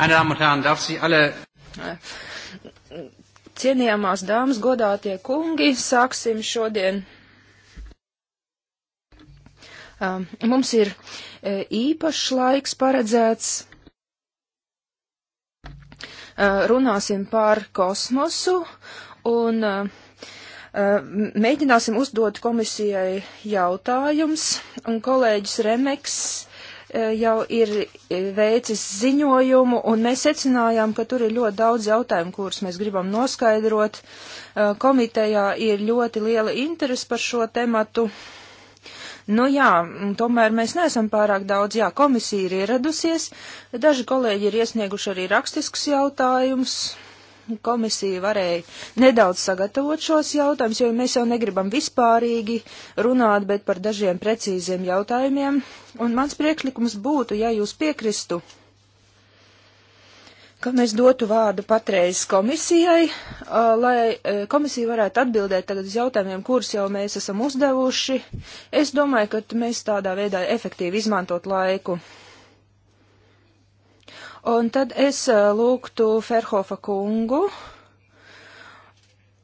Meine Damen und Herren, darf Sie alle. Cienījamās dāmas, godātie kungi, sāksim šodien. Um, mums ir e, īpašs laiks paredzēts. E, runāsim par kosmosu un e, mēģināsim uzdot komisijai jautājums, un kolēģis Remeks E, jau ir e, veicis ziņojumu, un mēs secinājām, ka tur ir ļoti daudz jautājumu, kurus mēs gribam noskaidrot. E, komitejā ir ļoti liela interese par šo tematu. Nu jā, tomēr mēs neesam pārāk daudz, jā, komisija ir ieradusies, daži kolēģi ir iesnieguši arī rakstiskus jautājumus komisija varēja nedaudz sagatavot šos jautājumus, jo mēs jau negribam vispārīgi runāt, bet par dažiem precīziem jautājumiem. Un mans priekšlikums būtu, ja jūs piekristu, ka mēs dotu vārdu patreiz komisijai, uh, lai uh, komisija varētu atbildēt tagad uz jautājumiem, kurus jau mēs esam uzdevuši. Es domāju, ka mēs tādā veidā efektīvi izmantot laiku. Un tad es lūgtu Ferhofa kungu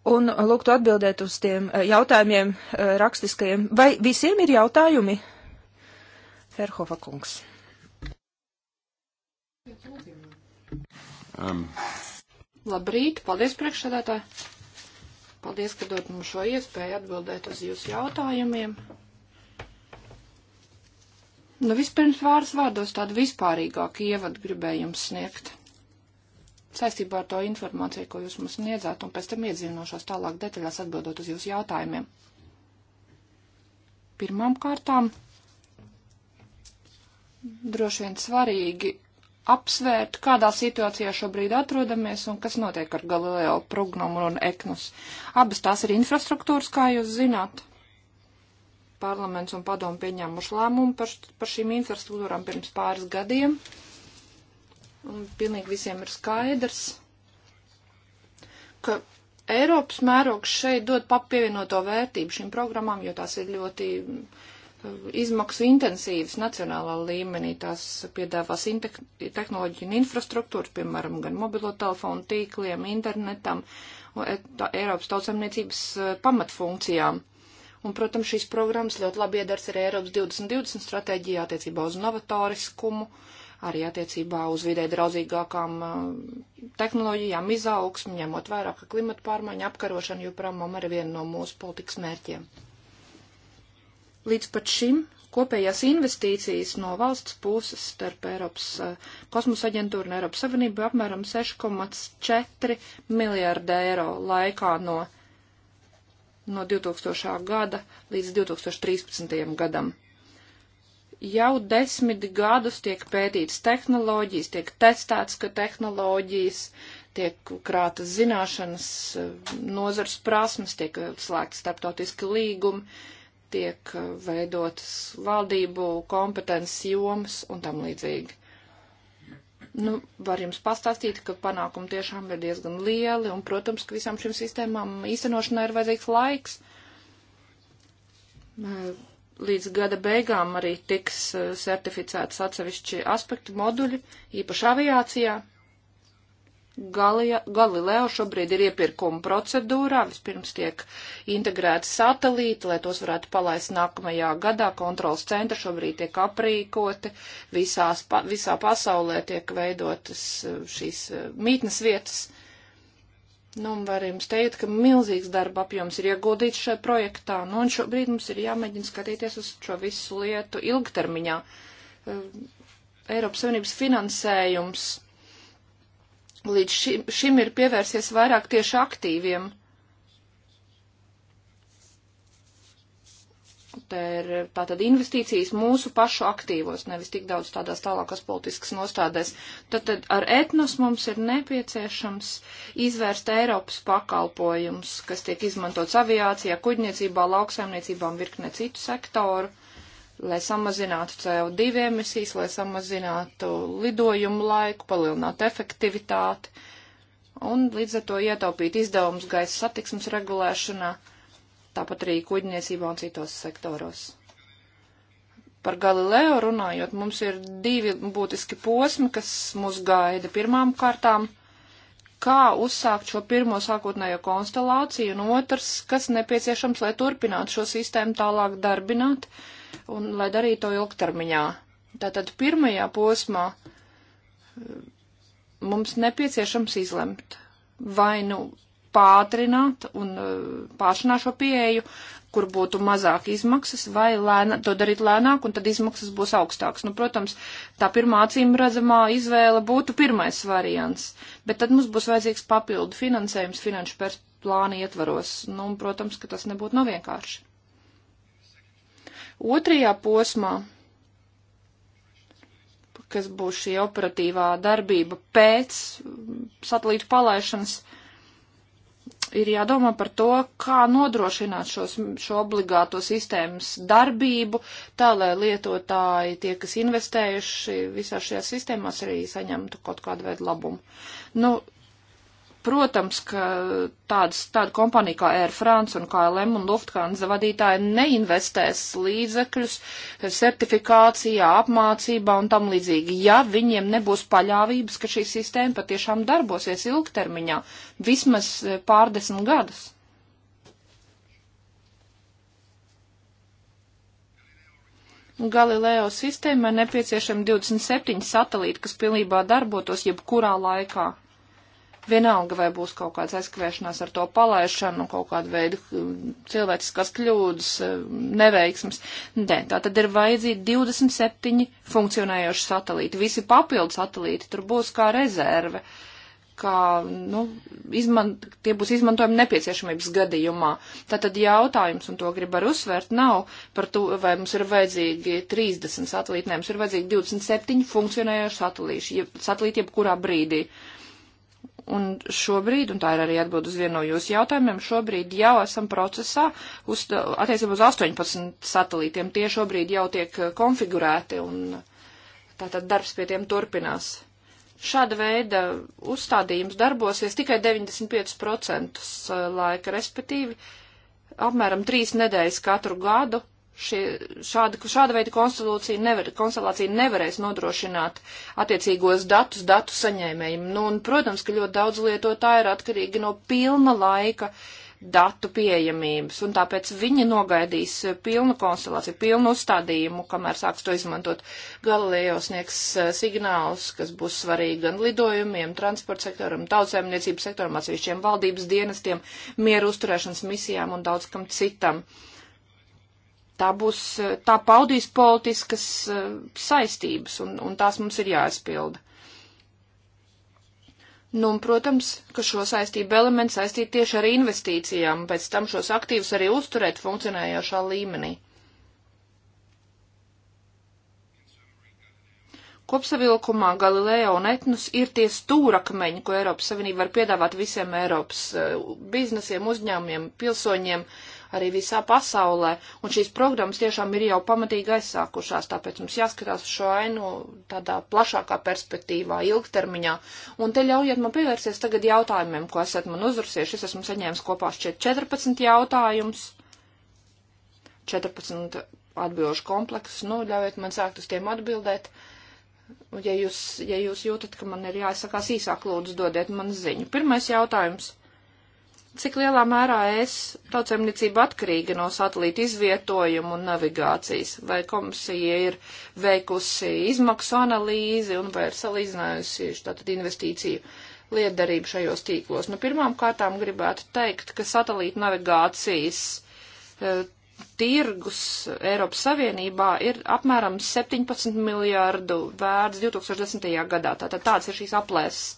un lūgtu atbildēt uz tiem jautājumiem rakstiskajiem. Vai visiem ir jautājumi? Ferhofa kungs. Um. Labrīt, paldies priekšsēdētāji. Paldies, ka dod mums šo iespēju atbildēt uz jūsu jautājumiem. Nu, vispirms vārds vārdos tādu vispārīgāku ievadu gribēju jums sniegt. Saistībā ar to informāciju, ko jūs mums sniedzāt, un pēc tam iedzinošos tālāk detaļās atbildot uz jūsu jautājumiem. Pirmām kārtām droši vien svarīgi apsvērt, kādā situācijā šobrīd atrodamies un kas notiek ar Galileo prognomu un eknus. Abas tās ir infrastruktūras, kā jūs zināt parlaments un padomu pieņēmuši lēmumu par, par šīm infrastruktūrām pirms pāris gadiem. Un pilnīgi visiem ir skaidrs, ka Eiropas mērogs šeit dod papievienoto vērtību šīm programmām, jo tās ir ļoti uh, izmaksu intensīvas nacionālā līmenī. Tās piedāvās tehnoloģiju un infrastruktūru, piemēram, gan mobilo telefonu tīkliem, internetam, Eiropas tautsamniecības uh, pamatfunkcijām. Un, protams, šīs programmas ļoti labi iedars arī Eiropas 2020 stratēģijā attiecībā uz novatoriskumu, arī attiecībā uz vidē draudzīgākām eh, tehnoloģijām, izaugsmu, ņemot vērā, ka klimata pārmaiņa apkarošana joprojām ir viena no mūsu politikas mērķiem. Līdz pat šim kopējās investīcijas no valsts puses starp Eiropas eh, kosmosa aģentūru un Eiropas Savienību apmēram 6,4 miljārda eiro laikā no no 2000. gada līdz 2013. gadam. Jau desmit gadus tiek pētīts tehnoloģijas, tiek testēts, ka tehnoloģijas, tiek krātas zināšanas, nozars prasmes, tiek slēgts starptautiski līgumi, tiek veidotas valdību kompetences jomas un tam līdzīgi. Nu, var jums pastāstīt, ka panākumi tiešām ir diezgan lieli, un, protams, ka visām šīm sistēmām īstenošanai ir vajadzīgs laiks. Līdz gada beigām arī tiks certificētas atsevišķi aspektu moduļi, īpaši aviācijā, Galija, Galileo šobrīd ir iepirkuma procedūrā, vispirms tiek integrēti satelīti, lai tos varētu palaist nākamajā gadā, kontrols centra šobrīd tiek aprīkoti, visās, pa, visā pasaulē tiek veidotas eh, šīs eh, mītnes vietas. Nu, un var jums teikt, ka milzīgs darba apjoms ir ieguldīts šajā projektā, nu, un šobrīd mums ir jāmēģina skatīties uz šo visu lietu ilgtermiņā. Eh, Eiropas Savienības finansējums līdz šim, šim ir pievērsies vairāk tieši aktīviem. Te ir tātad investīcijas mūsu pašu aktīvos, nevis tik daudz tādās tālākās politiskas nostādēs. Tad, tad ar etnos mums ir nepieciešams izvērst Eiropas pakalpojums, kas tiek izmantots aviācijā, kuģniecībā, lauksaimniecībā un virknē citu sektoru lai samazinātu CO2 emisijas, lai samazinātu lidojumu laiku, palielinātu efektivitāti un līdz ar to ietaupīt izdevumus gaisa satiksmes regulēšanā, tāpat arī kuģniecībā un citos sektoros. Par Galileo runājot, mums ir divi būtiski posmi, kas mūs gaida pirmām kārtām kā uzsākt šo pirmo sākotnējo konstelāciju, un otrs, kas nepieciešams, lai turpinātu šo sistēmu tālāk darbināt, uh, un lai darītu to ilgtermiņā. Tātad pirmajā posmā eh, mums nepieciešams izlemt vai nu pātrināt un eh, pāršanā šo pieeju, kur būtu mazāk izmaksas, vai lēna, to darīt lēnāk, un tad izmaksas būs augstākas. Nu, protams, tā pirmā acīm redzamā izvēle būtu pirmais variants, bet tad mums būs vajadzīgs papildu finansējums finanšu plāna ietvaros. Nu, un, protams, ka tas nebūtu nav vienkārši. Otrajā posmā, kas būs šī operatīvā darbība pēc satelītu palaišanas, ir jādomā par to, kā nodrošināt šos, šo obligāto sistēmas darbību, tā lai lietotāji, tie, kas investējuši visā šajā sistēmās, arī saņemtu kaut kādu veidu labumu. Nu, Protams, ka tādas, tāda kompānija kā Air France un KLM un Lufthansa vadītāji neinvestēs līdzekļus certifikācijā, apmācībā un tam līdzīgi, ja viņiem nebūs paļāvības, ka šī sistēma patiešām darbosies ilgtermiņā, vismaz e, pārdesmit gadus. Galileo sistēmai nepieciešami 27 satelīti, kas pilnībā darbotos jebkurā laikā. Vienalga, vai būs kaut kāds aizkavēšanās ar to palaišanu, kaut kādu veidu um, cilvēciskās kļūdas, um, neveiksmes. Nē, tā tad ir vajadzīgi 27 funkcionējoši satelīti. Visi papildu satelīti tur būs kā rezerve kā, nu, izman, tie būs izmantojami nepieciešamības gadījumā. Tātad jautājums, un to grib ar uzsvērt, nav par to, vai mums ir vajadzīgi 30 satelīti, ne, mums ir vajadzīgi 27 funkcionējoši satelīši, jeb, satelīti jebkurā brīdī. Uh, Un šobrīd, un tā ir arī atbild uz vienu no jūsu jautājumiem, šobrīd jau esam procesā uz, attiecībā uz 18 satelītiem. Tie šobrīd jau tiek eh, konfigurēti un tātad darbs pie tiem turpinās. Šāda veida uzstādījums darbosies tikai 95% eh, laika, respektīvi apmēram 3 nedēļas katru gadu šie, šāda, šāda veida konstelācija, nevar, konstelācija nevarēs nodrošināt attiecīgos datus datu saņēmējiem. Nu, un, protams, ka ļoti daudz lietotāji ir atkarīgi no pilna laika datu pieejamības, un tāpēc viņi nogaidīs pilnu konstelāciju, pilnu uzstādījumu, kamēr sāks to izmantot. Galileo sniegs eh, signālus, kas būs svarīgi gan lidojumiem, transporta sektoram, tautsēmniecības sektoram, atsevišķiem valdības dienestiem, mieru uzturēšanas misijām un daudz kam citam. Uh, tā būs, tā paudīs politiskas eh, saistības, un, un tās mums ir jāizpilda. Nu, un, protams, ka šo saistību elementu saistīt tieši ar investīcijām, un pēc tam šos aktīvus arī uzturēt funkcionējošā līmenī. Kopsavilkumā Galileo un Etnus ir tie stūrakmeņi, ko Eiropas Savienība var piedāvāt visiem Eiropas eh, biznesiem, uzņēmumiem, pilsoņiem, uh, arī visā pasaulē, un šīs programmas tiešām ir jau pamatīgi aizsākušās, tāpēc mums jāskatās uz šo ainu tādā plašākā perspektīvā, ilgtermiņā. Un te ļaujiet man pievērsties tagad jautājumiem, ko esat man uzrusījuši. Es esmu saņēmis kopā šķiet 14 jautājumus, 14 atbilžu kompleksus, nu, ļaujiet man sākt uz tiem atbildēt. Ja jūs, ja jūs jūtat, ka man ir jāizsakās īsāk, lūdzu, dodiet man ziņu. Pirmais jautājums cik lielā mērā es tautsēmniecība atkarīga no satelīta izvietojuma un navigācijas, vai komisija ir veikusi izmaksu analīzi un vai ir salīdzinājusi tātad investīciju lietdarību šajos tīklos. Nu, pirmām kārtām gribētu teikt, ka satelīta navigācijas e, tirgus Eiropas Savienībā ir apmēram 17 miljārdu vērts 2010. gadā. Tātad tāds ir šīs aplēses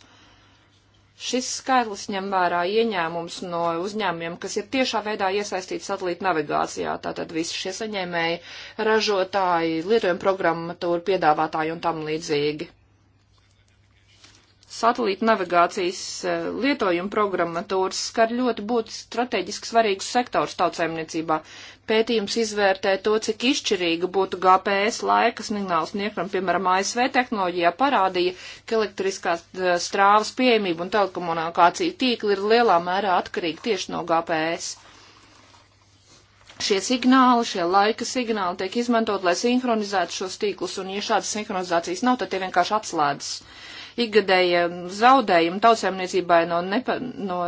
Šis skaitlis ņem vērā ieņēmums no uzņēmumiem, kas ir tiešā veidā iesaistīti satelīta navigācijā. Tātad visi šie saņēmēji, ražotāji, lietojuma programmatūra, piedāvātāji un tam līdzīgi satelīta navigācijas e, lietojuma programmatūras skar ļoti būtiski strateģiski svarīgus sektors tautsēmniecībā. Pētījums izvērtē to, cik izšķirīga būtu GPS laika signāls niekam, piemēram, ASV tehnoloģijā parādīja, ka elektriskās e, strāvas pieejamība un telekomunikācija tīkli ir lielā mērā atkarīgi tieši no GPS. Šie signāli, šie laika signāli tiek izmantot, lai sinhronizētu šos tīklus, un ja šādas sinhronizācijas nav, tad tie vienkārši atslēdzas Ikgadēja zaudējumi tautsēmniecībai no, nepa, no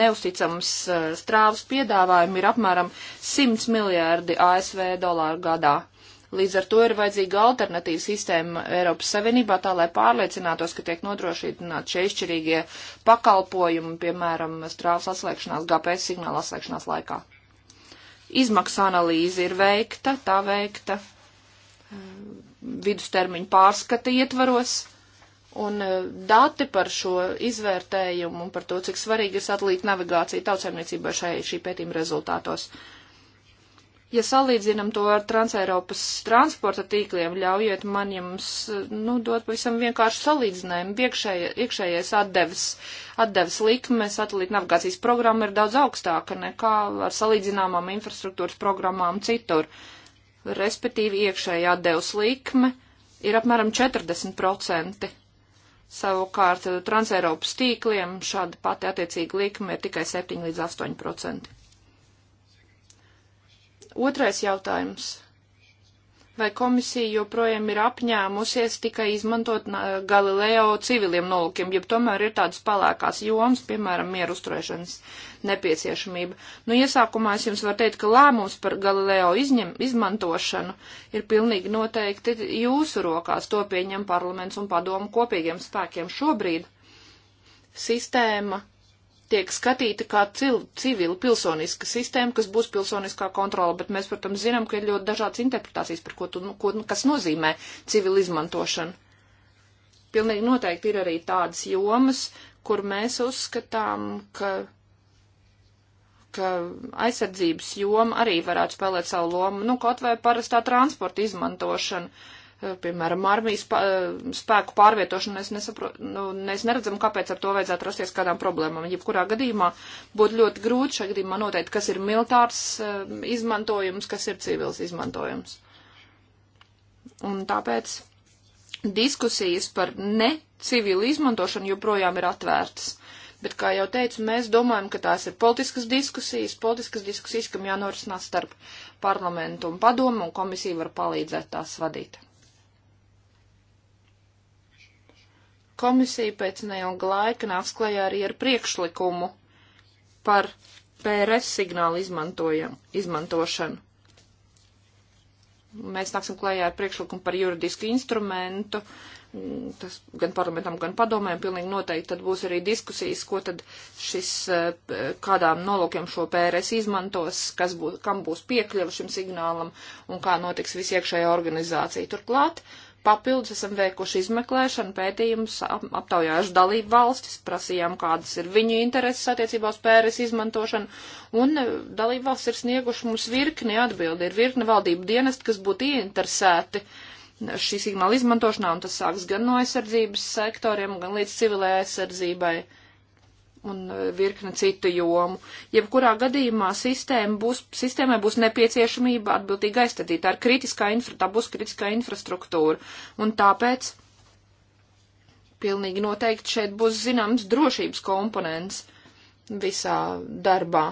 neusticams eh, strāvas piedāvājumi ir apmēram 100 miljārdi ASV dolāru gadā. Līdz ar to ir vajadzīga alternatīva sistēma Eiropas Savienībā, tā lai pārliecinātos, ka tiek nodrošināti šie izšķirīgie pakalpojumi, piemēram, strāvas atslēgšanās, GPS signāla atslēgšanās laikā. Izmaksu analīze ir veikta, tā veikta eh, vidustermiņu pārskata ietvaros Un e, dati par šo izvērtējumu un par to, cik svarīgi ir satelīta navigācija tautsēmniecībā šai, šī pētījuma rezultātos. Ja salīdzinam to ar transeiropas transporta tīkliem, ļaujiet man jums, e, nu, dot pavisam vienkāršu salīdzinājumu. Iekšēja, iekšējais atdevis, atdevis likme satelīta navigācijas programma ir daudz augstāka nekā ar salīdzināmām infrastruktūras programmām citur. Respektīvi, iekšējā atdevis likme ir apmēram 40%. Savukārt eh, Transeiropas tīkliem šāda pati attiecīga likme ir tikai 7 līdz 8 procenti. Otrais jautājums vai komisija joprojām ir apņēmusies tikai izmantot Galileo civiliem nolūkiem, ja tomēr ir tādas palēkās jomas, piemēram, mieru uzturēšanas nepieciešamība. Nu, iesākumā es jums varu teikt, ka lēmums par Galileo izņem, izmantošanu ir pilnīgi noteikti jūsu rokās. To pieņem parlaments un padomu kopīgiem spēkiem šobrīd. Sistēma tiek skatīta kā cil, civila pilsoniska sistēma, kas būs pilsoniskā kontrola, bet mēs, protams, zinām, ka ir ļoti dažādas interpretācijas par ko, tu, nu, ko nu, kas nozīmē civila izmantošana. Pilnīgi noteikti ir arī tādas jomas, kur mēs uzskatām, ka, ka aizsardzības joma arī varētu spēlēt savu lomu, nu, kaut vai parastā transporta izmantošana. Uh, Eh, piemēram, armijas eh, spēku pārvietošanu, mēs, nesaprot, nu, mēs neredzam, kāpēc ar to vajadzētu rasties kādām problēmām. Jebkurā gadījumā būtu ļoti grūti šajā gadījumā noteikt, kas ir militārs eh, izmantojums, kas ir civils izmantojums. Un tāpēc diskusijas par ne civilu izmantošanu joprojām ir atvērtas. Bet, kā jau teicu, mēs domājam, ka tās ir politiskas diskusijas, politiskas diskusijas, kam jānorisinās starp parlamentu un padomu, un komisija var palīdzēt tās vadīt. Komisija pēc neilga laika nāks klajā arī ar priekšlikumu par PRS signālu izmantošanu. Mēs nāksim klajā ar priekšlikumu par juridisku instrumentu, mm, tas gan parlamentam, gan padomēm pilnīgi noteikti tad būs arī diskusijas, ko tad šis, eh, kādām nolūkiem šo PRS izmantos, kas būs, kam būs piekļuva šim signālam un kā notiks visiekšējā organizācija. Turklāt Papildus esam veikuši izmeklēšanu, pētījumus, aptaujājuši dalību valstis, prasījām, kādas ir viņu intereses attiecībā uz pēres izmantošanu, un e, dalību valsts ir snieguši mums virkni atbildi, ir virkni valdību dienesti, kas būtu ieinteresēti šī signāla izmantošanā, un tas sāks gan no aizsardzības sektoriem, gan līdz civilai aizsardzībai. Uh, un e, virkne citu jomu. Jebkurā gadījumā sistēma būs, sistēmai būs nepieciešamība atbildīgi aizstādīt ar kritiskā, infra, tā būs kritiskā infrastruktūra. Un tāpēc pilnīgi noteikti šeit būs zināms drošības komponents visā darbā.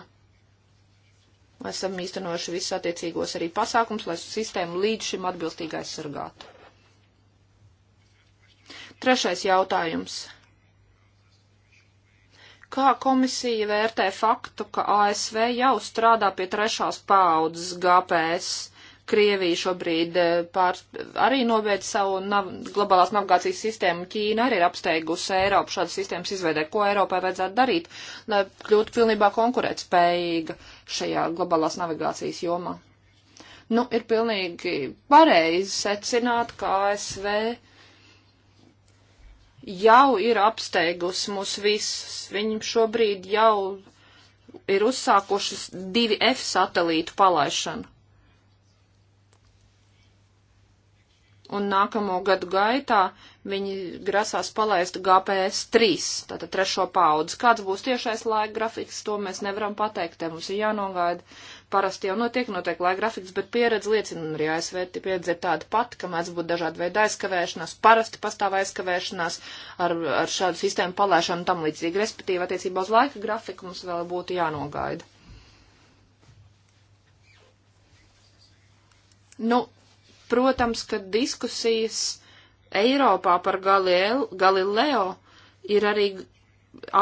Esam īstenojuši visus attiecīgos arī pasākums, lai sistēmu līdz šim atbilstīgi aizsargātu. Trešais jautājums Kā komisija vērtē faktu, ka ASV jau strādā pie trešās paaudzes GPS? Krievija šobrīd eh, pār, arī novērt savu nav, globālās navigācijas sistēmu. Ķīna arī ir apsteigusi Eiropu šādas sistēmas izveidē. Ko Eiropai vajadzētu darīt, lai kļūtu pilnībā konkurētspējīga šajā globālās navigācijas jomā? Nu, ir pilnīgi pareizi secināt, ka ASV jau ir apsteigusi mūs visus. Viņam šobrīd jau ir uzsākušas divi F satelītu palaišanu. Un nākamo gadu gaitā viņi grasās palaist GPS 3, tātad trešo paudzi. Kāds būs tiešais laika grafiks, to mēs nevaram pateikt, te mums ir jānogaida Parasti jau notiek noteikti laika grafiks, bet pieredze liecina, un arī ASV pieredze ir tāda pati, ka mēdz būt dažādi veidi aizkavēšanās, parasti pastāv aizkavēšanās ar, ar šādu sistēmu palēšanu tam līdzīgi, respektīvi attiecībā uz laika grafiku mums vēl būtu jānogaida. Nu, protams, ka diskusijas Eiropā par Galileo ir arī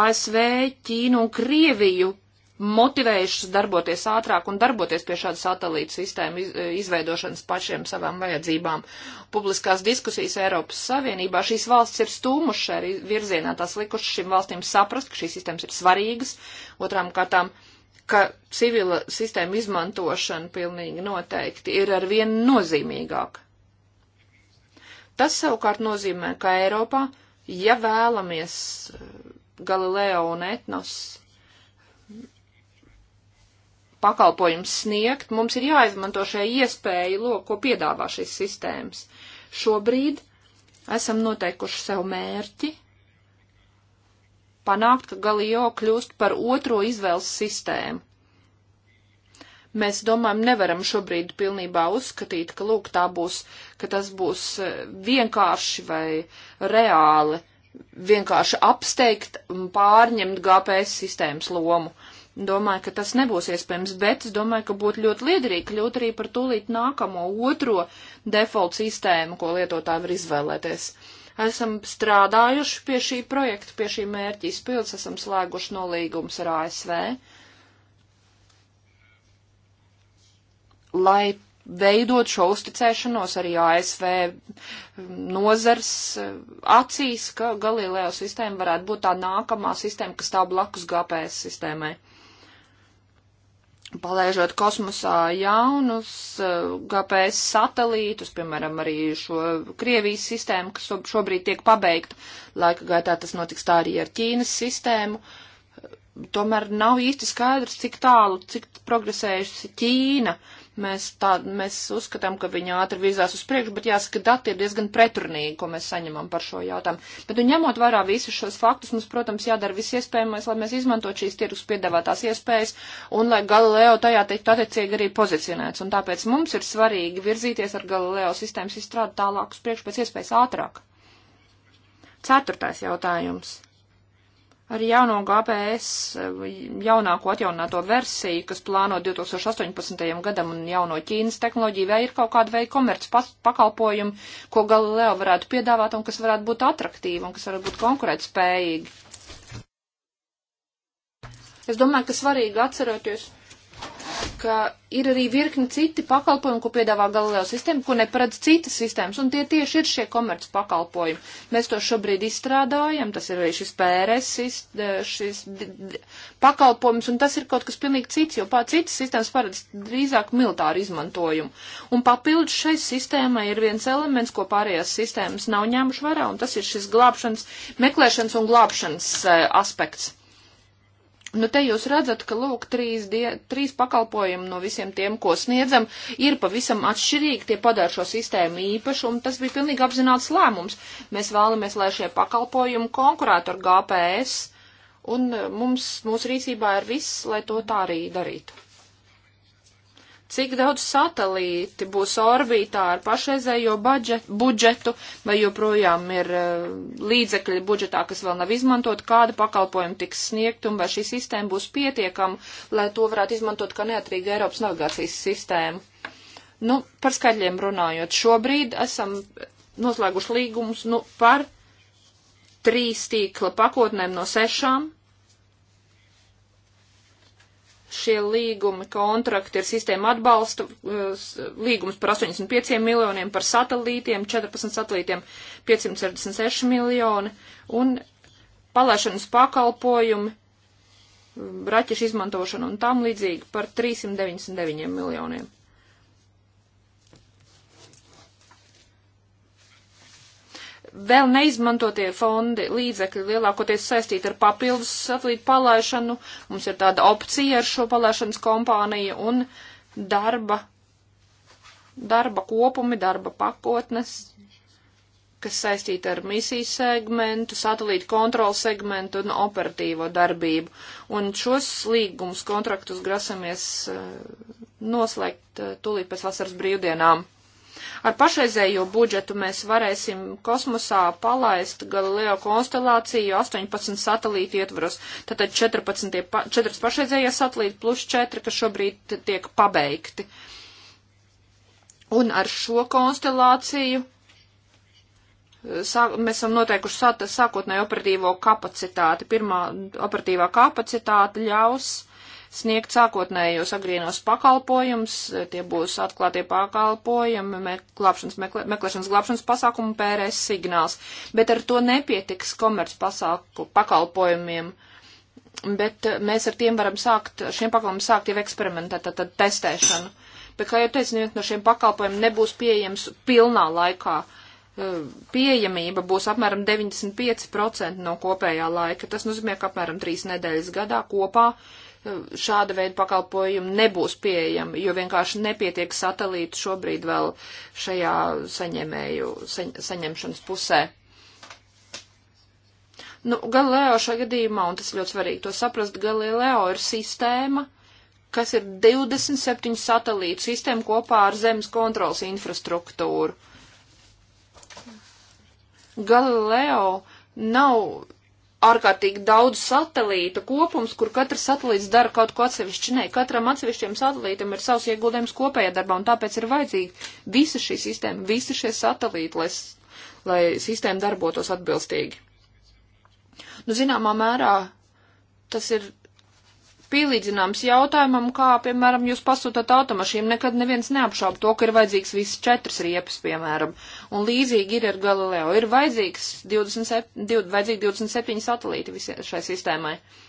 ASV, Ķīnu un Krieviju motivējušas darboties ātrāk un darboties pie šāda satelīta sistēma e, izveidošanas pašiem savām vajadzībām. Publiskās diskusijas Eiropas Savienībā šīs valsts ir stūmušas arī virzienā, tās likušas šīm valstīm saprast, ka šīs sistēmas ir svarīgas, otrām kārtām, ka civila sistēma izmantošana pilnīgi noteikti ir arvien nozīmīgāka. Tas savukārt nozīmē, ka Eiropā, ja vēlamies e, Galileo un Etnos pakalpojums sniegt, mums ir jāizmanto šai iespēja, lūk, ko piedāvā šīs sistēmas. Šobrīd esam noteikuši sev mērķi panākt, ka Galileo kļūst par otro izvēles sistēmu. Mēs domājam, nevaram šobrīd pilnībā uzskatīt, ka lūk, tā būs, ka tas būs e, vienkārši vai reāli vienkārši apsteigt un pārņemt GPS sistēmas lomu. Domāju, ka tas nebūs iespējams, bet es domāju, ka būtu ļoti liederīgi kļūt arī par tūlīt nākamo otro default sistēmu, ko lietotāji var izvēlēties. Esam strādājuši pie šī projekta, pie šī mērķa izpildes, esam slēguši nolīgums ar ASV, lai veidot šo uzticēšanos arī ASV mm, nozars mm, acīs, ka Galileo sistēma varētu būt tā nākamā sistēma, kas tā blakus GPS sistēmai palaižot kosmosā jaunus eh, GPS satelītus, piemēram, arī šo Krievijas sistēmu, kas šobrīd tiek pabeigta. Laika gaitā tas notiks tā arī ar Ķīnas sistēmu. Tomēr nav īsti skaidrs, cik tālu, cik progresējusi Ķīna Mēs, tā, mēs uzskatām, ka viņi ātri virzās uz priekšu, bet jāsaka, dati ir diezgan pretrunīgi, ko mēs saņemam par šo jautājumu. Bet, un nu, ņemot vērā visus šos faktus, mums, protams, jādara viss iespējamais, lai mēs izmantot šīs tirgus piedāvātās iespējas un lai Galileo tajā tiktu attiecīgi arī pozicionēts. Un tāpēc mums ir svarīgi virzīties ar Galileo sistēmas izstrādi tālāk uz priekšu pēc iespējas ātrāk. Ceturtais jautājums ar jauno GPS, jaunāko atjaunāto versiju, kas plāno 2018. gadam un jauno Ķīnas tehnoloģiju, vai ir kaut kāda veida komerc pakalpojumi, ko Galileo varētu piedāvāt un kas varētu būt atraktīvi un kas varētu būt konkurētspējīgi. Es domāju, ka svarīgi atceroties ka ir arī virkni citi pakalpojumi, ko piedāvā Galileo sistēma, ko neparedz citas sistēmas, un tie tieši ir šie komerc pakalpojumi. Mēs to šobrīd izstrādājam, tas ir arī šis PRS, eh, šis, šis pakalpojums, un tas ir kaut kas pilnīgi cits, jo pā citas sistēmas paredz drīzāk militāru izmantojumu. Un papildus šai sistēmai ir viens elements, ko pārējās sistēmas nav ņēmuši vērā, un tas ir šis glābšanas, meklēšanas un glābšanas eh, aspekts. Nu, te jūs redzat, ka, lūk, trīs, die, trīs pakalpojumi no visiem tiem, ko sniedzam, ir pavisam atšķirīgi, tie padara šo sistēmu īpašu, un tas bija pilnīgi apzināts lēmums. Mēs vēlamies, lai šie pakalpojumi konkurētu ar GPS, un e, mums, mūsu rīcībā ir viss, lai to tā arī darītu cik daudz satelīti būs orbītā ar pašreizējo budžet, budžetu, vai joprojām ir uh, līdzekļi budžetā, kas vēl nav izmantot, kāda pakalpojuma tiks sniegt un vai šī sistēma būs pietiekama, lai to varētu izmantot kā neatrīga Eiropas navigācijas sistēma. Nu, par skaļiem runājot, šobrīd esam noslēguši līgumus nu, par trīs tīkla pakotnēm no sešām šie līgumi, kontrakti ir sistēma atbalsta, eh, līgums par 85 miljoniem, par satelītiem, 14 satelītiem 566 miljoni un palaišanas pakalpojumi, raķešu izmantošana un tam līdzīgi par 399 miljoniem. vēl neizmantotie fondi līdzekļi lielākoties saistīti ar papildus satelītu palaišanu. Mums ir tāda opcija ar šo palaišanas kompāniju un darba, darba kopumi, darba pakotnes, kas saistīta ar misijas segmentu, satelītu kontrolu segmentu un operatīvo darbību. Un šos līgumus, kontraktus grasamies eh, noslēgt eh, tulīt pēc vasaras brīvdienām. Ar pašreizējo budžetu mēs varēsim kosmosā palaist Galileo konstelāciju 18 satelītu ietvaros. Tātad 14, 4 pašreizējie satelīti plus 4, kas šobrīd tiek pabeigti. Un ar šo konstelāciju eh, sāk, mēs esam noteikuši sākotnēju operatīvo kapacitāti. Pirmā operatīvā kapacitāte ļaus uh, sniegt sākotnējos agrīnos pakalpojumus, eh, tie būs atklātie pakalpojumi, meklēšanas, meklē, meklēšanas glābšanas pasākumu PRS signāls, bet ar to nepietiks komerc pasāku pakalpojumiem. Bet eh, mēs ar tiem varam sākt, ar šiem pakalpojumiem sākt jau eksperimentēt, tad testēšanu. Bet, kā jau teicu, neviens no šiem pakalpojumiem nebūs pieejams pilnā laikā eh, pieejamība būs apmēram 95% no kopējā laika. Tas nozīmē, ka apmēram 3 nedēļas gadā kopā šāda veida pakalpojumi nebūs pieejami, jo vienkārši nepietiek satelīti šobrīd vēl šajā saņēmēju saņ, saņemšanas pusē. Nu, Galileo šajā gadījumā, un tas ļoti svarīgi to saprast, Galileo ir sistēma, kas ir 27 satelītu sistēma kopā ar zemes kontrols infrastruktūru. Galileo nav ārkārtīgi daudz satelītu kopums, kur katrs satelīts dara kaut ko atsevišķi. Nē, katram atsevišķiem satelītam ir savs ieguldījums kopējā darbā, un tāpēc ir vajadzīga visa šī sistēma, visi šie satelīti, lai, lai sistēma darbotos atbilstīgi. Nu, zināmā mērā tas ir pielīdzināms jautājumam, kā, piemēram, jūs pasūtat automašīnu, nekad neviens neapšauba to, ka ir vajadzīgs visas četras riepas, piemēram. Un līdzīgi ir ar Galileo. Ir vajadzīgs 27, 20, vajadzīgi 27 satelīti visai šai sistēmai. Uh,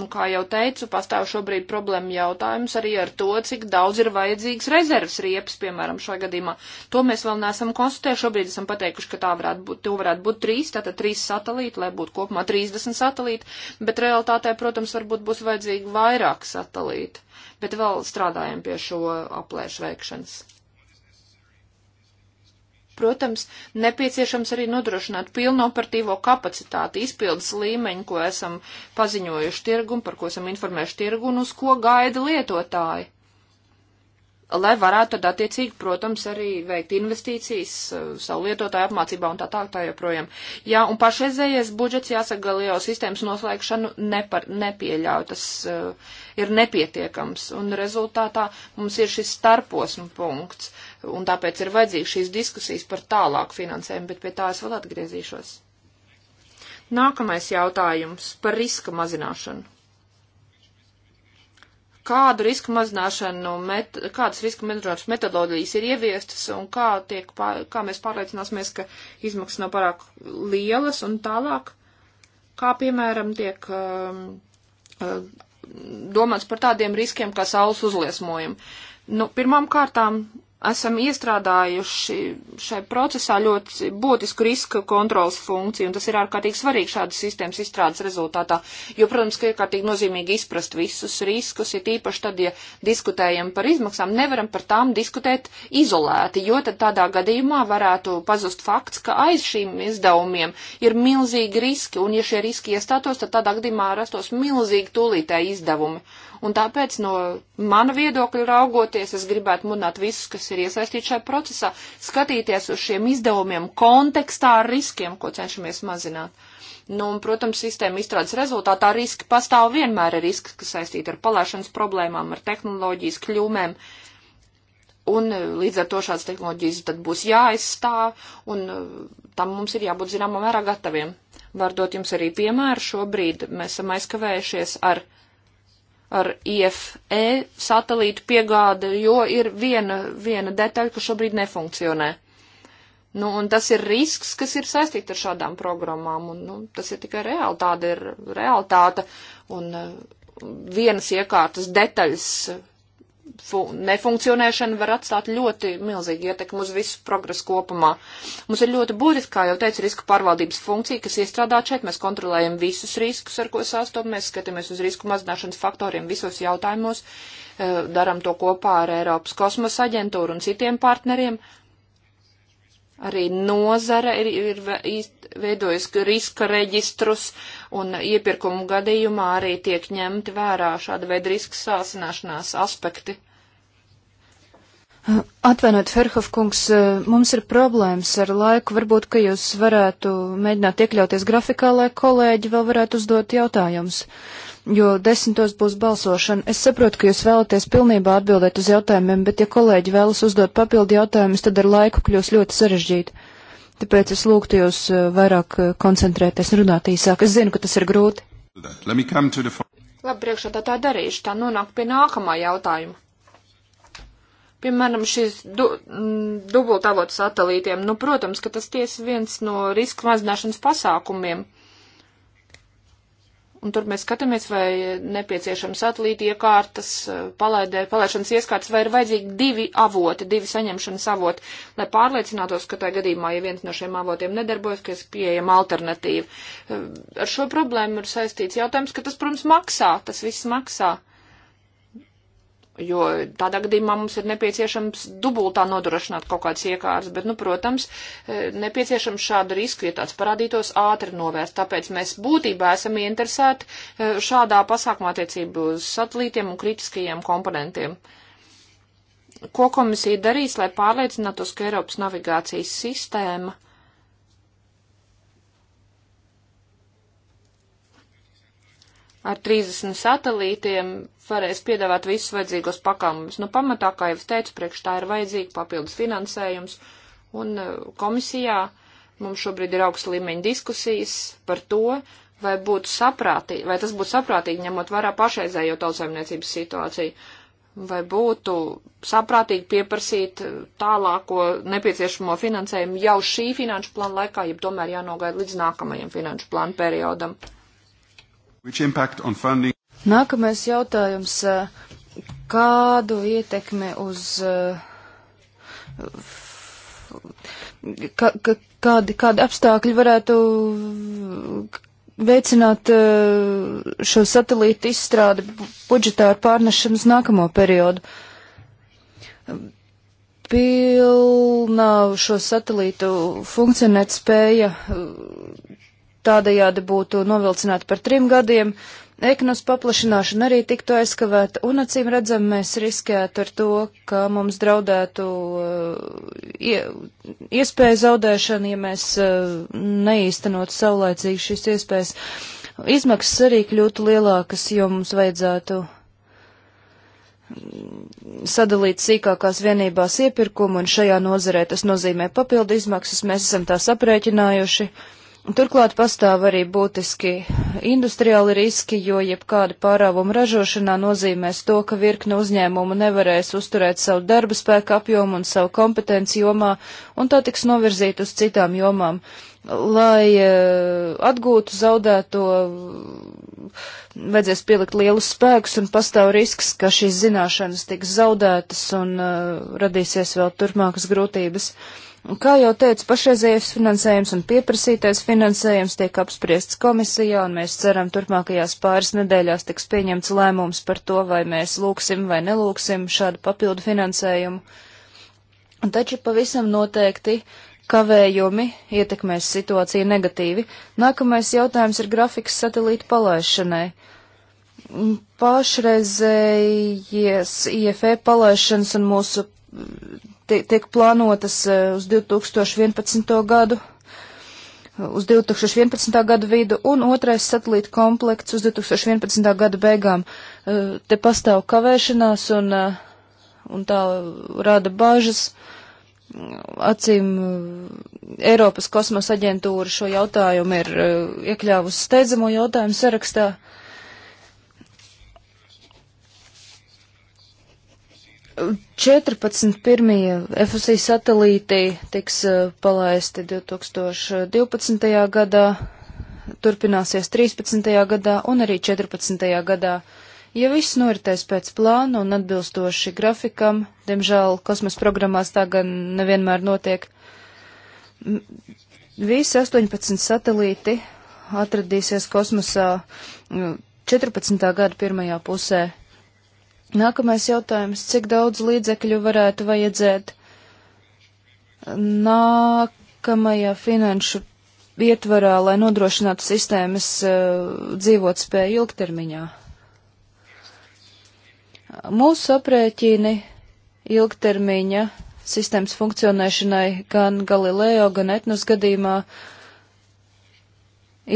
Nu, kā jau teicu, pastāv šobrīd problēma jautājums arī ar to, cik daudz ir vajadzīgs rezerves riepas, piemēram, šajā gadījumā. To mēs vēl neesam konstatējuši. Šobrīd esam pateikuši, ka tā varētu būt, to varētu būt trīs, tātad trīs satelīti, lai būtu kopumā 30 satelīti, bet realitātē, protams, varbūt būs vajadzīgi vairāk satelīti. Bet vēl strādājam pie šo aplēšu veikšanas protams, nepieciešams arī nodrošināt pilnu operatīvo kapacitāti, izpildes līmeņu, ko esam paziņojuši tirgu un par ko esam informējuši tirgu un uz ko gaida lietotāji. Lai varētu tad attiecīgi, protams, arī veikt investīcijas eh, savu lietotāju apmācībā un tā tā, tā joprojām. Jā, un pašreizējais budžets, jāsaka, galio sistēmas noslēgšanu nepar, nepieļauj. Tas uh, ir nepietiekams. Un rezultātā mums ir šis starposmu punkts. Uh, un tāpēc ir vajadzīgas šīs diskusijas par tālāku finansējumu, bet pie tā es vēl atgriezīšos. Nākamais jautājums par riska mazināšanu. Kādu risku mazināšanu, met, kādas riska mazināšanas metodoloģijas ir ieviestas un kā, tiek, pār, kā mēs pārliecināsimies, ka izmaksas nav pārāk lielas un tālāk? Kā, piemēram, tiek um, uh, domāts par tādiem riskiem, kā saules uzliesmojumi? Nu, pirmām kārtām esam iestrādājuši šai procesā ļoti būtisku riska kontrolas funkciju, un tas ir ārkārtīgi svarīgi šādas sistēmas izstrādes rezultātā, jo, protams, ka ārkārtīgi nozīmīgi izprast visus riskus, ja tīpaši tad, ja diskutējam par izmaksām, nevaram par tām diskutēt izolēti, jo tad tādā gadījumā varētu pazust fakts, ka aiz šīm izdevumiem ir milzīgi riski, un ja šie riski iestātos, tad tādā gadījumā rastos milzīgi tūlītēji izdevumi Un tāpēc no mana viedokļa raugoties, es gribētu mudināt visus, kas ir iesaistīti šajā procesā, skatīties uz šiem izdevumiem kontekstā ar riskiem, ko cenšamies mazināt. Nu, un, protams, sistēma izstrādes rezultātā riski pastāv vienmēr ir riski, kas saistīti ar palēšanas problēmām, ar tehnoloģijas kļūmēm. Un eh, līdz ar to šādas tehnoloģijas tad būs jāaizstāv, un eh, tam mums ir jābūt zināmā mērā gataviem. Var dot jums arī piemēru, šobrīd mēs esam aizkavējušies ar uh, ar IFE satelītu piegādi, jo ir viena, viena detaļa, kas šobrīd nefunkcionē. Nu, un tas ir risks, kas ir saistīts ar šādām programmām, un nu, tas ir tikai reāli, tāda ir realitāte, un uh, vienas iekārtas detaļas nefunkcionēšana var atstāt ļoti milzīgi ietekmi uz visu progresu kopumā. Mums ir ļoti būtiski, kā jau teicu, riska pārvaldības funkcija, kas iestrādāt šeit. Mēs kontrolējam visus riskus, ar ko sastopamies, skatāmies uz risku mazināšanas faktoriem visos jautājumos, eh, daram to kopā ar Eiropas kosmosa aģentūru un citiem partneriem. Arī nozara ir, ir veidojusi riska reģistrus, un iepirkumu gadījumā arī tiek ņemti vērā šāda veida riska sāsināšanās aspekti. Atvainojiet, Ferhof kungs, e, mums ir problēmas ar laiku. Varbūt, ka jūs varētu mēģināt iekļauties grafikā, lai kolēģi vēl varētu uzdot jautājumus, jo desmitos būs balsošana. Es saprotu, ka jūs vēlaties pilnībā atbildēt uz jautājumiem, bet ja kolēģi vēlas uzdot papildu jautājumus, tad ar laiku kļūs ļoti sarežģīti. Tāpēc es lūgtu jūs e, vairāk e, koncentrēties un runāt īsāk. Es zinu, ka tas ir grūti. Labi, priekšā tā tā darīšu. Tā nonāk pie nākamā jautājuma. Piemēram, šis du, dubultavotu satelītiem, nu, protams, ka tas tiesa viens no riska mazināšanas pasākumiem. Un tur mēs skatāmies, vai nepieciešams satelīti iekārtas, eh, palaidē, palaišanas ieskārtas, vai ir vajadzīgi divi avoti, divi saņemšanas avoti, lai pārliecinātos, ka tajā gadījumā, ja viens no šiem avotiem nedarbojas, ka ir pieejama alternatīva. Eh, ar šo problēmu ir saistīts jautājums, ka tas, protams, maksā, tas viss maksā. Uh, Jo tādā gadījumā mums ir nepieciešams dubultā nodrošināt kaut kādas iekārtas, bet, nu, protams, e, nepieciešams šādu risku, ja tāds parādītos, ātri novērst. Tāpēc mēs būtībā esam ieinteresēti e, šādā pasākumā attiecību uz satelītiem un kritiskajiem komponentiem. Ko komisija darīs, lai pārliecinātos, ka Eiropas navigācijas sistēma uh, ar 30 satelītiem varēs piedāvāt visus vajadzīgos pakāpumus. Nu, pamatā, kā jau es teicu, priekš tā ir vajadzīga papildus finansējums, un uh, komisijā mums šobrīd ir augsta līmeņa diskusijas par to, vai, būtu saprātīgi, vai tas būtu saprātīgi, ņemot vērā pašreizējo tautsēmniecības situāciju, vai būtu saprātīgi pieprasīt tālāko nepieciešamo finansējumu jau šī finanšu plāna laikā, ja tomēr jānogaida līdz nākamajam finanšu plāna periodam. Nākamais jautājums. Eh, kādu ietekmi uz. Kā, eh, kā, kādi, kādi apstākļi varētu veicināt eh, šo satelītu izstrādi budžetāru pārnešanu uz nākamo periodu? Pilnā šo satelītu funkcionēt spēja tādējādi būtu novilcināti par trim gadiem, ekonos paplašināšana arī tiktu aizskavēta, un acīm redzam, mēs riskētu ar to, ka mums draudētu uh, ie, iespēja zaudēšana, ja mēs uh, neīstenot saulēcīgi šīs iespējas. Izmaksas arī kļūtu lielākas, jo mums vajadzētu sadalīt sīkākās vienībās iepirkumu, un šajā nozarē tas nozīmē papildu izmaksas, mēs esam tās aprēķinājuši. Uh, Turklāt pastāv arī būtiski industriāli riski, jo jebkāda pārāvuma ražošanā nozīmēs to, ka virkne uzņēmumu nevarēs uzturēt savu darba spēku apjomu un savu kompetenci jomā, un tā tiks novirzīt uz citām jomām. Lai eh, atgūtu zaudēto, vajadzēs pielikt lielus spēkus, un pastāv risks, ka šīs zināšanas tiks zaudētas un uh, radīsies vēl turpmākas grūtības. Uh, Kā jau teicu, pašreizējais finansējums un pieprasītais finansējums tiek apspriests komisijā, un mēs ceram, turpmākajās pāris nedēļās tiks pieņemts lēmums par to, vai mēs lūksim vai nelūksim šādu papildu finansējumu. Taču pavisam noteikti kavējumi ietekmēs situāciju negatīvi. Nākamais jautājums ir grafiks satelīta palaišanai. Pašreizējies IFE palaišanas un mūsu tiek plānotas eh, uz 2011. gadu, uz 2011. gadu vidu, un otrais satelīta komplekts uz 2011. gada beigām. Eh, te pastāv kavēšanās un, eh, un tā rada bažas. Acīm Eiropas kosmosa aģentūra šo jautājumu ir iekļāvusi steidzamo jautājumu sarakstā. Uh, 14 pirmie FSI satelīti tiks eh, palaisti 2012. gadā, turpināsies 13. gadā un arī 14. gadā. Ja viss noritēs pēc plāna un atbilstoši grafikam, diemžēl kosmas programmās tā gan nevienmēr notiek, visi 18 satelīti atradīsies kosmosā 14. gada pirmajā pusē. Nākamais jautājums, cik daudz līdzekļu varētu vajadzēt nākamajā finanšu ietvarā, lai nodrošinātu sistēmas uh, eh, dzīvot spēju ilgtermiņā? Mūsu aprēķini ilgtermiņa sistēmas funkcionēšanai gan Galileo, gan etnos gadījumā,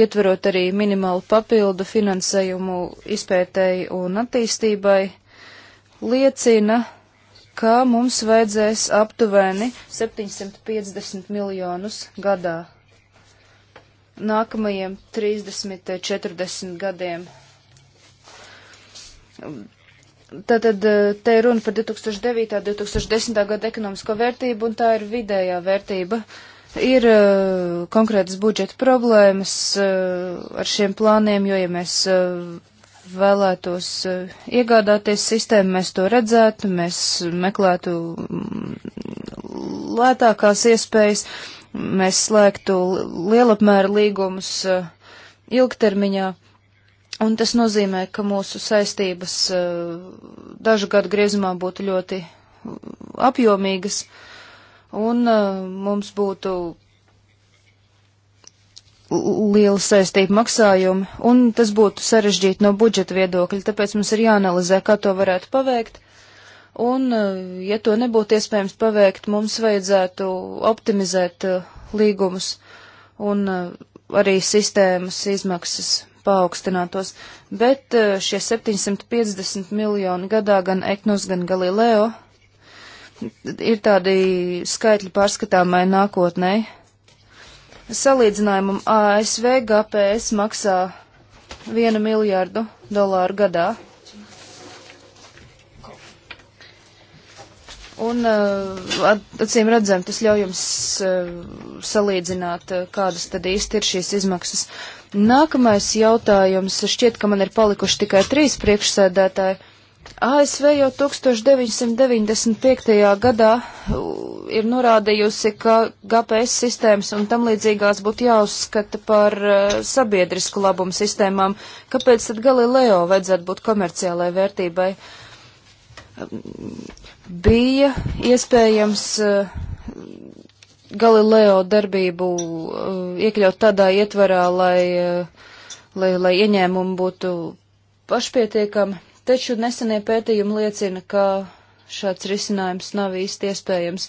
ietverot arī minimālu papildu finansējumu izpētēji un attīstībai liecina, ka mums vajadzēs aptuveni 750 miljonus gadā nākamajiem 30, 40 gadiem. Tātad eh, te ir runa par 2009. 2010. gada ekonomisko vērtību, un tā ir vidējā vērtība. Ir uh, konkrētas budžeta problēmas uh, ar šiem plāniem, jo, ja mēs uh, vēlētos eh, iegādāties sistēmu, mēs to redzētu, mēs meklētu mm, lētākās iespējas, mēs slēgtu lielapmēra līgumus eh, ilgtermiņā. Un tas nozīmē, ka mūsu saistības eh, dažu gadu griezumā būtu ļoti mm, apjomīgas, un mums būtu liela saistība maksājumi, un tas būtu sarežģīti no budžeta viedokļa, tāpēc mums ir jāanalizē, kā to varētu paveikt. Un, eh, ja to nebūtu iespējams paveikt, mums vajadzētu optimizēt uh, līgumus un uh, arī sistēmas izmaksas paaugstinātos. Bet uh, šie 750 miljoni gadā gan Eknos, gan Galileo ir tādi skaitļi pārskatāmai nākotnēji Salīdzinājumam ASV GPS maksā 1 miljārdu dolāru gadā. Un, uh, acīm redzam, tas ļauj jums uh, salīdzināt, uh, kādas tad īsti ir šīs izmaksas. Nākamais jautājums. Šķiet, ka man ir palikuši tikai trīs priekšsēdētāji. ASV jau 1995. gadā ir norādījusi, ka GPS sistēmas un tam līdzīgās būtu jāuzskata par e, sabiedrisku labumu sistēmām. Kāpēc tad Galileo vajadzētu būt komerciālai vērtībai? Bija iespējams e, Galileo darbību e, iekļaut tādā ietvarā, lai, lai, lai ieņēmumi būtu pašpietiekami taču nesenie pētījumi liecina, ka šāds risinājums nav īsti iespējams.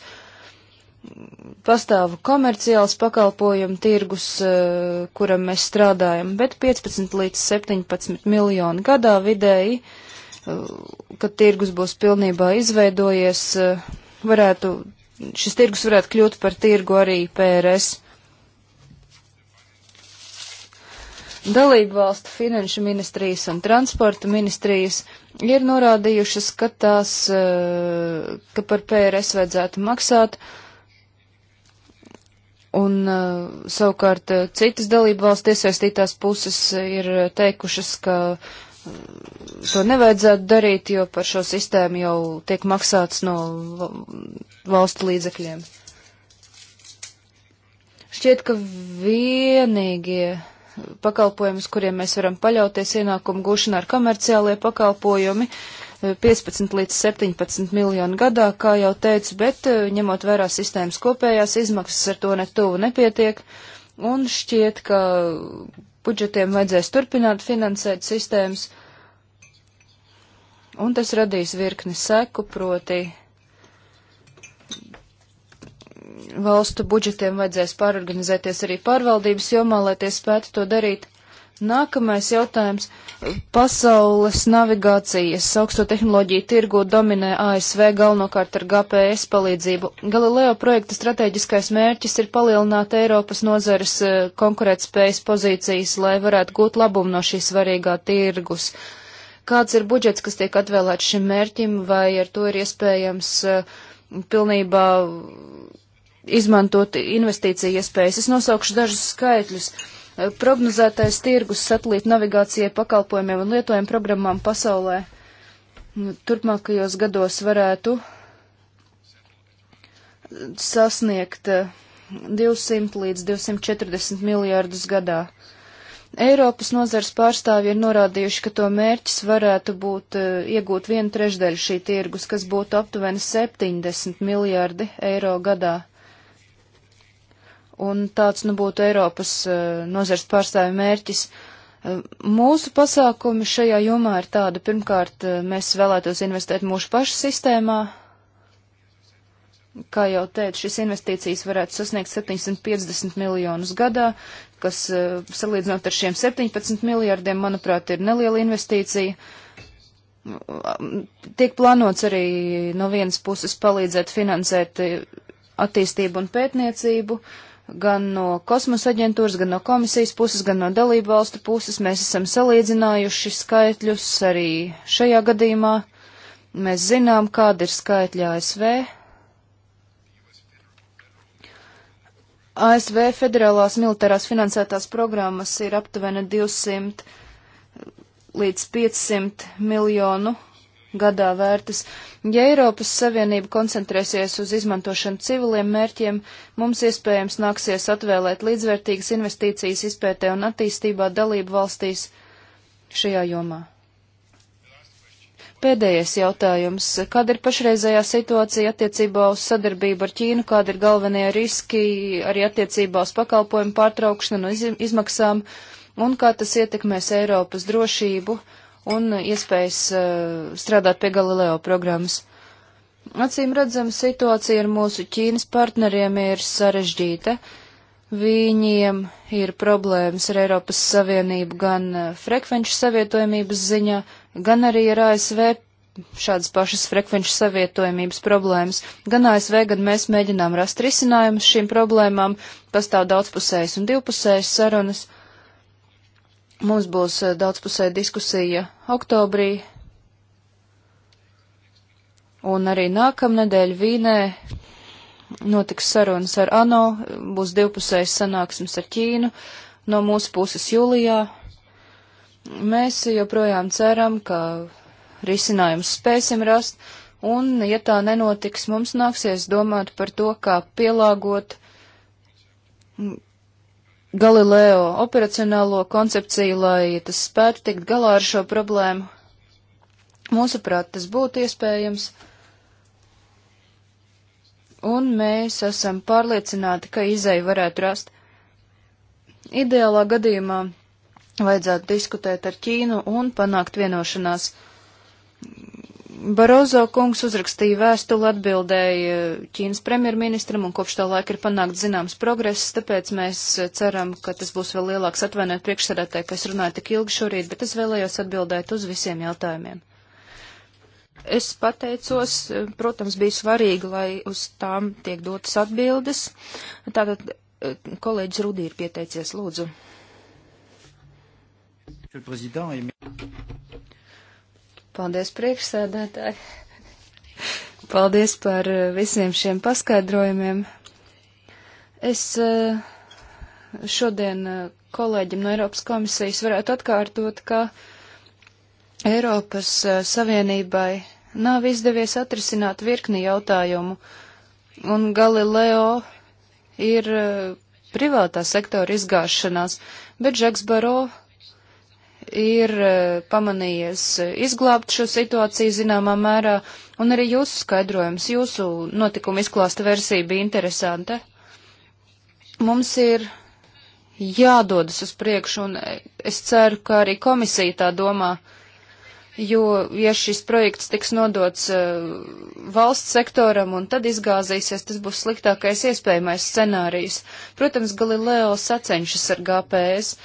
Pastāv komerciāls pakalpojumu tirgus, eh, kuram mēs strādājam, bet 15 līdz 17 miljoni gadā vidēji, eh, kad tirgus būs pilnībā izveidojies, eh, varētu, šis tirgus varētu kļūt par tirgu arī PRS. Dalību valstu finanšu ministrijas un transporta ministrijas ir norādījušas, ka tās, eh, ka par PRS vajadzētu maksāt, un eh, savukārt eh, citas dalību valsts iesaistītās puses ir teikušas, ka to nevajadzētu darīt, jo par šo sistēmu jau tiek maksāts no valstu līdzekļiem. Šķiet, ka vienīgie pakalpojumus, kuriem mēs varam paļauties ienākumu gūšanā ar komerciālie pakalpojumi. 15 eh, līdz 17 miljonu gadā, kā jau teicu, bet eh, ņemot vērā sistēmas kopējās izmaksas, ar to netuvu nepietiek, un šķiet, ka budžetiem vajadzēs turpināt finansēt sistēmas, un tas radīs virkni seku, proti valstu budžetiem vajadzēs pārorganizēties arī pārvaldības jomā, lai tie spētu to darīt. Nākamais jautājums. Pasaules navigācijas augsto tehnoloģiju tirgu dominē ASV galvenokārt ar GPS palīdzību. Galileo projekta strateģiskais mērķis ir palielināt Eiropas nozares eh, konkurētspējas pozīcijas, lai varētu gūt labumu no šī svarīgā tirgus. Kāds ir budžets, kas tiek atvēlēts šim mērķim, vai ar to ir iespējams uh, pilnībā izmantot investīciju iespējas. Es nosaukšu dažus skaitļus. Eh, prognozētais tirgus satelīta navigācijai pakalpojumiem un lietojumu programmām pasaulē nu, turpmākajos gados varētu sasniegt 200 eh, līdz 240 miljārdus gadā. Eiropas nozars pārstāvji ir norādījuši, ka to mērķis varētu būt eh, iegūt vienu trešdaļu šī tirgus, kas būtu aptuveni 70 miljārdi eiro gadā un tāds, nu, būtu Eiropas eh, nozars pārstāvi mērķis. Eh, mūsu pasākumi šajā jomā ir tāda, pirmkārt, eh, mēs vēlētos investēt mūsu pašu sistēmā. Kā jau teicu, šis investīcijas varētu sasniegt 750 miljonus gadā, kas salīdzinot ar šiem 17 miljārdiem, manuprāt, ir neliela investīcija. Tiek plānots arī no vienas puses palīdzēt finansēt attīstību un pētniecību. Uh, gan no kosmosa aģentūras, gan no komisijas puses, gan no dalību valstu puses. Mēs esam salīdzinājuši skaitļus arī šajā gadījumā. Mēs zinām, kāda ir skaitļa ASV. ASV federālās militārās finansētās programmas ir aptuveni 200 līdz 500 miljonu gadā vērtas. Ja Eiropas Savienība koncentrēsies uz izmantošanu civiliem mērķiem, mums iespējams nāksies atvēlēt līdzvērtīgas investīcijas izpētē un attīstībā dalību valstīs šajā jomā. Pēdējais jautājums. Kāda ir pašreizējā situācija attiecībā uz sadarbību ar Ķīnu? Kāda ir galvenie riski arī attiecībā uz pakalpojumu pārtraukšanu un izmaksām? Un kā tas ietekmēs Eiropas drošību un iespējas eh, strādāt pie Galileo programmas. Acīm redzama situācija ar mūsu Ķīnas partneriem ir sarežģīta. Viņiem ir problēmas ar Eiropas Savienību gan eh, frekvenču savietojamības ziņā, gan arī ar ASV šādas pašas frekvenču savietojamības problēmas. Gan ASV, gan mēs mēģinām rast risinājumus šīm problēmām, pastāv daudzpusējas un divpusējas sarunas. Mums būs eh, daudzpusē diskusija oktobrī, un arī nākamnedēļ Vīnē notiks sarunas ar ANO, būs divpusējs sanāksmes ar Ķīnu, no mūsu puses jūlijā. Mēs joprojām ceram, ka risinājums spēsim rast, un, ja tā nenotiks, mums nāksies domāt par to, kā pielāgot Galileo operacionālo koncepciju, lai tas spētu tikt galā ar šo problēmu. Mūsuprāt, tas būtu iespējams, un mēs esam pārliecināti, ka izēju varētu rast. Ideālā gadījumā vajadzētu diskutēt ar Ķīnu un panākt vienošanās. Barozo kungs uzrakstīja vēstuli atbildēja Ķīnas premjerministram un kopš tā laika ir panākt zināms progress, tāpēc mēs ceram, ka tas būs vēl lielāks atvainot priekšsarētē, ka es runāju tik ilgi šorīt, bet es vēlējos atbildēt uz visiem jautājumiem. Es pateicos, protams, bija svarīgi, lai uz tām tiek dotas atbildes. Tātad kolēģis Rudī ir pieteicies, lūdzu. Paldies, priekšsēdētāji! Paldies par eh, visiem šiem paskaidrojumiem. Es eh, šodien eh, kolēģim no Eiropas komisijas varētu atkārtot, ka Eiropas Savienībai nav izdevies atrisināt virkni jautājumu, un Galileo ir privātā sektora izgāšanās, bet Žeks Baro ir e, pamanījies izglābt šo situāciju zināmā mērā, un arī jūsu skaidrojums, jūsu notikuma izklāsta versija bija interesanta. Mums ir jādodas uz priekšu, un es ceru, ka arī komisija tā domā, jo, ja šis projekts tiks nodots uh, valsts sektoram un tad izgāzīsies, tas būs sliktākais iespējamais scenārijs. Protams, Galileo sacenšas ar GPS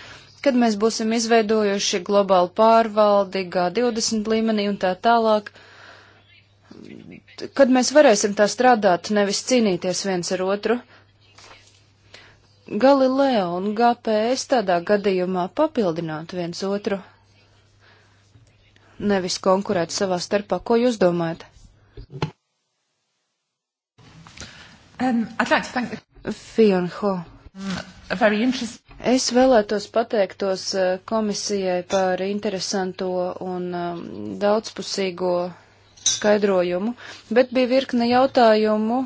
kad mēs būsim izveidojuši globālu pārvaldi, G20 līmenī un tā tālāk, kad mēs varēsim tā strādāt, nevis cīnīties viens ar otru. Galileo un GPS tādā gadījumā papildinātu viens otru, nevis konkurēt savā starpā. Ko jūs domājat? Um, like Fionho. Mm, Es vēlētos pateiktos eh, komisijai par interesanto un um, daudzpusīgo skaidrojumu, bet bija virkne jautājumu,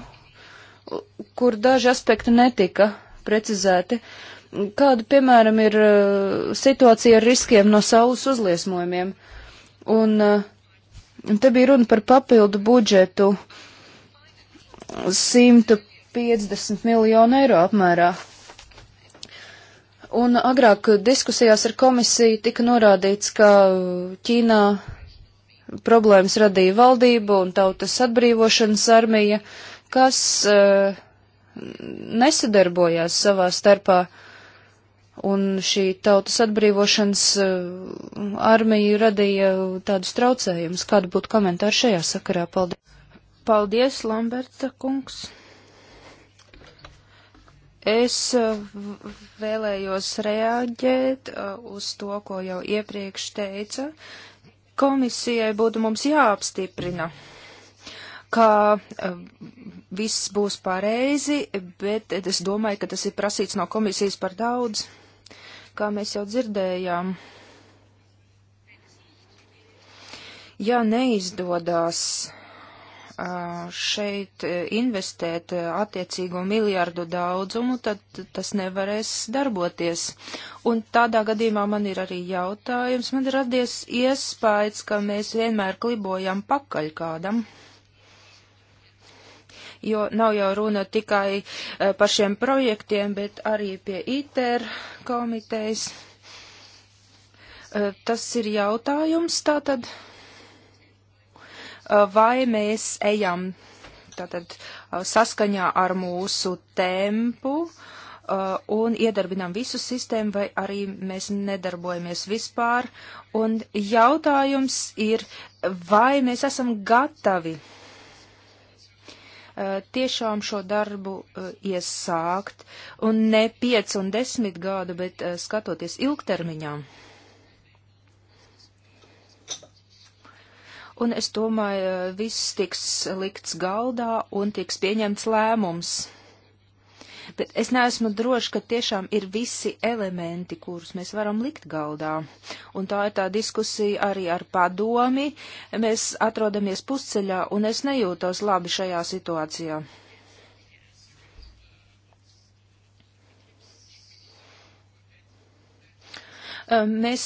kur daži aspekti netika precizēti. Kāda, piemēram, ir eh, situācija ar riskiem no saules uzliesmojumiem? Un, un eh, te bija runa par papildu budžetu 150 miljonu eiro apmērā. Un agrāk diskusijās ar komisiju tika norādīts, ka Ķīnā problēmas radīja valdība un tautas atbrīvošanas armija, kas uh, nesadarbojās savā starpā. Un šī tautas atbrīvošanas uh, armija radīja tādus traucējumus. Kāda būtu komentāra šajā sakarā? Paldies! Paldies, Lamberta kungs! Es eh, vēlējos reaģēt eh, uz to, ko jau iepriekš teica. Komisijai būtu mums jāapstiprina, ka eh, viss būs pareizi, bet es domāju, ka tas ir prasīts no komisijas par daudz, kā mēs jau dzirdējām. Ja neizdodas uh, šeit investēt attiecīgo miljardu daudzumu, tad tas nevarēs darboties. Un tādā gadījumā man ir arī jautājums. Man ir radies iespējas, ka mēs vienmēr klibojam pakaļ kādam. Jo nav jau runa tikai par šiem projektiem, bet arī pie ITER komitejas. Tas ir jautājums tātad. tad Uh, vai mēs ejam tātad uh, saskaņā ar mūsu tempu uh, un iedarbinām visu sistēmu, vai arī mēs nedarbojamies vispār. Un jautājums ir, vai mēs esam gatavi tiešām šo darbu iesākt, un ne 5 un 10 gadu, bet skatoties ilgtermiņā. un es domāju, eh, viss tiks likts galdā un tiks pieņemts lēmums. Bet es neesmu droši, ka tiešām ir visi elementi, kurus mēs varam likt galdā. Un tā ir tā diskusija arī ar padomi. Mēs atrodamies pusceļā, un es nejūtos labi šajā situācijā. Mēs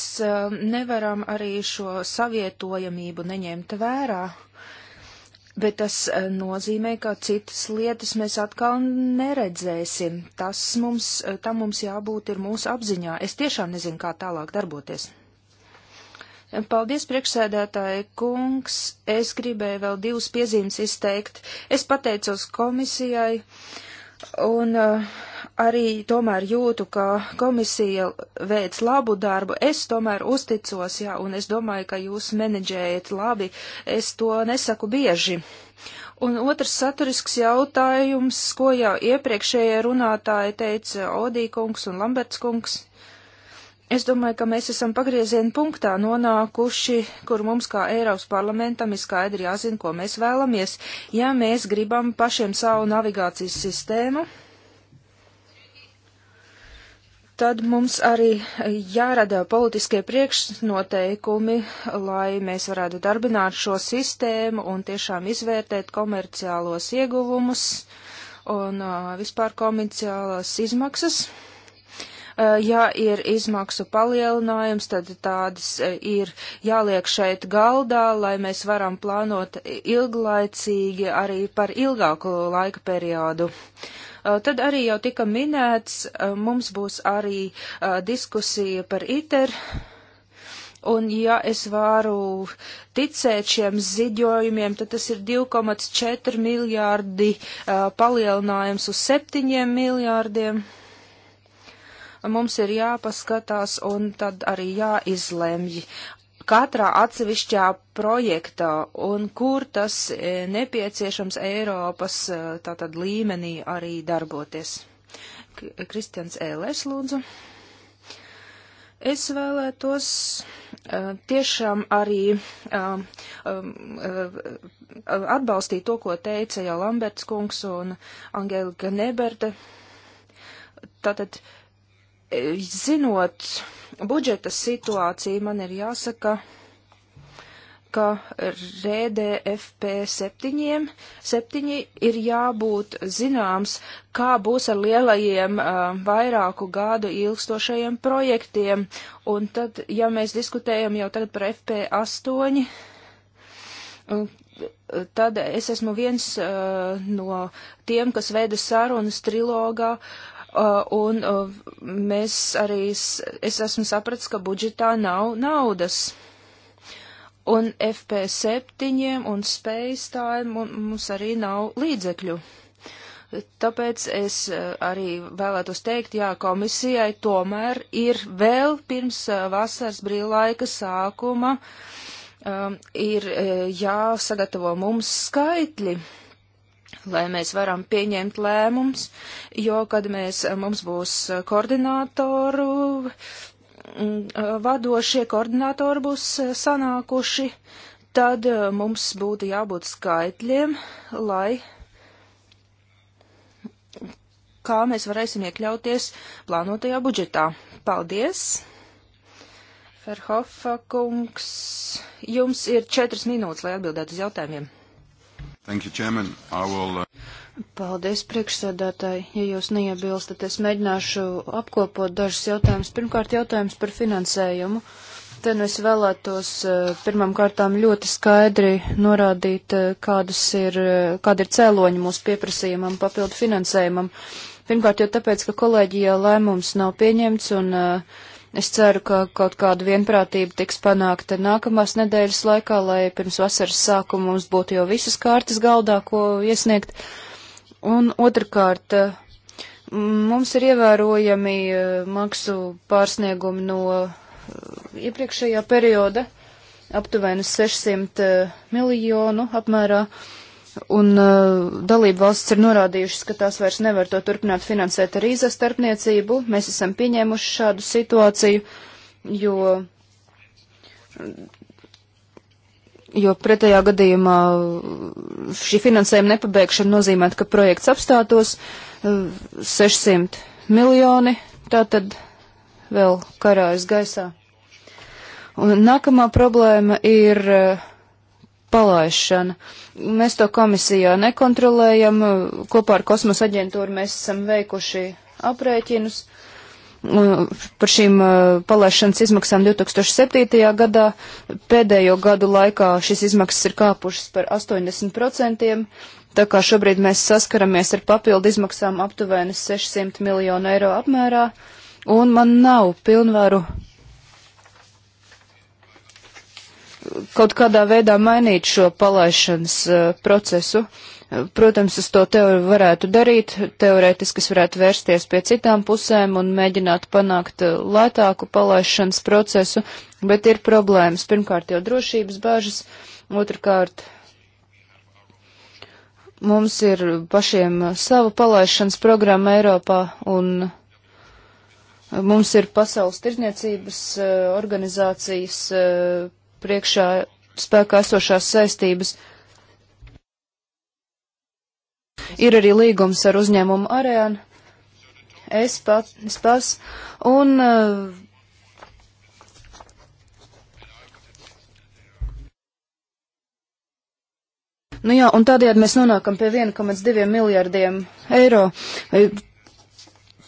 nevaram arī šo savietojamību neņemt vērā, bet tas nozīmē, ka citas lietas mēs atkal neredzēsim. Tas mums, tam mums jābūt ir mūsu apziņā. Es tiešām nezinu, kā tālāk darboties. Paldies, priekšsēdētāji kungs. Es gribēju vēl divas piezīmes izteikt. Es pateicos komisijai. Uh, Un uh, arī tomēr jūtu, ka komisija veic labu darbu. Es tomēr uzticos, jā, un es domāju, ka jūs menedžējat labi. Es to nesaku bieži. Un otrs saturisks jautājums, ko jau iepriekšējie runātāji teica Odīkungs un Lambertskungs. Es domāju, ka mēs esam pagrieziena punktā nonākuši, kur mums kā Eiropas parlamentam ir skaidri jāzina, ko mēs vēlamies, ja mēs gribam pašiem savu navigācijas sistēmu. Tad mums arī jārada politiskie priekšnoteikumi, lai mēs varētu darbināt šo sistēmu un tiešām izvērtēt komerciālos ieguvumus un uh, vispār komerciālās izmaksas ja ir izmaksu palielinājums, tad tādas ir jāliek šeit galdā, lai mēs varam plānot ilglaicīgi arī par ilgāku laika periodu. Tad arī jau tika minēts, mums būs arī diskusija par ITER. Un, ja es varu ticēt šiem ziņojumiem, tad tas ir 2,4 miljārdi uh, palielinājums uz 7 miljārdiem. Uh, mums ir jāpaskatās un tad arī jāizlemj katrā atsevišķā projektā un kur tas e, nepieciešams Eiropas e, tātad līmenī arī darboties. Kristians Ēlēs lūdzu. Es vēlētos uh, tiešām arī uh, uh, atbalstīt to, ko teica jau Lamberts kungs un Angelika Neberde. Tātad uh, Zinot budžeta situāciju, man ir jāsaka, ka RDFP 7, 7 ir jābūt zināms, kā būs ar lielajiem uh, vairāku gadu ilgstošajiem projektiem. Un tad, ja mēs diskutējam jau tagad par FP 8, tad es esmu viens uh, no tiem, kas veida sarunas trilogā Uh, un uh, mēs arī, es esmu sapratis, ka budžetā nav naudas. Un FP7 un spējstājiem mums arī nav līdzekļu. Tāpēc es uh, arī vēlētos teikt, jā, komisijai tomēr ir vēl pirms vasaras brīvlaika sākuma um, ir jāsagatavo mums skaitļi. Uh, lai mēs varam pieņemt lēmums, jo, kad mēs, mums būs koordinātoru, mm, vadošie koordinātori būs sanākuši, tad eh, mums būtu jābūt skaitļiem, lai kā mēs varēsim iekļauties plānotajā budžetā. Paldies! Ferhofa kungs, jums ir četras minūtes, lai atbildētu uz jautājumiem. Thank you, Chairman. I will, uh... Paldies, priekšsēdētāji. Ja jūs neiebilstat, es mēģināšu apkopot dažus jautājumus. Pirmkārt, jautājums par finansējumu. Te nu es vēlētos uh, pirmām kārtām ļoti skaidri norādīt, uh, kādas ir, uh, kāda ir cēloņa mūsu pieprasījumam, papildu finansējumam. Pirmkārt, jau tāpēc, ka kolēģijā lēmums nav pieņemts un uh, Es ceru, ka kaut kāda vienprātība tiks panākta nākamās nedēļas laikā, lai pirms vasaras sākuma mums būtu jau visas kārtas galdā, ko iesniegt. Un otrkārt, mums ir ievērojami eh, maksu pārsniegumi no eh, iepriekšējā perioda, aptuveni 600 eh, miljonu apmērā. Uh, un uh, dalību valsts ir norādījušas, ka tās vairs nevar to turpināt finansēt ar īza starpniecību. Mēs esam pieņēmuši šādu situāciju, jo, jo pretējā gadījumā šī finansējuma nepabeigšana nozīmētu, ka projekts apstātos uh, 600 miljoni, tātad vēl karājas gaisā. Un nākamā problēma ir uh, palaišana. Mēs to komisijā nekontrolējam, kopā ar kosmosa aģentūru mēs esam veikuši aprēķinus uh, par šīm uh, palaišanas izmaksām 2007. gadā. Pēdējo gadu laikā šīs izmaksas ir kāpušas par 80%, tā kā šobrīd mēs saskaramies ar papildu izmaksām aptuveni 600 miljonu eiro apmērā, un man nav pilnvaru kaut kādā veidā mainīt šo palaišanas e, procesu. E, protams, es to teori varētu darīt, teorētiski es varētu vērsties pie citām pusēm un mēģināt panākt e, lētāku palaišanas procesu, bet ir problēmas. Pirmkārt jau drošības bāžas, otrkārt mums ir pašiem sava palaišanas programma Eiropā un mums ir pasaules tirzniecības organizācijas priekšā spēkā esošās saistības. Ir arī līgums ar uzņēmumu Arēnu, es pat, es pas, un uh, Nu jā, un tādējādi mēs nonākam pie 1,2 miljārdiem eiro.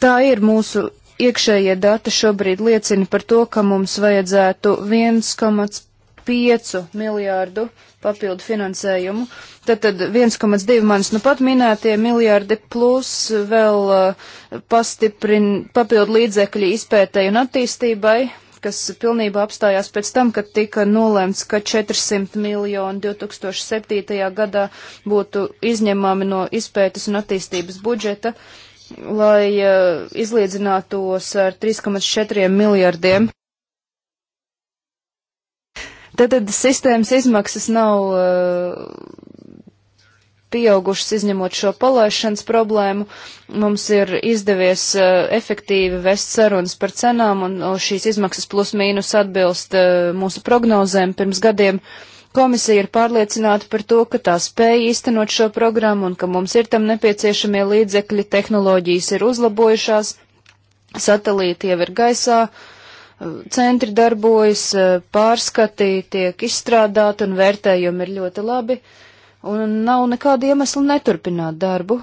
Tā ir mūsu iekšējie dati šobrīd liecina par to, ka mums vajadzētu 1,5 5 miljārdu papildu finansējumu. Tad, tad 1,2 manis nu pat minētie miljārdi plus vēl uh, pastiprin papildu līdzekļi izpētēji un attīstībai, kas pilnībā apstājās pēc tam, kad tika nolēmts, ka 400 miljoni 2007. gadā būtu izņemami no izpētes un attīstības budžeta, lai uh, izlīdzinātos ar 3,4 miljardiem. Tad, tad sistēmas izmaksas nav uh, pieaugušas, izņemot šo palaišanas problēmu. Mums ir izdevies uh, efektīvi vest sarunas par cenām, un uh, šīs izmaksas plus mīnus atbilst uh, mūsu prognozēm pirms gadiem. Komisija ir pārliecināta par to, ka tā spēja īstenot šo programmu un ka mums ir tam nepieciešamie līdzekļi, tehnoloģijas ir uzlabojušās, satelīti jau ir gaisā, uh, centri darbojas, eh, pārskati tiek izstrādāti un vērtējumi ir ļoti labi, un nav nekāda iemesla neturpināt darbu.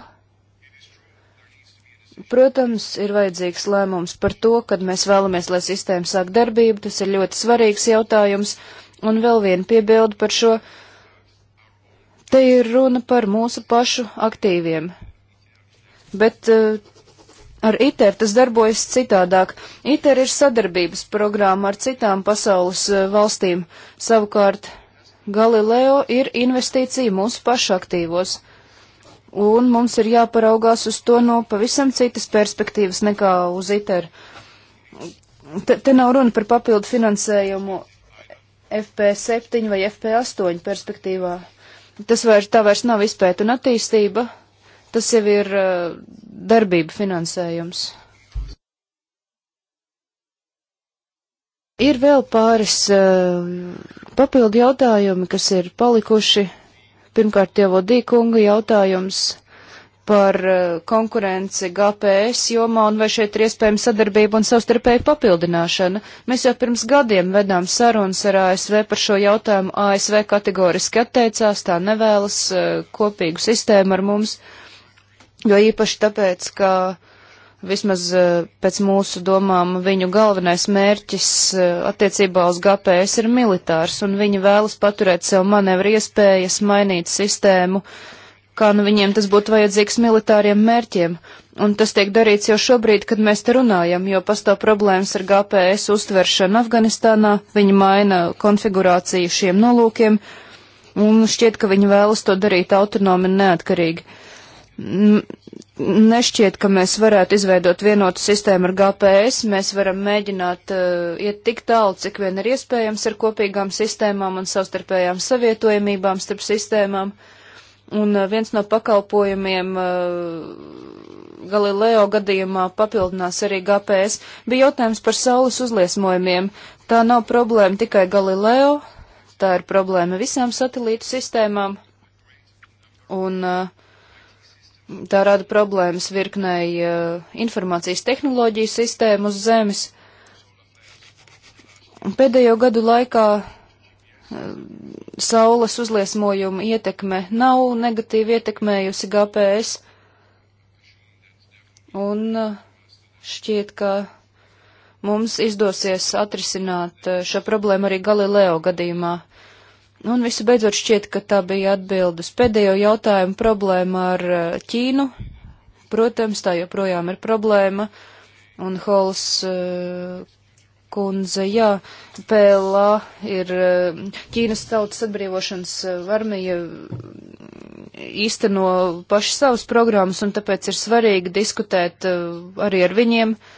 Protams, ir vajadzīgs lēmums par to, kad mēs vēlamies, lai sistēma sāk darbību, tas ir ļoti svarīgs jautājums, un vēl viena piebilda par šo. Te ir runa par mūsu pašu aktīviem, bet uh, Ar ITER tas darbojas citādāk. ITER ir sadarbības programma ar citām pasaules eh, valstīm. Savukārt Galileo ir investīcija mūsu pašu aktīvos. Un mums ir jāparaugās uz to no pavisam citas perspektīvas nekā uz ITER. Te, te nav runa par papildu finansējumu FP7 vai FP8 perspektīvā. Tas vairs tā vairs nav izpēta un attīstība, Tas jau ir uh, darbība finansējums. Ir vēl pāris uh, papildu jautājumi, kas ir palikuši. Pirmkārt, jau Dīkunga jautājums par uh, konkurenci GPS jomā un vai šeit ir iespējama sadarbība un savstarpēja papildināšana. Mēs jau pirms gadiem vedām sarunas ar ASV par šo jautājumu. ASV kategoriski atteicās, tā nevēlas kopīgu sistēmu ar mums. Uh, jo īpaši tāpēc, ka vismaz e, pēc mūsu domām viņu galvenais mērķis e, attiecībā uz GPS ir militārs, un viņi vēlas paturēt sev manevru iespējas mainīt sistēmu, kā nu viņiem tas būtu vajadzīgs militāriem mērķiem. Un tas tiek darīts jau šobrīd, kad mēs te runājam, jo pastāv problēmas ar GPS uztveršanu Afganistānā, viņi maina konfigurāciju šiem nolūkiem, un šķiet, ka viņi vēlas to darīt autonomi un neatkarīgi nešķiet, ka mēs varētu izveidot vienotu sistēmu ar GPS. Mēs varam mēģināt uh, iet tik tālu, cik vien ir iespējams ar kopīgām sistēmām un savstarpējām savietojamībām starp sistēmām. Un uh, viens no pakalpojumiem uh, Galileo gadījumā papildinās arī GPS. Bija jautājums par saules uzliesmojumiem. Tā nav problēma tikai Galileo, tā ir problēma visām satelītu sistēmām. Un uh, tā rada problēmas virknei uh, informācijas tehnoloģiju sistēmu uz zemes. Pēdējo gadu laikā uh, saules uzliesmojuma ietekme nav negatīvi ietekmējusi GPS, un uh, šķiet, ka mums izdosies atrisināt šo problēmu arī Galileo gadījumā. Un visu beidzot šķiet, ka tā bija atbildes pēdējo jautājumu problēma ar eh, Ķīnu. Protams, tā joprojām ir problēma. Un Hols eh, kundze, jā, PLA ir eh, Ķīnas tautas atbrīvošanas armija mm, īsteno paši savas programmas, un tāpēc ir svarīgi diskutēt arī ar viņiem. Uh,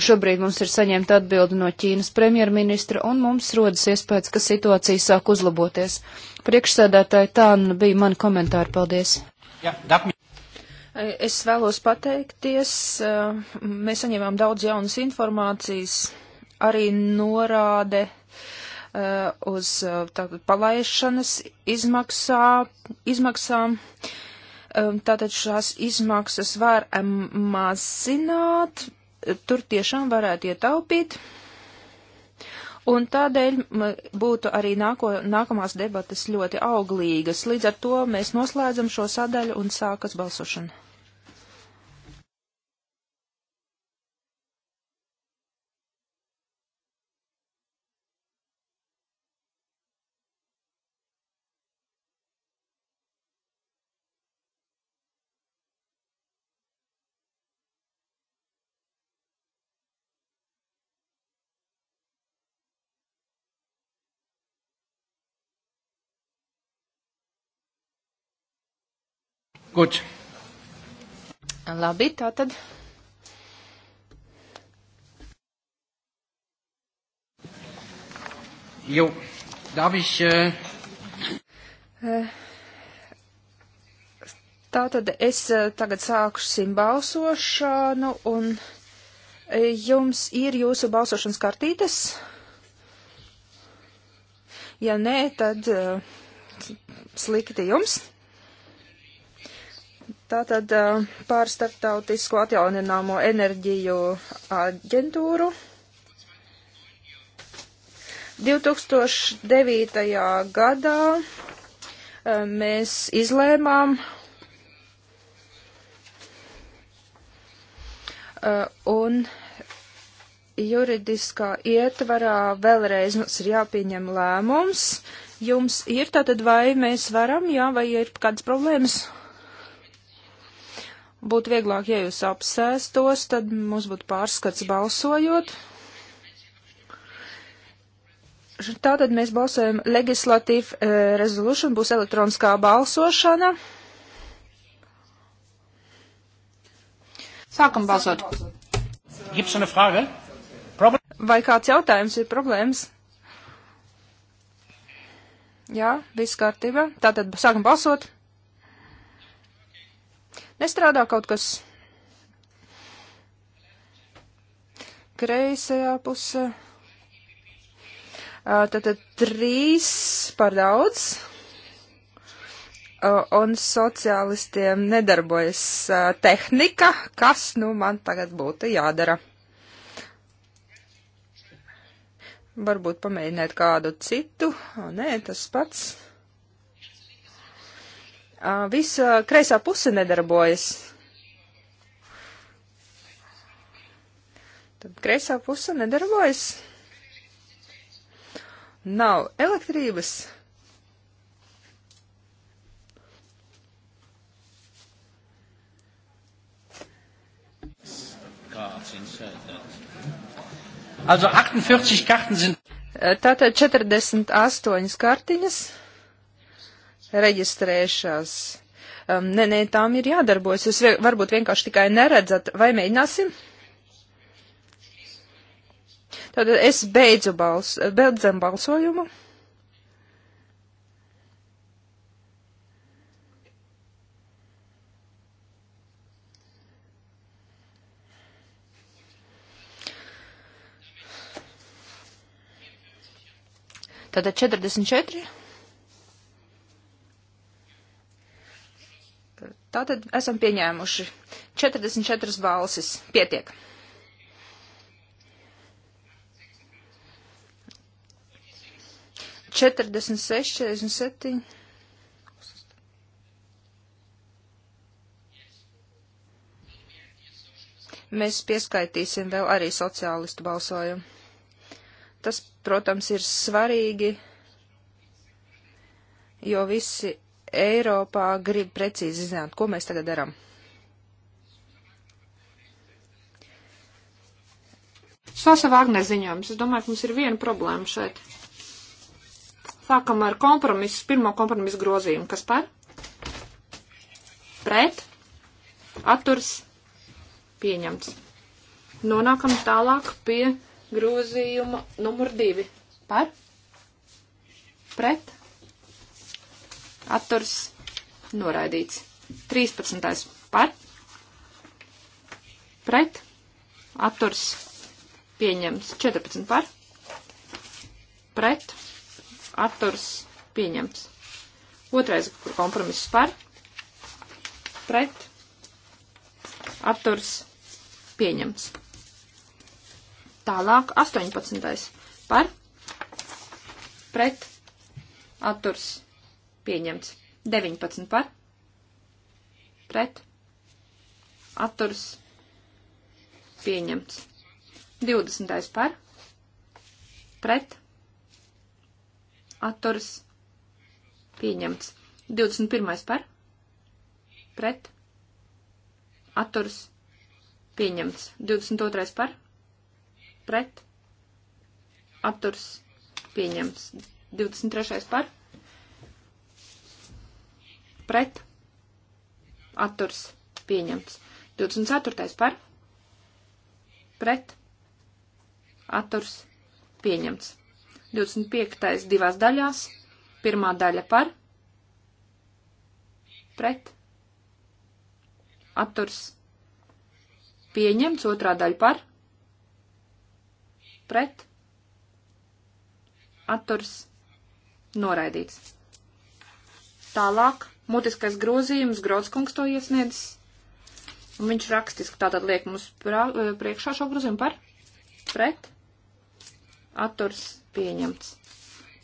Šobrīd mums ir saņemta atbildi no Ķīnas premjerministra, un mums rodas iespējas, ka situācija sāk uzlaboties. Priekšsēdētāji, tā nu bija mani komentāri. Paldies! Ja, es vēlos pateikties. Mēs saņēmām daudz jaunas informācijas, arī norāde uh, uz uh, tā, palaišanas izmaksā, izmaksām um, tātad šās izmaksas var mazināt, tur tiešām varētu ietaupīt. Un tādēļ būtu arī nāko, nākamās debatas ļoti auglīgas. Līdz ar to mēs noslēdzam šo sadaļu un sākas balsošana. Gut. Labi, tā tad. Jo, darf ich. Eh, äh... Eh, uh... Tātad es eh, tagad sākusim balsošanu, un jums ir jūsu balsošanas kartītes? Ja nē, tad slikti jums. Tātad eh, pār starptautisko atjaunināmo enerģiju aģentūru. 2009. gadā eh, mēs izlēmām eh, un juridiskā ietvarā vēlreiz mums ir jāpieņem lēmums. Jums ir tātad vai mēs varam, jā, vai ir kādas problēmas? Būtu vieglāk, ja jūs apsēstos, tad mums būtu pārskats balsojot. Tātad mēs balsojam legislatīvu e, eh, rezolūciju, būs elektroniskā balsošana. Sākam balsot. Gibt's eine Frage? Problem? Vai kāds jautājums ir problēmas? Jā, viss kārtībā. Tātad sākam balsot. Nestrādā kaut kas kreisajā pusē. Tātad trīs par daudz. Un sociālistiem nedarbojas tehnika, kas nu man tagad būtu jādara. Varbūt pamēģināt kādu citu. O, nē, tas pats. Visa kreisā puse nedarbojas. Tad kreisā puse nedarbojas. Nav elektrības. Also 48 karten sind. Tātad 48 kartiņas reģistrēšās. Um, nē, nē, tām ir jādarbojas. Jūs vie varbūt vienkārši tikai neredzat, vai mēģināsim? Tātad es beidzu bals, beidzam balsojumu. Tātad 44. Tātad esam pieņēmuši 44 balsis. Pietiek. Četrdesmit seši, četrdesmit septiņi. Mēs pieskaitīsim vēl arī sociālistu balsojumu. Tas, protams, ir svarīgi, jo visi Eiropā grib precīzi zināt, ko mēs tagad darām. Sasa Vāgne ziņojums. Es domāju, ka mums ir viena problēma šeit. Sākam ar kompromisu, pirmo kompromisu grozījumu. Kas par? Pret? Atturs? Pieņemts. Nonākam tālāk pie grozījuma numur divi. Par? Pret? atturs noraidīts. 13. par pret atturs pieņemts. 14. par pret atturs pieņemts. Otrais kompromiss par pret atturs pieņemts. Tālāk 18. par pret atturs Pieņemts. 19 par. Pret. Atturs. Pieņemts. 20 par. Pret. Atturs. Pieņemts. 21 par. Pret. Atturs. Pieņemts. 22 par. Pret. Atturs. Pieņemts. 23 par pret, atturs, pieņemts. 24. par, pret, atturs, pieņemts. 25. divās daļās, pirmā daļa par, pret, atturs, pieņemts, otrā daļa par, pret, atturs, noraidīts. Tālāk mutiskais grozījums, Grodskungs to iesniedzis, un viņš rakstiski tātad liek mums prā, e, priekšā šo grozījumu par, pret, atturs pieņemts.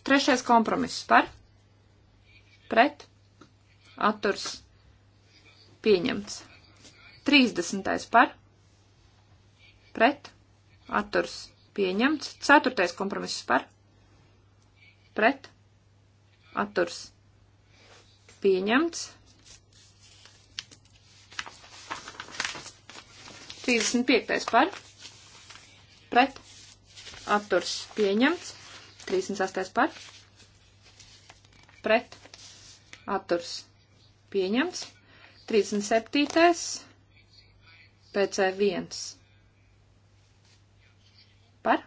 Trešais kompromiss par, pret, atturs pieņemts. 30. par, pret, atturs pieņemts. Ceturtais kompromiss par, pret, atturs pieņemts pieņemts. 35. par, pret, atturs pieņemts. 38. par, pret, atturs pieņemts. 37. PC1 par,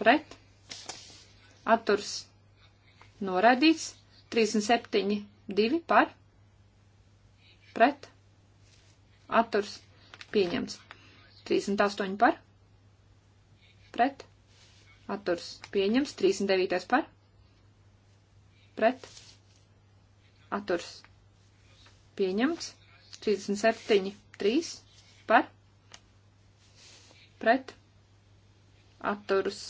pret, atturs noraidīts. 37, 2 par, pret, atturs, pieņemts. 38 par, pret, atturs, pieņemts. 39 par, pret, atturs, pieņemts. 37, 3 par, pret, atturs,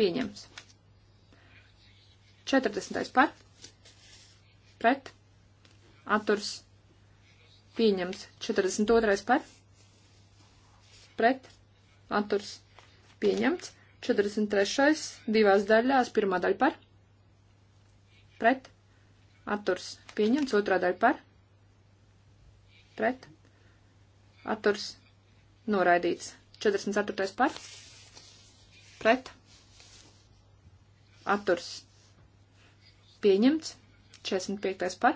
pieņemts. 40. par, pret, atturs, pieņemts. 42. par, pret, atturs, pieņemts. 43. divās daļās, pirmā daļa par, pret, atturs, pieņemts. Otrā daļa par, pret, atturs, noraidīts. 44. par, pret, atturs, pieņemts Pieņemts. 45. par.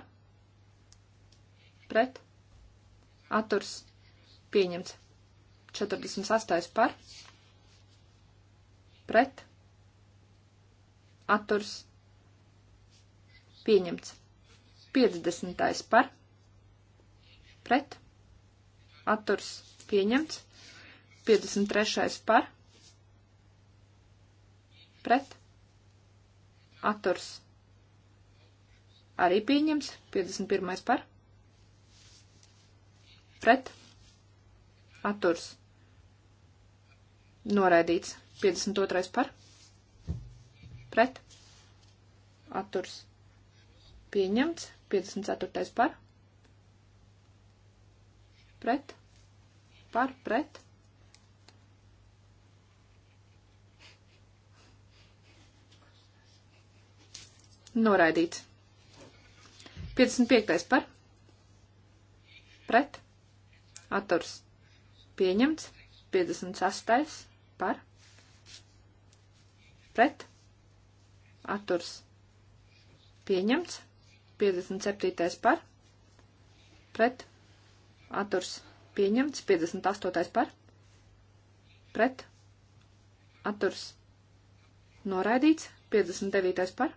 Pret. Atturs. Pieņemts. 48. par. Pret. Atturs. Pieņemts. 50. par. Pret. Atturs. Pieņemts. 53. par. Pret. Atturs. Pieņemts Arī pieņems. 51. par. Pret. Atturs. Noraidīts. 52. par. Pret. Atturs. Pieņemts. 54. par. Pret. Par. Pret. Noraidīts. 55. par pret atturs pieņemts. 56. par pret atturs pieņemts. 57. par pret atturs pieņemts. 58. par pret atturs noraidīts. 59. par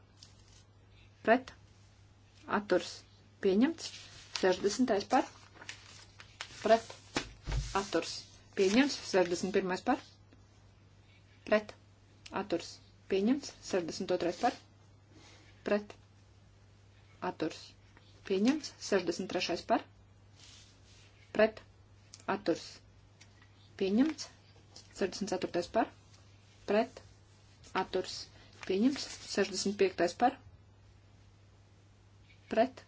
pret atturs atturs pieņemts. 60. par pret atturs pieņemts. 61. par pret atturs pieņemts. 62. par pret atturs pieņemts. 63. par pret atturs pieņemts. 64. par pret atturs pieņemts. 65. par pret pret,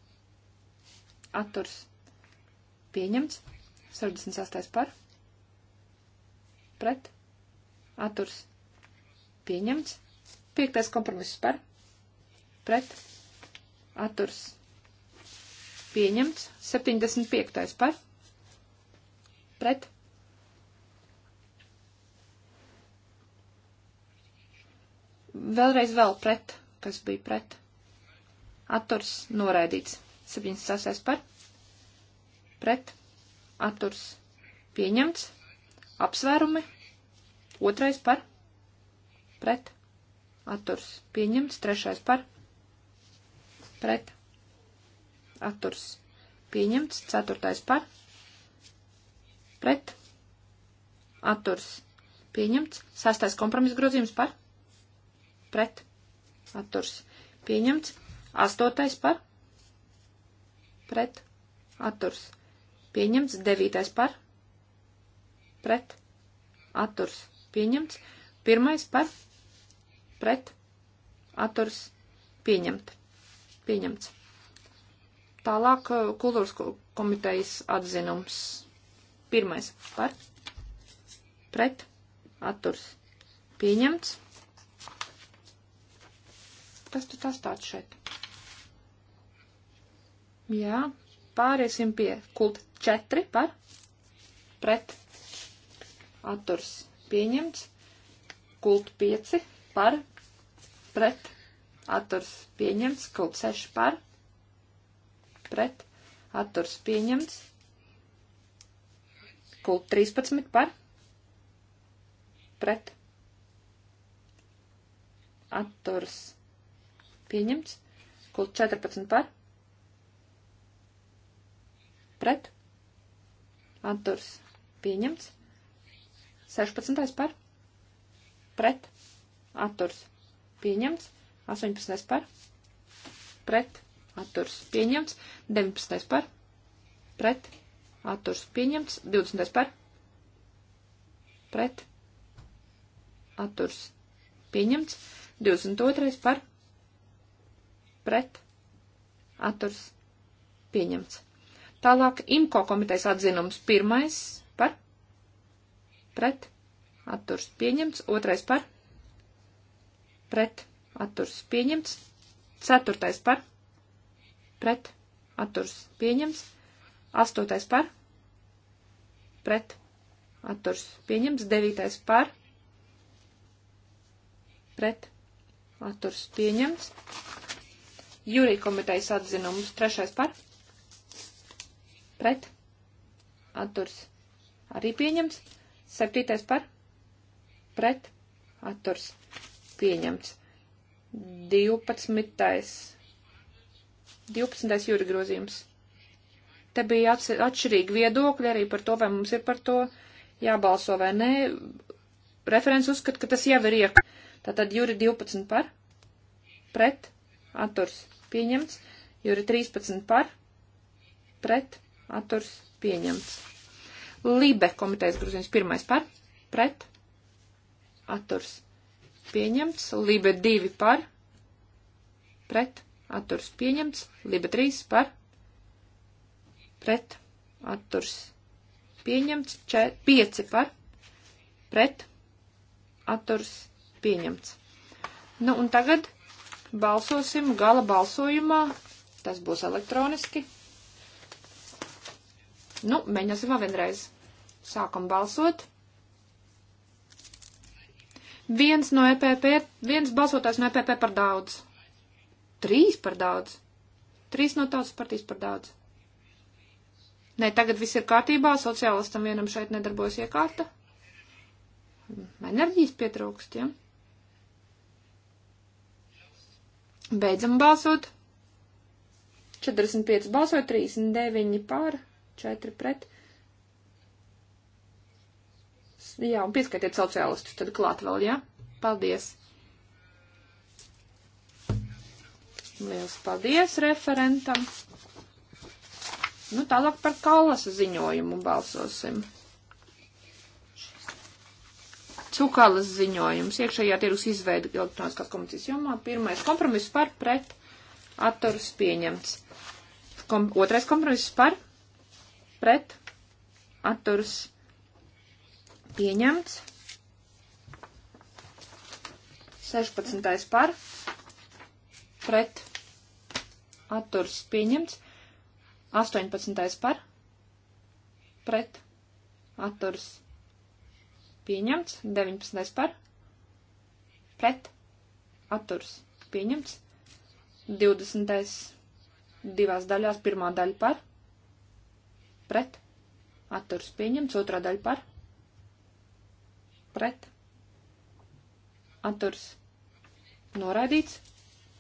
atturs, pieņemts, 68. par, pret, atturs, pieņemts, 5. kompromiss par, pret, atturs, pieņemts, 75. par, pret, vēlreiz vēl pret, kas bija pret atturs noraidīts. 76. par pret atturs pieņemts. Apsvērumi. Otrais par pret atturs pieņemts. Trešais par pret atturs pieņemts. Ceturtais par pret atturs pieņemts. Sastais kompromiss grozījums par pret atturs pieņemts. Astotais par pret atturs pieņemts. Devītais par pret atturs pieņemts. Pirmais par pret atturs pieņemt. Pieņemts. Tālāk eh, kultūras komitejas atzinums. Pirmais par pret atturs pieņemts. Kas tu tas tāds šeit? Jā, pāriesim pie kult 4 par pret atturs pieņemts. Kult 5 par pret atturs pieņemts. Kult 6 par pret atturs pieņemts. Kult 13 par pret atturs pieņemts. Kult 14 par pret pret, atturs pieņemts. 16. par, pret, atturs pieņemts. 18. par, pret, atturs pieņemts. 19. par, pret, atturs pieņemts. 20. par, pret, atturs pieņemts. 22. par, pret, atturs pieņemts. Tālāk IMCO komitejas atzinums pirmais par, pret, atturs pieņemts, otrais par, pret, atturs pieņemts, ceturtais par, pret, atturs pieņemts, astotais par, pret, atturs pieņemts, devītais par, pret, atturs pieņemts, jūrī komitejas atzinums, trešais par, pret, pret, atturs, arī pieņemts. Septītais par, pret, atturs, pieņemts. 12. 12. jūra grozījums. Te bija atšķirīgi viedokļi arī par to, vai mums ir par to jābalso vai nē. Referents uzskat, ka tas jau ir iek. Tātad jūri 12 par, pret, atturs, pieņemts. Jūri 13 par, pret, atturs pieņemts. Libe komitejas grozījums pirmais par, pret, atturs pieņemts. Libe divi par, pret, atturs pieņemts. Libe trīs par, pret, atturs pieņemts. Čē, pieci par, pret, atturs pieņemts. Nu un tagad balsosim gala balsojumā. Tas būs elektroniski. Nu, mēģināsim vēl vienreiz. Sākam balsot. Viens no EPP, viens balsotājs no EPP par daudz. Trīs par daudz. Trīs no tautas partijas par daudz. Nē, tagad viss ir kārtībā, sociālistam vienam šeit nedarbojas iekārta. Enerģijas pietrūkst, ja? Beidzam balsot. 45 balsoja, 39 pār. 4 pret. Jā, un pieskaitiet sociālistus tad klāt vēl, jā? Ja? Paldies! Liels paldies referentam! Nu, tālāk par Kallas ziņojumu balsosim. Cukalas ziņojums. Iekšējā tirgus izveida elektroniskās komunicācijas jomā. Pirmais kompromiss par pret atturus pieņemts. Kom otrais kompromiss par pret atturas pieņemts. 16. par pret atturas pieņemts. 18. par pret atturas pieņemts. 19. par pret atturas pieņemts. 20. divās daļās pirmā daļa par pret pret, atturs pieņemts, otrā daļa par, pret, atturs noraidīts,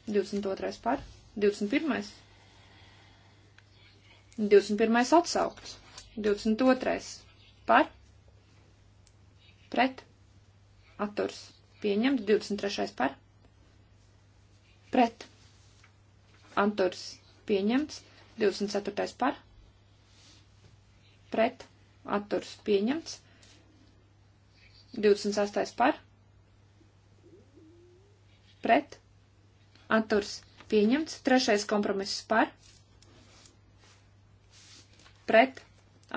22. par, 21. 21. atsaukts, 22. par, pret, atturs pieņemts, 23. par, pret, atturs pieņemts, 24. par, pret atturs pieņemts. 28. par pret atturs pieņemts. Trešais kompromiss par pret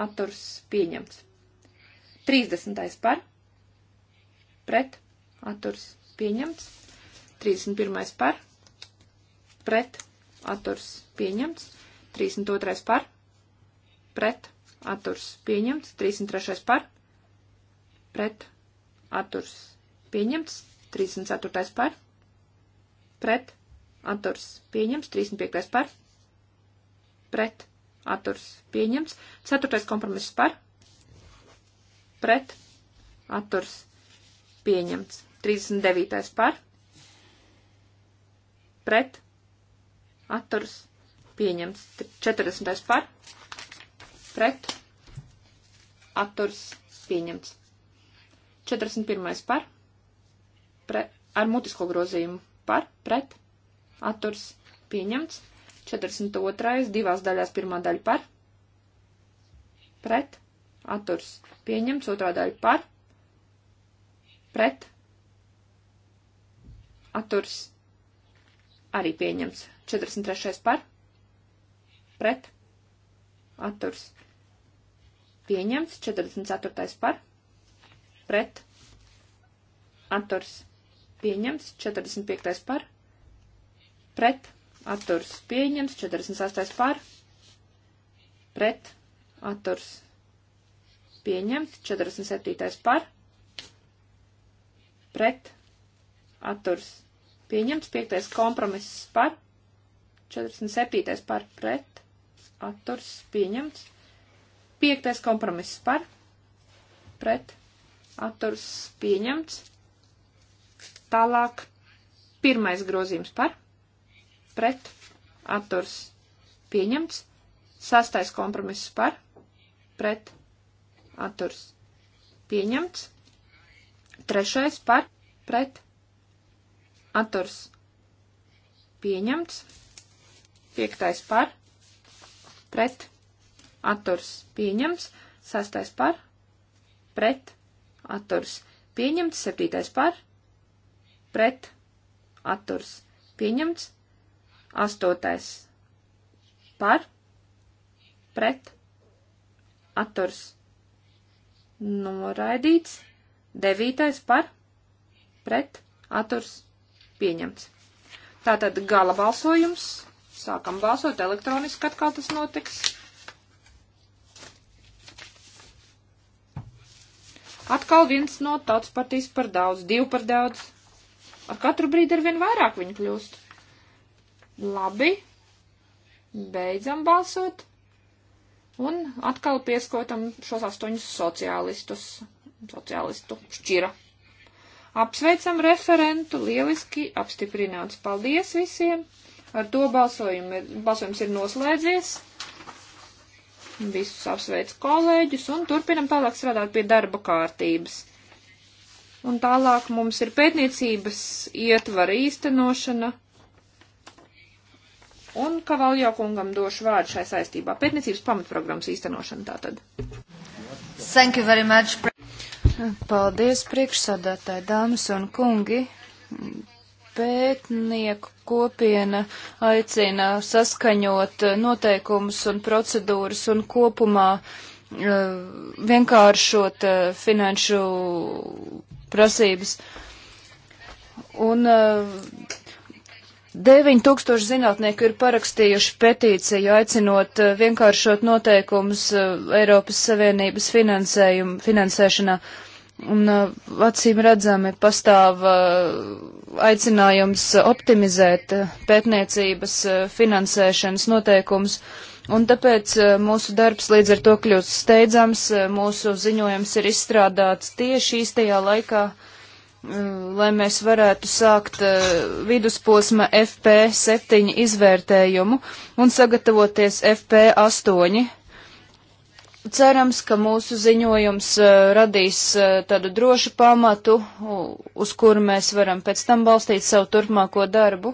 atturs pieņemts. 30. par pret atturs pieņemts. 31. par pret atturs pieņemts. 32. par pret atturs pieņemts, 303. par, pret, atturs pieņemts, 304. par, pret, atturs pieņemts, 305. par, pret, atturs pieņemts, 4. kompromiss par, pret, atturs pieņemts, 39. par, pret, atturs pieņemts, 40. par, pret, atturs pieņemts. 41. par, pre, ar mutisko grozījumu par, pret, atturs pieņemts. 42. divās daļās pirmā daļa par, pret, atturs pieņemts, otrā daļa par, pret, atturs arī pieņemts. 43. par, pret, atturs pieņemts, 44. par, pret, atturs, pieņemts, 45. par, pret, atturs, pieņemts, 48. par, pret, atturs, pieņemts, 47. par, pret, atturs, pieņemts, 5. kompromiss par, 47. par, pret, atturs, pieņemts, Piektais kompromiss par, pret, atturs pieņemts. Tālāk pirmais grozījums par, pret, atturs pieņemts. Sastais kompromiss par, pret, atturs pieņemts. Trešais par, pret, atturs pieņemts. Piektais par, pret, atturs pieņemts atturs pieņems, sastais par, pret, atturs pieņemts, septītais par, pret, atturs pieņemts, astotais par, pret, atturs noraidīts, devītais par, pret, atturs pieņemts. Tātad gala balsojums. Sākam balsot elektroniski, atkal tas notiks. Atkal viens no tautas partijas par daudz, divi par daudz. Ar katru brīdi ar vien vairāk viņi kļūst. Labi. Beidzam balsot. Un atkal pieskotam šos astoņus sociālistus. Sociālistu šķira. Apsveicam referentu. Lieliski apstiprināts. Paldies visiem. Ar to balsojums ir noslēdzies. Visus apsveic kolēģus un turpinam tālāk strādāt pie darba kārtības. Un tālāk mums ir pētniecības ietvara īstenošana. Un Kavaljo kungam došu vārdu šai saistībā. Pētniecības pamatprogrammas īstenošana tātad. Thank you very much. Paldies priekšsādātāji, dāmas un kungi. Pētnieku kopiena aicina saskaņot noteikumus un procedūras un kopumā eh, vienkāršot eh, finanšu prasības. Un 9000 eh, zinātnieku ir parakstījuši petīciju, aicinot vienkāršot noteikumus Eiropas Savienības finansēšanā. Un uh, acīm redzami pastāv uh, aicinājums optimizēt uh, pētniecības finansēšanas noteikums, un tāpēc mūsu darbs līdz ar to kļūst steidzams, mūsu ziņojums ir izstrādāts tieši īstajā laikā, lai mēs varētu sākt vidusposma FP7 izvērtējumu un sagatavoties FP8 Cerams, ka mūsu ziņojums eh, radīs eh, tādu drošu pamatu, uz kuru mēs varam pēc tam balstīt savu turpmāko darbu.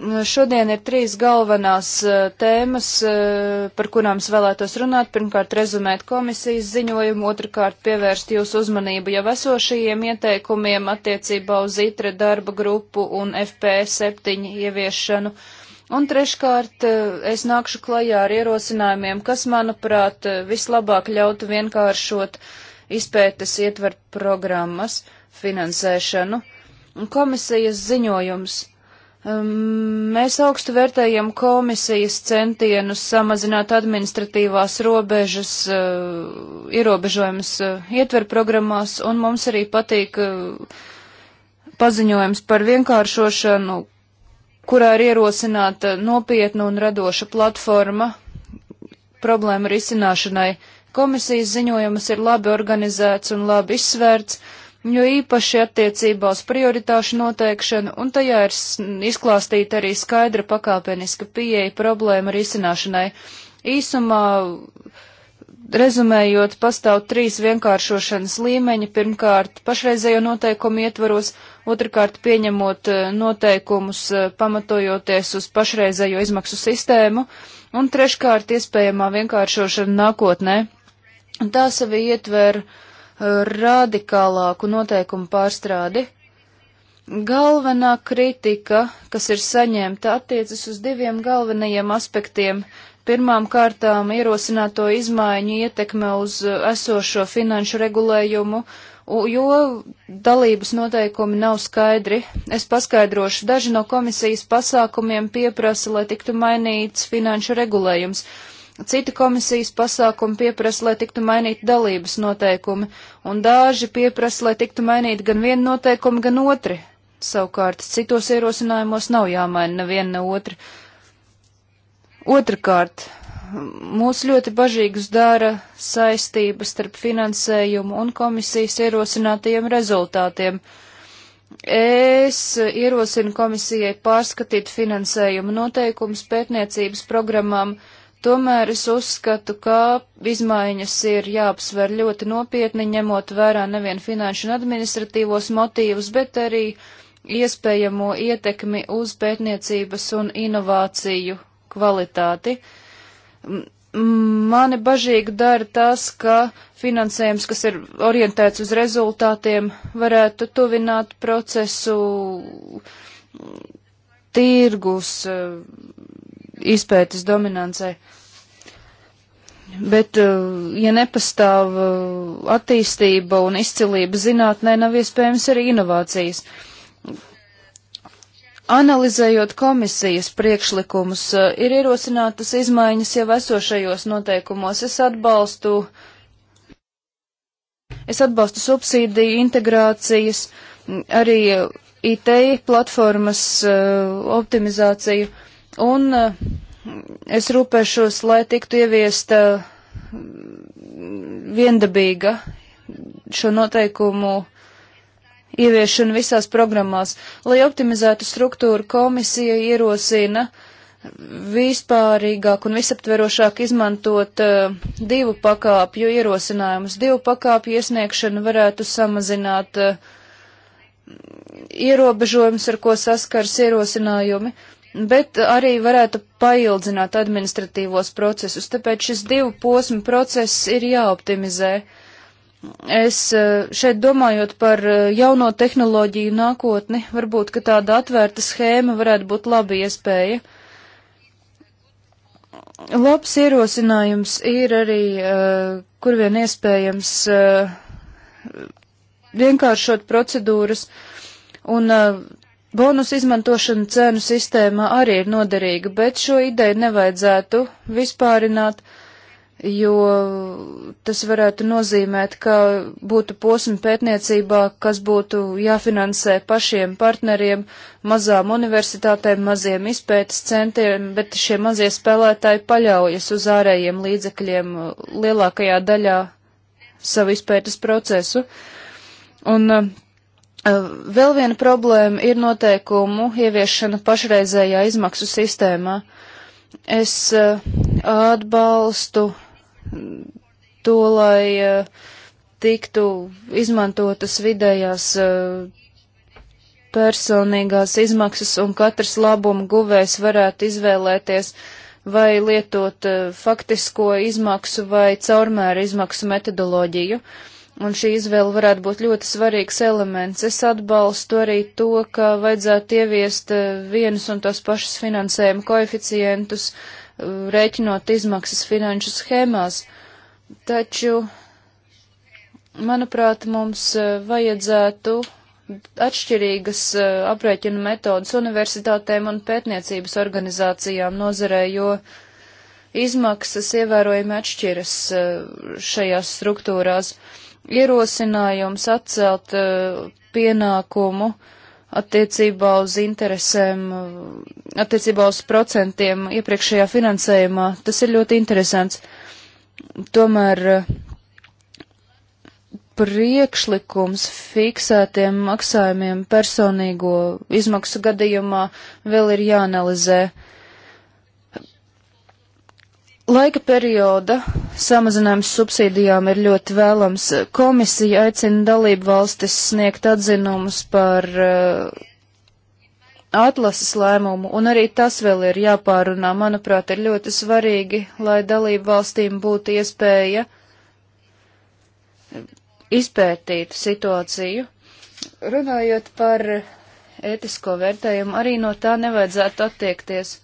Nu, šodien ir trīs galvenās eh, tēmas, par kurām es vēlētos runāt. Pirmkārt, rezumēt komisijas ziņojumu, otrkārt, pievērst jūsu uzmanību jau esošajiem ieteikumiem attiecībā uz ITRE darba grupu un FPS 7 ieviešanu. Uh, Un treškārt, eh, es nākšu klajā ar ierosinājumiem, kas, manuprāt, eh, vislabāk ļautu vienkāršot izpētes ietver programmas finansēšanu. Komisijas ziņojums. Mēs augstu vērtējam komisijas centienus samazināt administratīvās robežas, eh, ierobežojumus ietver programmās, un mums arī patīk paziņojums par vienkāršošanu, kurā ir ierosināta nopietna un radoša platforma problēma risināšanai. Komisijas ziņojums ir labi organizēts un labi izsvērts, jo īpaši attiecībā uz prioritāšu noteikšanu, un tajā ir izklāstīta arī skaidra pakāpeniska pieeja problēma risināšanai. Īsumā, rezumējot, pastāv trīs vienkāršošanas līmeņi. Pirmkārt, pašreizējo noteikumu ietvaros, otrkārt pieņemot eh, noteikumus eh, pamatojoties uz pašreizējo izmaksu sistēmu, un treškārt iespējamā vienkāršošana nākotnē. Tā sevi ietver eh, radikālāku noteikumu pārstrādi. Galvenā kritika, kas ir saņemta, attiecas uz diviem galvenajiem aspektiem pirmām kārtām ierosināto izmaiņu ietekme uz esošo finanšu regulējumu, jo dalības noteikumi nav skaidri. Es paskaidrošu, daži no komisijas pasākumiem pieprasa, lai tiktu mainīts finanšu regulējums. Citi komisijas pasākumi pieprasa, lai tiktu mainīti dalības noteikumi, un daži pieprasa, lai tiktu mainīti gan viena noteikuma, gan otri. Savukārt, citos ierosinājumos nav jāmaina neviena ne otra. Otrakārt, mūs ļoti bažīgus dara saistības starp finansējumu un komisijas ierosinātajiem rezultātiem. Es ierosinu komisijai pārskatīt finansējumu noteikumus pētniecības programmām, tomēr es uzskatu, ka izmaiņas ir jāapsver ļoti nopietni, ņemot vērā nevien finanšu un administratīvos motīvus, bet arī iespējamo ietekmi uz pētniecības un inovāciju kvalitāti. Uh, Mani bažīgi dara tas, ka finansējums, kas ir orientēts uz rezultātiem, varētu tuvināt procesu mm, tirgus e, izpētes dominancei. Bet, e, ja nepastāv e, attīstība un izcilība zinātnē, nav iespējams arī inovācijas. Analizējot komisijas priekšlikumus, eh, ir ierosinātas izmaiņas jau esošajos noteikumos. Es atbalstu, es atbalstu subsīdiju integrācijas, arī eh, IT platformas eh, optimizāciju, un es rūpēšos, lai tiktu ieviesta viendabīga šo noteikumu ieviešanu visās programmās. Lai optimizētu struktūru, komisija ierosina vispārīgāk un visaptverošāk izmantot uh, divu pakāpju ierosinājumus. Divu pakāpju iesniegšanu varētu samazināt uh, ierobežojumus, ar ko saskars ierosinājumi, bet arī varētu paildzināt administratīvos procesus. Tāpēc šis divu posmu process ir jāoptimizē. Uh, Es eh, šeit domājot par eh, jauno tehnoloģiju nākotni, varbūt, ka tāda atvērta schēma varētu būt laba iespēja. Labs ierosinājums ir arī, eh, kur vien iespējams, vienkāršot procedūras, un bonus izmantošana cenu sistēmā arī ir noderīga, bet šo ideju nevajadzētu vispārināt jo tas varētu nozīmēt, ka būtu posmi pētniecībā, kas būtu jāfinansē pašiem partneriem, mazām universitātēm, maziem izpētes centriem, bet šie mazie spēlētāji paļaujas uz ārējiem līdzekļiem lielākajā daļā savu izpētes procesu. Un uh, vēl viena problēma ir noteikumu ieviešana pašreizējā izmaksu sistēmā. Es uh, atbalstu uh, to, lai eh, tiktu izmantotas vidējās eh, personīgās izmaksas un katrs labuma guvējs varētu izvēlēties vai lietot eh, faktisko izmaksu vai caurmēra izmaksu metodoloģiju. Un šī izvēle varētu būt ļoti svarīgs elements. Es atbalstu arī to, ka vajadzētu ieviest vienus un tos pašus finansējuma koeficientus uh, rēķinot izmaksas finanšu schēmās. Taču, manuprāt, mums e, vajadzētu atšķirīgas e, aprēķinu metodas universitātēm un pētniecības organizācijām nozarē, jo izmaksas ievērojami atšķiras e, šajās struktūrās. Ierosinājums atcelt pienākumu uh, attiecībā uz interesēm, attiecībā uz procentiem iepriekšējā finansējumā. Tas ir ļoti interesants. Tomēr eh, priekšlikums fiksētiem maksājumiem personīgo izmaksu gadījumā vēl ir jāanalizē. Uh, Laika perioda samazinājums subsīdijām ir ļoti vēlams. Komisija aicina dalību valstis sniegt atzinumus par uh, atlases lēmumu, un arī tas vēl ir jāpārunā. Manuprāt, ir ļoti svarīgi, lai dalību valstīm būtu iespēja izpētīt situāciju. Runājot par ētisko vērtējumu, arī no tā nevajadzētu attiekties.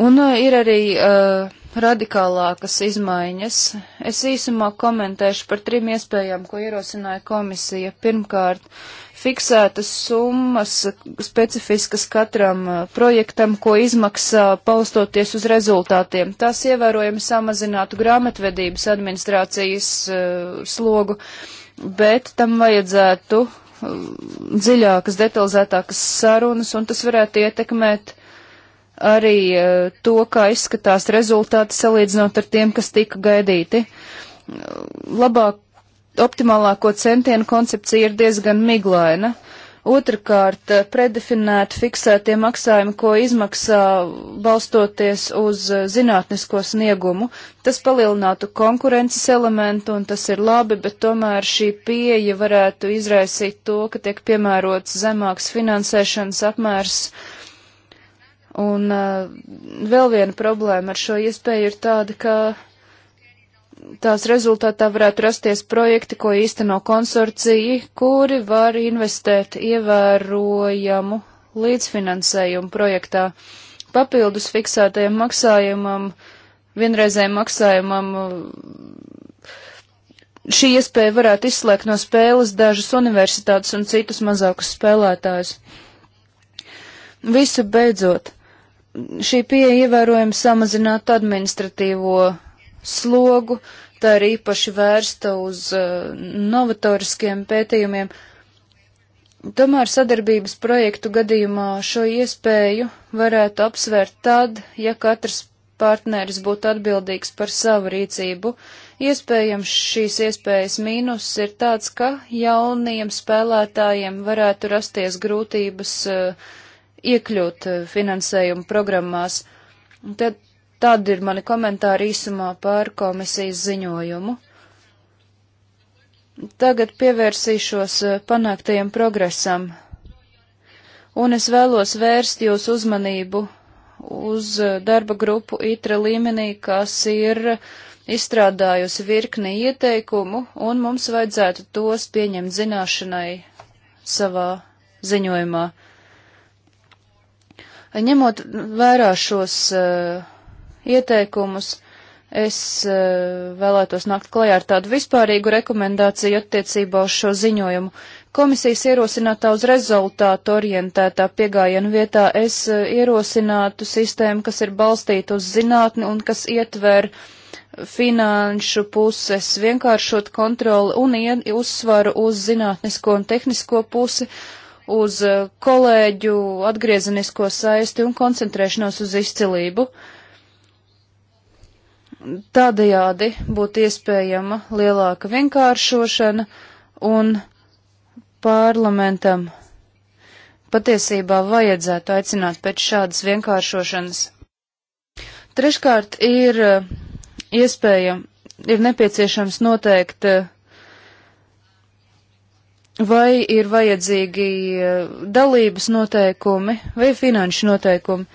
Un uh, ir arī uh, radikālākas izmaiņas. Es īsumā komentēšu par trim iespējām, ko ierosināja komisija. Pirmkārt, fiksētas summas specifiskas katram uh, projektam, ko izmaksā paustoties uz rezultātiem. Tās ievērojami samazinātu grāmatvedības administrācijas uh, slogu, bet tam vajadzētu uh, dziļākas, detalizētākas sarunas, un tas varētu ietekmēt arī eh, to, kā izskatās rezultāti salīdzinot ar tiem, kas tika gaidīti. Labāk, optimālāko centienu koncepcija ir diezgan miglaina. Otrakārt, eh, predefinēti fiksētie maksājumi, ko izmaksā balstoties uz eh, zinātnisko sniegumu. Tas palielinātu konkurences elementu, un tas ir labi, bet tomēr šī pieeja varētu izraisīt to, ka tiek piemērots zemāks finansēšanas apmērs uh, Un uh, vēl viena problēma ar šo iespēju ir tāda, ka tās rezultātā varētu rasties projekti, ko īsteno konsorcija, kuri var investēt ievērojamu līdzfinansējumu projektā. Papildus fiksētajam maksājumam, vienreizējam maksājumam, uh, šī iespēja varētu izslēgt no spēles dažas universitātes un citus mazākus spēlētājus. Visu beidzot šī pieeja ievērojami samazinātu administratīvo slogu, tā ir īpaši vērsta uz uh, novatoriskiem pētījumiem. Tomēr sadarbības projektu gadījumā šo iespēju varētu apsvērt tad, ja katrs partneris būtu atbildīgs par savu rīcību. Iespējams, šīs iespējas mīnus ir tāds, ka jauniem spēlētājiem varētu rasties grūtības uh, iekļūt eh, finansējuma programmās. Un tad tādi ir mani komentāri īsumā par komisijas ziņojumu. Tagad pievērsīšos eh, panāktajam progresam, un es vēlos vērst jūsu uzmanību uz eh, darba grupu ITRA līmenī, kas ir izstrādājusi virkni ieteikumu, un mums vajadzētu tos pieņemt zināšanai savā ziņojumā. Ņemot vērā šos uh, ieteikumus, es uh, vēlētos nākt klajā ar tādu vispārīgu rekomendāciju attiecībā uz šo ziņojumu. Komisijas ierosinātā uz rezultātu orientētā pieejama vietā es uh, ierosinātu sistēmu, kas ir balstīta uz zinātni un kas ietver finanšu puses vienkāršot kontroli un uzsvaru uz zinātnisko un tehnisko pusi. Uh, uz eh, kolēģu atgriezenisko saisti un koncentrēšanos uz izcilību. Tādējādi būtu iespējama lielāka vienkāršošana un parlamentam patiesībā vajadzētu aicināt pēc šādas vienkāršošanas. Treškārt ir eh, iespēja, ir nepieciešams noteikt uh, vai ir vajadzīgi eh, dalības noteikumi vai finanšu noteikumi.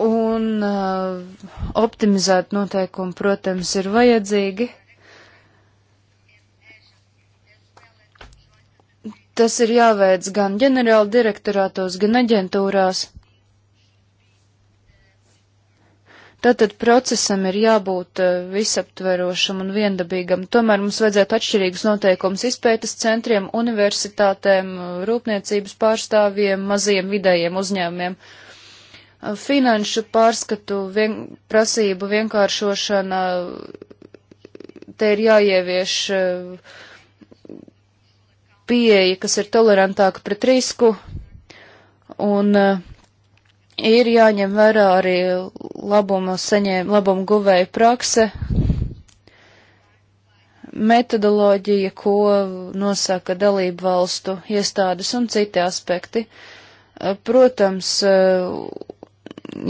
Un uh, optimizēt noteikumi, protams, ir vajadzīgi. Tas ir jāveic gan ģenerāla direktorātos, gan aģentūrās. Tātad procesam ir jābūt eh, visaptverošam un viendabīgam. Tomēr mums vajadzētu atšķirīgus noteikumus izpētes centriem, universitātēm, eh, rūpniecības pārstāvjiem, maziem vidējiem uzņēmumiem. Eh, finanšu pārskatu vien, prasību vienkāršošana, te ir jāievieš pieeja, kas ir tolerantāka pret risku, un uh, ir jāņem vērā arī labumu saņēm, labumu guvēja prakse, metodoloģija, ko nosaka dalību valstu iestādes un citi aspekti. Eh, protams, eh,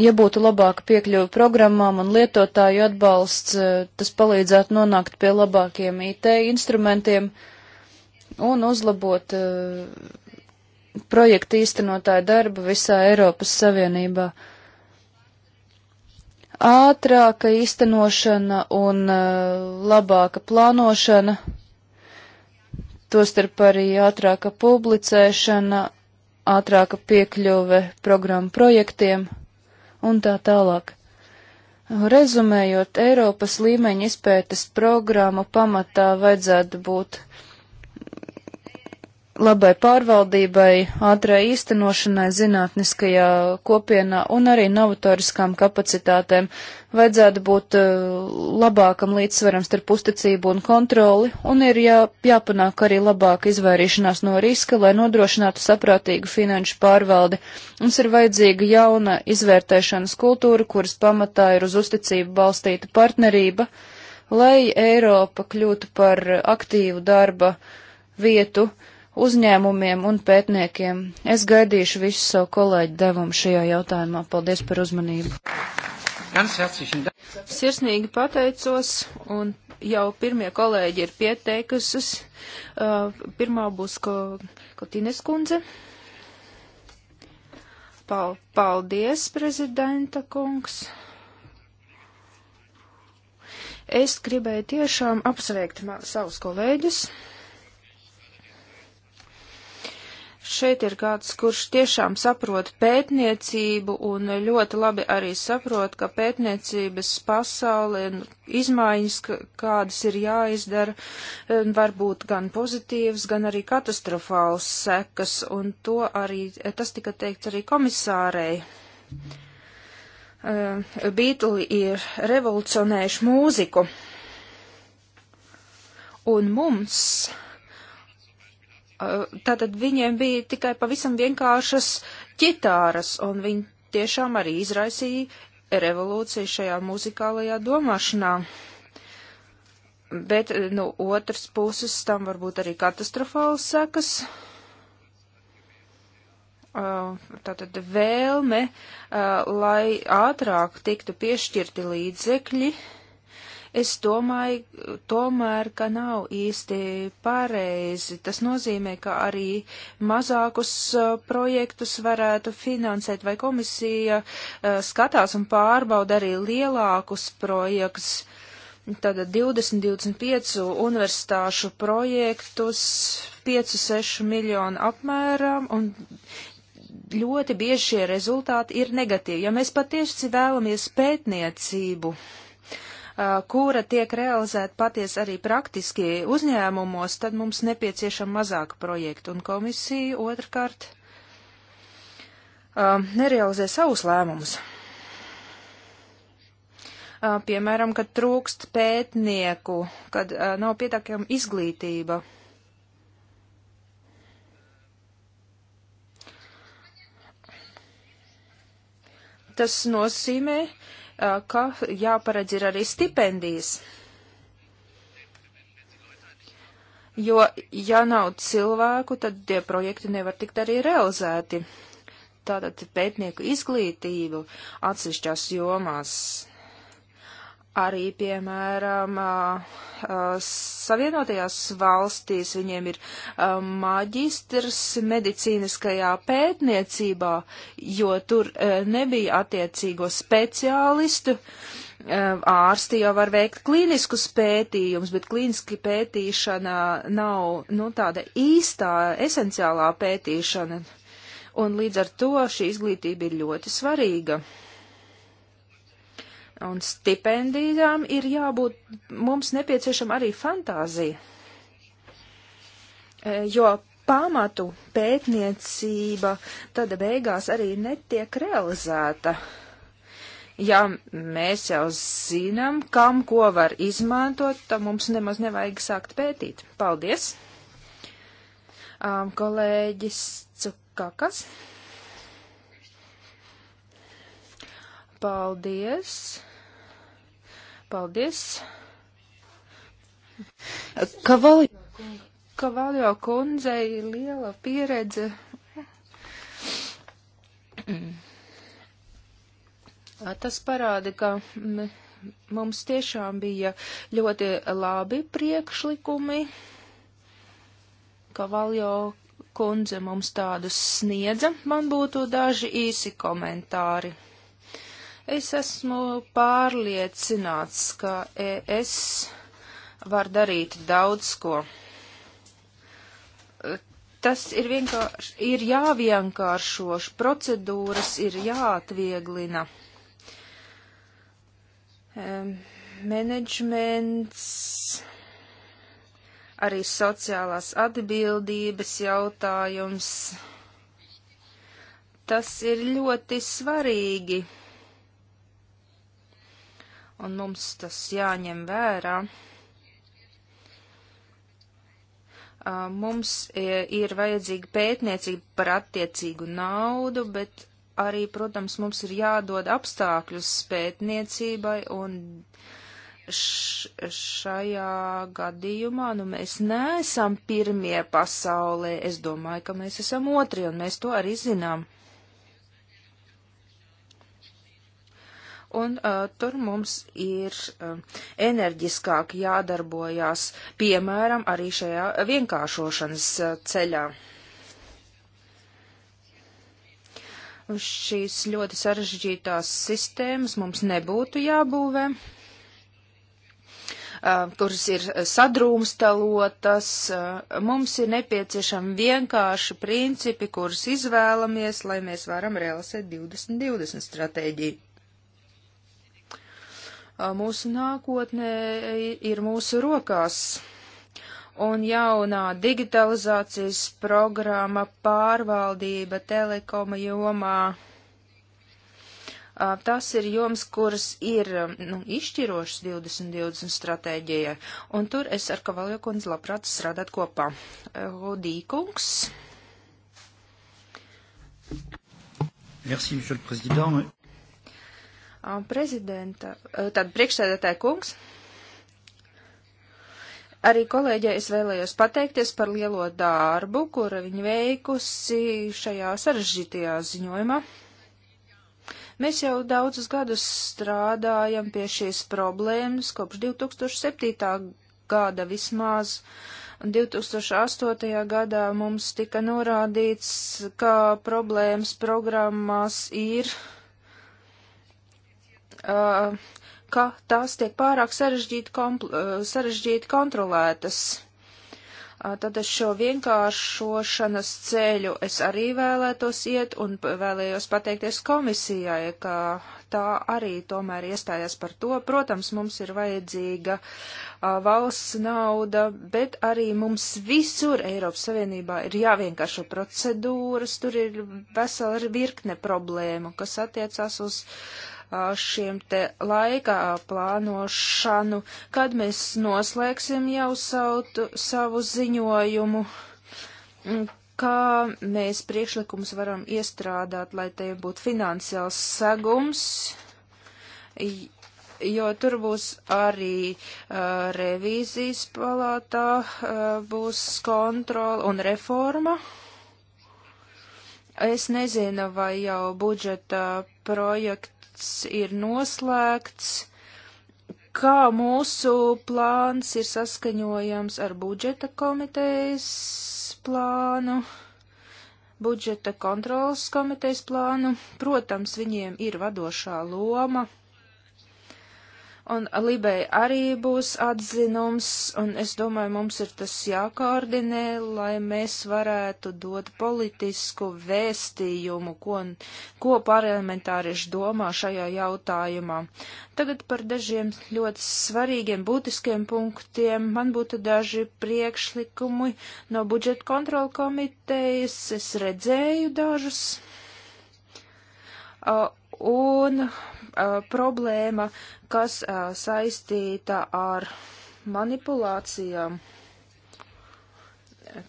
ja būtu labāka piekļuva programmām un lietotāju atbalsts, eh, tas palīdzētu nonākt pie labākiem IT instrumentiem un uzlabot projekta īstenotāja darbu visā Eiropas Savienībā. Ātrāka īstenošana un uh, labāka plānošana, tostarp arī ātrāka publicēšana, ātrāka piekļuve programmu projektiem un tā tālāk. Rezumējot, Eiropas līmeņa izpētes programmu pamatā vajadzētu būt labai pārvaldībai, ātrai īstenošanai zinātniskajā kopienā un arī novatoriskām kapacitātēm vajadzētu būt eh, labākam līdzsvaram starp uzticību un kontroli, un ir jā, jāpanāk arī labāka izvairīšanās no riska, lai nodrošinātu saprātīgu finanšu pārvaldi. Mums ir vajadzīga jauna izvērtēšanas kultūra, kuras pamatā ir uz uzticību balstīta partnerība, lai Eiropa kļūtu par aktīvu darba vietu, uh, uzņēmumiem un pētniekiem. Es gaidīšu visu savu kolēģu devumu šajā jautājumā. Paldies par uzmanību. Sirsnīgi pateicos, un jau pirmie kolēģi ir pieteikusies. Uh, pirmā būs Kotines kundze. Pal paldies, prezidenta kungs. Es gribēju tiešām apsveikt savus kolēģus. Šeit ir kāds, kurš tiešām saprot pētniecību un ļoti labi arī saprot, ka pētniecības pasaulē nu, izmaiņas, kādas ir jāizdara, eh, var būt gan pozitīvas, gan arī katastrofāls sekas, un to arī, eh, tas tika teikts arī komisārei. Eh, Beatles ir revolucionējuši mūziku. Un mums Eh, tātad viņiem bija tikai pavisam vienkāršas ķitāras, un viņi tiešām arī izraisīja revolūciju šajā muzikālajā domāšanā. Bet no eh, nu, otras puses tam varbūt arī katastrofāls sekas. Eh, tātad vēlme, lai ātrāk tiktu piešķirti līdzekļi Es domāju, tomēr, ka nav īsti pareizi. Tas nozīmē, ka arī mazākus uh, projektus varētu finansēt, vai komisija uh, skatās un pārbauda arī lielākus projektus. Tātad 20-25 universitāšu projektus 5-6 miljonu apmēram un ļoti bieži šie rezultāti ir negatīvi. Ja mēs patiesi vēlamies pētniecību, uh, kura tiek realizēta paties arī praktiski uzņēmumos, tad mums nepieciešama mazāka projekta un komisija otrkārt nerealizē savus lēmumus. Piemēram, kad trūkst pētnieku, kad nav pietiekama izglītība. Tas nozīmē, uh, ka jāparedz ir arī stipendijas. Jo, ja nav cilvēku, tad tie projekti nevar tikt arī realizēti. Tātad pētnieku izglītību atsevišķās jomās Arī, piemēram, Savienotajās valstīs viņiem ir maģistrs medicīniskajā pētniecībā, jo tur nebija attiecīgo speciālistu ārsti jau var veikt klīniskus pētījumus, bet klīniski pētīšana nav nu, tāda īstā, esenciālā pētīšana. Un līdz ar to šī izglītība ir ļoti svarīga. Un stipendijām ir jābūt mums nepieciešama arī fantāzija, e, jo pamatu pētniecība tad beigās arī netiek realizēta. Ja mēs jau zinām, kam ko var izmantot, tad mums nemaz nevajag sākt pētīt. Paldies! Um, kolēģis Cukakas. Paldies! Paldies. Kavaljo, Kavaljo kundzei liela pieredze. Tas parāda, ka mums tiešām bija ļoti labi priekšlikumi. Kavaljo kundze mums tādus sniedza. Man būtu daži īsi komentāri. Es esmu pārliecināts, ka es var darīt daudz ko. Tas ir vienkārši, ir jāvienkāršo, procedūras ir jāatvieglina. Menedžments, arī sociālās atbildības jautājums. Tas ir ļoti svarīgi un mums tas jāņem vērā. Mums ir vajadzīga pētniecība par attiecīgu naudu, bet arī, protams, mums ir jādod apstākļus pētniecībai, un šajā gadījumā, nu, mēs neesam pirmie pasaulē. Es domāju, ka mēs esam otrie, un mēs to arī zinām. un uh, tur mums ir uh, enerģiskāk jādarbojās, piemēram, arī šajā vienkāršošanas uh, ceļā. Un šīs ļoti sarežģītās sistēmas mums nebūtu jābūvē, uh, kuras ir sadrūmstalotas. Uh, mums ir nepieciešami vienkārši principi, kurus izvēlamies, lai mēs varam realizēt 2020 stratēģiju. Uh, mūsu nākotnē ir mūsu rokās. Un jaunā digitalizācijas programma pārvaldība telekoma jomā. Uh, tas ir joms, kuras ir um, nu, izšķirošas 2020 stratēģijai, un tur es ar Kavaljo kundzi labprāt strādāt kopā. Uh, Dīkungs. Merci, monsieur le président prezidenta, e, tad priekšsēdētāja kungs. Arī kolēģei es vēlējos pateikties par lielo darbu, kuru viņa veikusi šajā sarežģītajā ziņojumā. Mēs jau daudzus gadus strādājam pie šīs problēmas, kopš 2007. gada vismaz. 2008. gadā mums tika norādīts, ka problēmas programmās ir Uh, ka tās tiek pārāk sarežģīti, uh, sarežģīti kontrolētas. Uh, tad es šo vienkāršošanas ceļu es arī vēlētos iet un vēlējos pateikties komisijai, ka tā arī tomēr iestājās par to. Protams, mums ir vajadzīga valsts nauda, bet arī mums visur Eiropas Savienībā ir jāvienkāršo procedūras, tur ir vesela virkne problēmu, kas attiecās uz uh, šiem te laika plānošanu, kad mēs noslēgsim jau sautu, savu ziņojumu, kā mēs priekšlikums varam iestrādāt, lai te būtu finansiāls segums, jo tur būs arī uh, revīzijas palātā, uh, būs kontrola un reforma. Es nezinu, vai jau budžeta projekta projekts ir noslēgts, kā mūsu plāns ir saskaņojams ar budžeta komitejas plānu budžeta kontrolas komitejas plānu. Protams, viņiem ir vadošā loma un Libei arī būs atzinums, un es domāju, mums ir tas jākoordinē, lai mēs varētu dot politisku vēstījumu, ko, ko parlamentārieši domā šajā jautājumā. Tagad par dažiem ļoti svarīgiem, būtiskiem punktiem. Man būtu daži priekšlikumi no budžeta kontrola komitejas. Es redzēju dažus. Uh, un uh, problēma, kas uh, saistīta ar manipulācijām.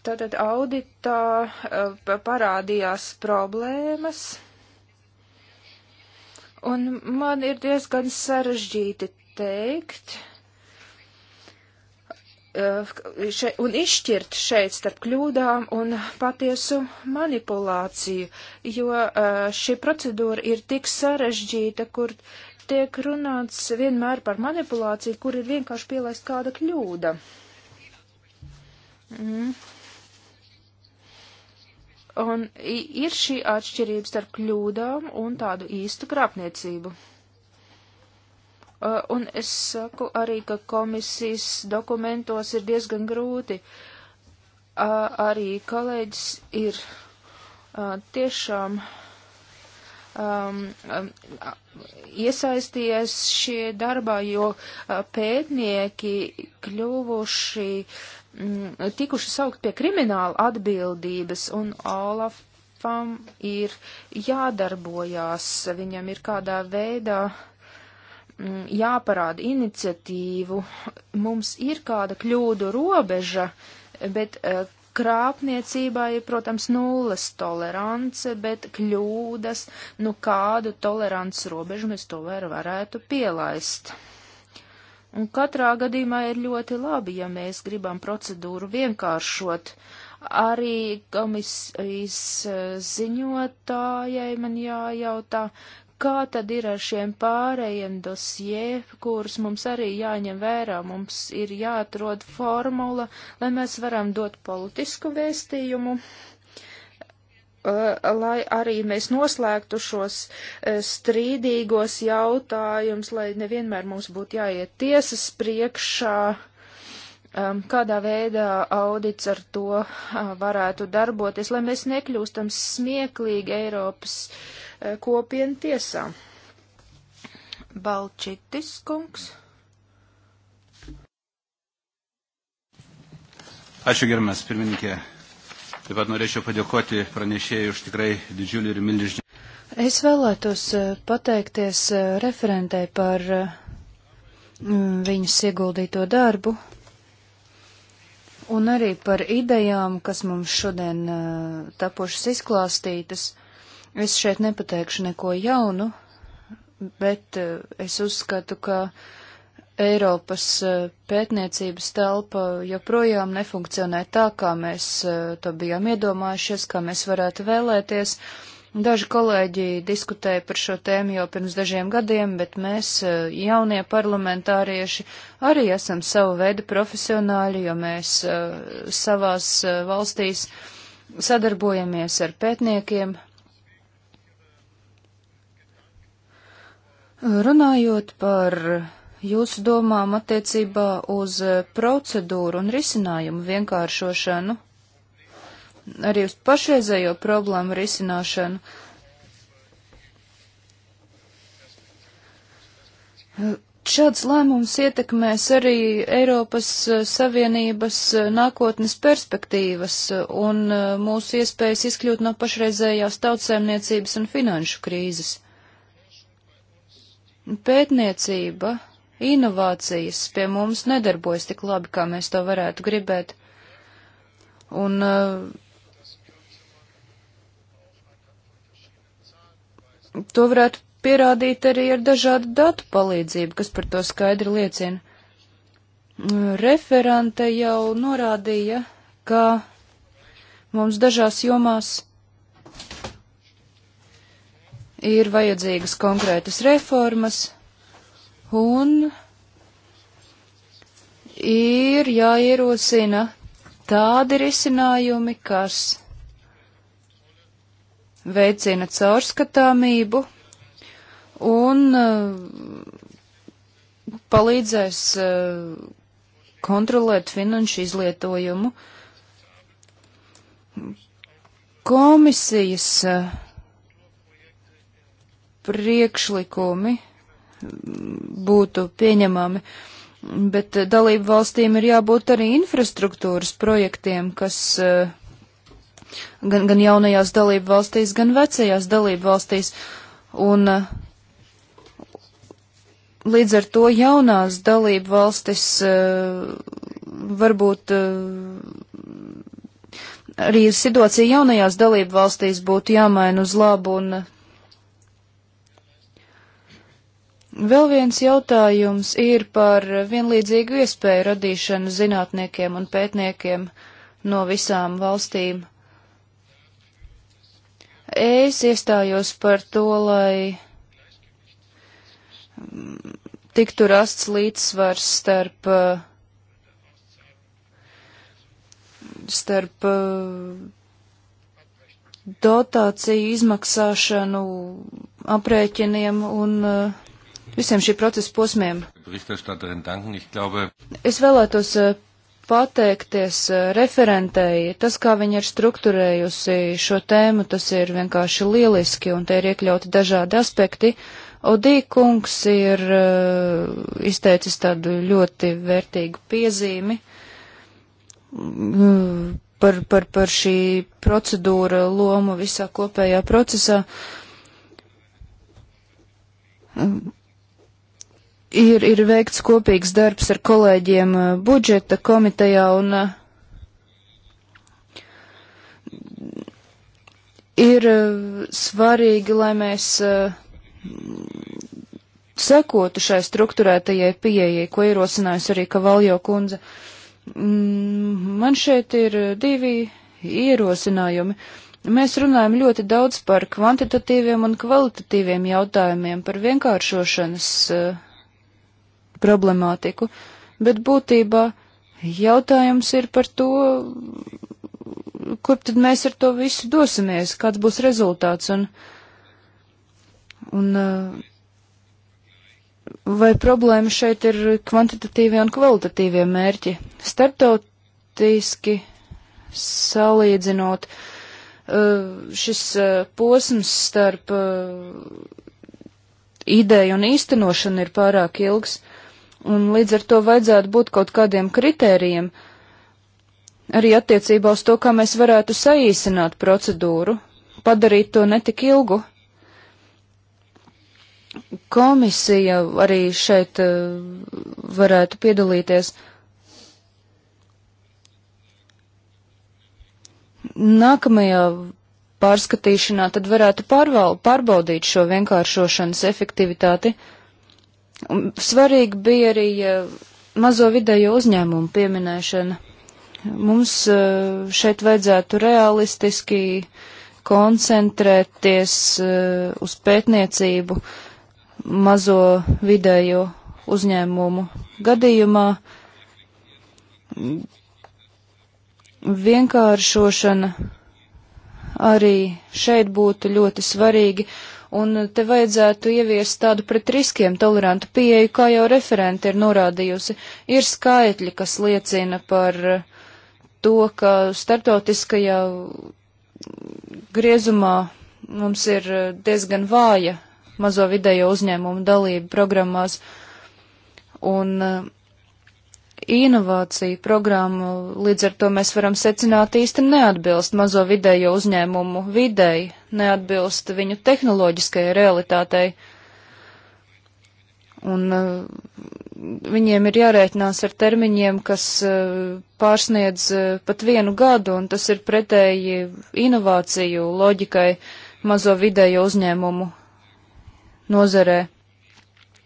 Tātad auditā uh, parādījās problēmas, un man ir diezgan sarežģīti teikt, uh, Eh, še, un izšķirt šeit starp kļūdām un patiesu manipulāciju, jo eh, šī procedūra ir tik sarežģīta, kur tiek runāts vienmēr par manipulāciju, kur ir vienkārši pielaist kāda kļūda. Mm. Un ir šī atšķirība starp kļūdām un tādu īstu krāpniecību. Uh, un es saku arī, ka komisijas dokumentos ir diezgan grūti. Uh, arī kolēģis ir uh, tiešām um, um iesaistījies šī darbā, jo pētnieki kļuvuši, m, mm, tikuši saukt pie krimināla atbildības un Olafam ir jādarbojās, viņam ir kādā veidā uh, Mm, jāparāda iniciatīvu. Mums ir kāda kļūdu robeža, bet eh, krāpniecībā ir, protams, nulles tolerance, bet kļūdas, nu kādu tolerants robežu mēs to vēl varētu pielaist. Un katrā gadījumā ir ļoti labi, ja mēs gribam procedūru vienkāršot. Arī komisijas eh, ziņotājai man jājautā, Kā tad ir ar šiem pārējiem dosie, kurus mums arī jāņem vērā? Mums ir jāatrod formula, lai mēs varam dot politisku vēstījumu, lai arī mēs noslēgtu šos strīdīgos jautājumus, lai nevienmēr mums būtu jāiet tiesas priekšā, kādā veidā audits ar to varētu darboties, lai mēs nekļūstam smieklīgi Eiropas kopienu tiesām. Balčitis kungs. Ačiū gerbiamas pirmininkė. Taip pat norėčiau padėkoti pranešėjai už tikrai didžiulį ir milžinį. Es vēlētos e, pateikties e, referentei par e, viņas ieguldīto darbu un arī par idejām, kas mums šodien tapušas izklāstītas. Es šeit nepateikšu neko jaunu, bet eh, es uzskatu, ka Eiropas eh, pētniecības telpa joprojām nefunkcionē tā, kā mēs eh, to bijām iedomājušies, kā mēs varētu vēlēties. Daži kolēģi diskutēja par šo tēmu jau pirms dažiem gadiem, bet mēs, jaunie parlamentārieši, arī esam savu veidu profesionāļi, jo mēs savās valstīs sadarbojamies ar pētniekiem, Runājot par jūsu domām attiecībā uz procedūru un risinājumu vienkāršošanu, arī uz pašreizējo problēmu risināšanu, Šāds lēmums ietekmēs arī Eiropas Savienības nākotnes perspektīvas un mūsu iespējas izkļūt no pašreizējās tautsēmniecības un finanšu krīzes pētniecība, inovācijas pie mums nedarbojas tik labi, kā mēs to varētu gribēt. Un uh, to varētu pierādīt arī ar dažādu datu palīdzību, kas par to skaidri liecina. Referente jau norādīja, ka mums dažās jomās ir vajadzīgas konkrētas reformas un ir jāierosina tādi risinājumi, kas veicina caurskatāmību un uh, palīdzēs uh, kontrolēt finanšu izlietojumu. Komisijas uh, priekšlikumi būtu pieņemami, bet dalību valstīm ir jābūt arī infrastruktūras projektiem, kas eh, gan, gan jaunajās dalību valstīs, gan vecajās dalību valstīs. Un eh, līdz ar to jaunās dalību valstis eh, varbūt arī situācija jaunajās dalību valstīs būtu jāmaina uz labu un Vēl viens jautājums ir par vienlīdzīgu iespēju radīšanu zinātniekiem un pētniekiem no visām valstīm. Es iestājos par to, lai mm, tiktu rasts līdzsvars starp, mm, starp mm, dotāciju izmaksāšanu aprēķiniem un uh, visiem šī procesa posmiem. Es vēlētos eh, pateikties eh, referentēji. Tas, kā viņa ir strukturējusi šo tēmu, tas ir vienkārši lieliski, un te ir iekļauti dažādi aspekti. Odī kungs ir eh, izteicis tādu ļoti vērtīgu piezīmi mm, par, par, par šī procedūra lomu visā kopējā procesā mm ir, ir veikts kopīgs darbs ar kolēģiem eh, budžeta komitejā un eh, ir eh, svarīgi, lai mēs sekotu šai struktūrētajai pieejai, ko ierosinājusi arī Kavaljo kundze. Mm, man šeit ir divi ierosinājumi. Mēs runājam ļoti daudz par kvantitatīviem un kvalitatīviem jautājumiem, par vienkāršošanas uh, problemātiku, bet būtībā jautājums ir par to, kur tad mēs ar to visu dosimies, kāds būs rezultāts un, un eh, vai problēma šeit ir kvantitatīvie un kvalitatīvie mērķi. Startautiski salīdzinot, eh, šis eh, posms starp ideju un īstenošanu ir pārāk ilgs un līdz ar to vajadzētu būt kaut kādiem kritērijiem, arī attiecībā uz to, kā mēs varētu saīsināt procedūru, padarīt to netik ilgu. Komisija arī šeit eh, varētu piedalīties. Nākamajā pārskatīšanā tad varētu pārval, pārbaudīt šo vienkāršošanas efektivitāti. Uh, Un svarīgi bija arī mazo vidējo uzņēmumu pieminēšana. Mums eh, šeit vajadzētu realistiski koncentrēties eh, uz pētniecību mazo vidējo uzņēmumu gadījumā. Vienkāršošana arī šeit būtu ļoti svarīgi un te vajadzētu ieviest tādu pret riskiem tolerantu pieeju, kā jau referenti ir norādījusi. Ir skaitļi, kas liecina par eh, to, ka startautiskajā griezumā mums ir eh, diezgan vāja mazo vidējo uzņēmumu dalība programmās, un uh, inovāciju programmu, līdz ar to mēs varam secināt īsti neatbilst mazo vidējo uzņēmumu videi, neatbilst viņu tehnoloģiskajai realitātei. Un eh, viņiem ir jārēķinās ar termiņiem, kas eh, pārsniedz eh, pat vienu gadu, un tas ir pretēji inovāciju loģikai mazo vidējo uzņēmumu nozarē.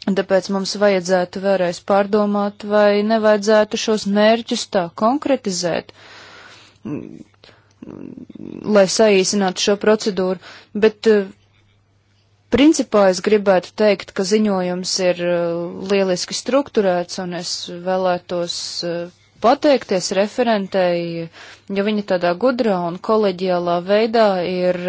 Un tāpēc mums vajadzētu vēlreiz pārdomāt, vai nevajadzētu šos mērķus tā konkretizēt, lai saīsinātu šo procedūru. Bet eh, principā es gribētu teikt, ka ziņojums ir eh, lieliski strukturēts, un es vēlētos eh, pateikties referentei, jo viņa tādā gudrā un koleģiālā veidā ir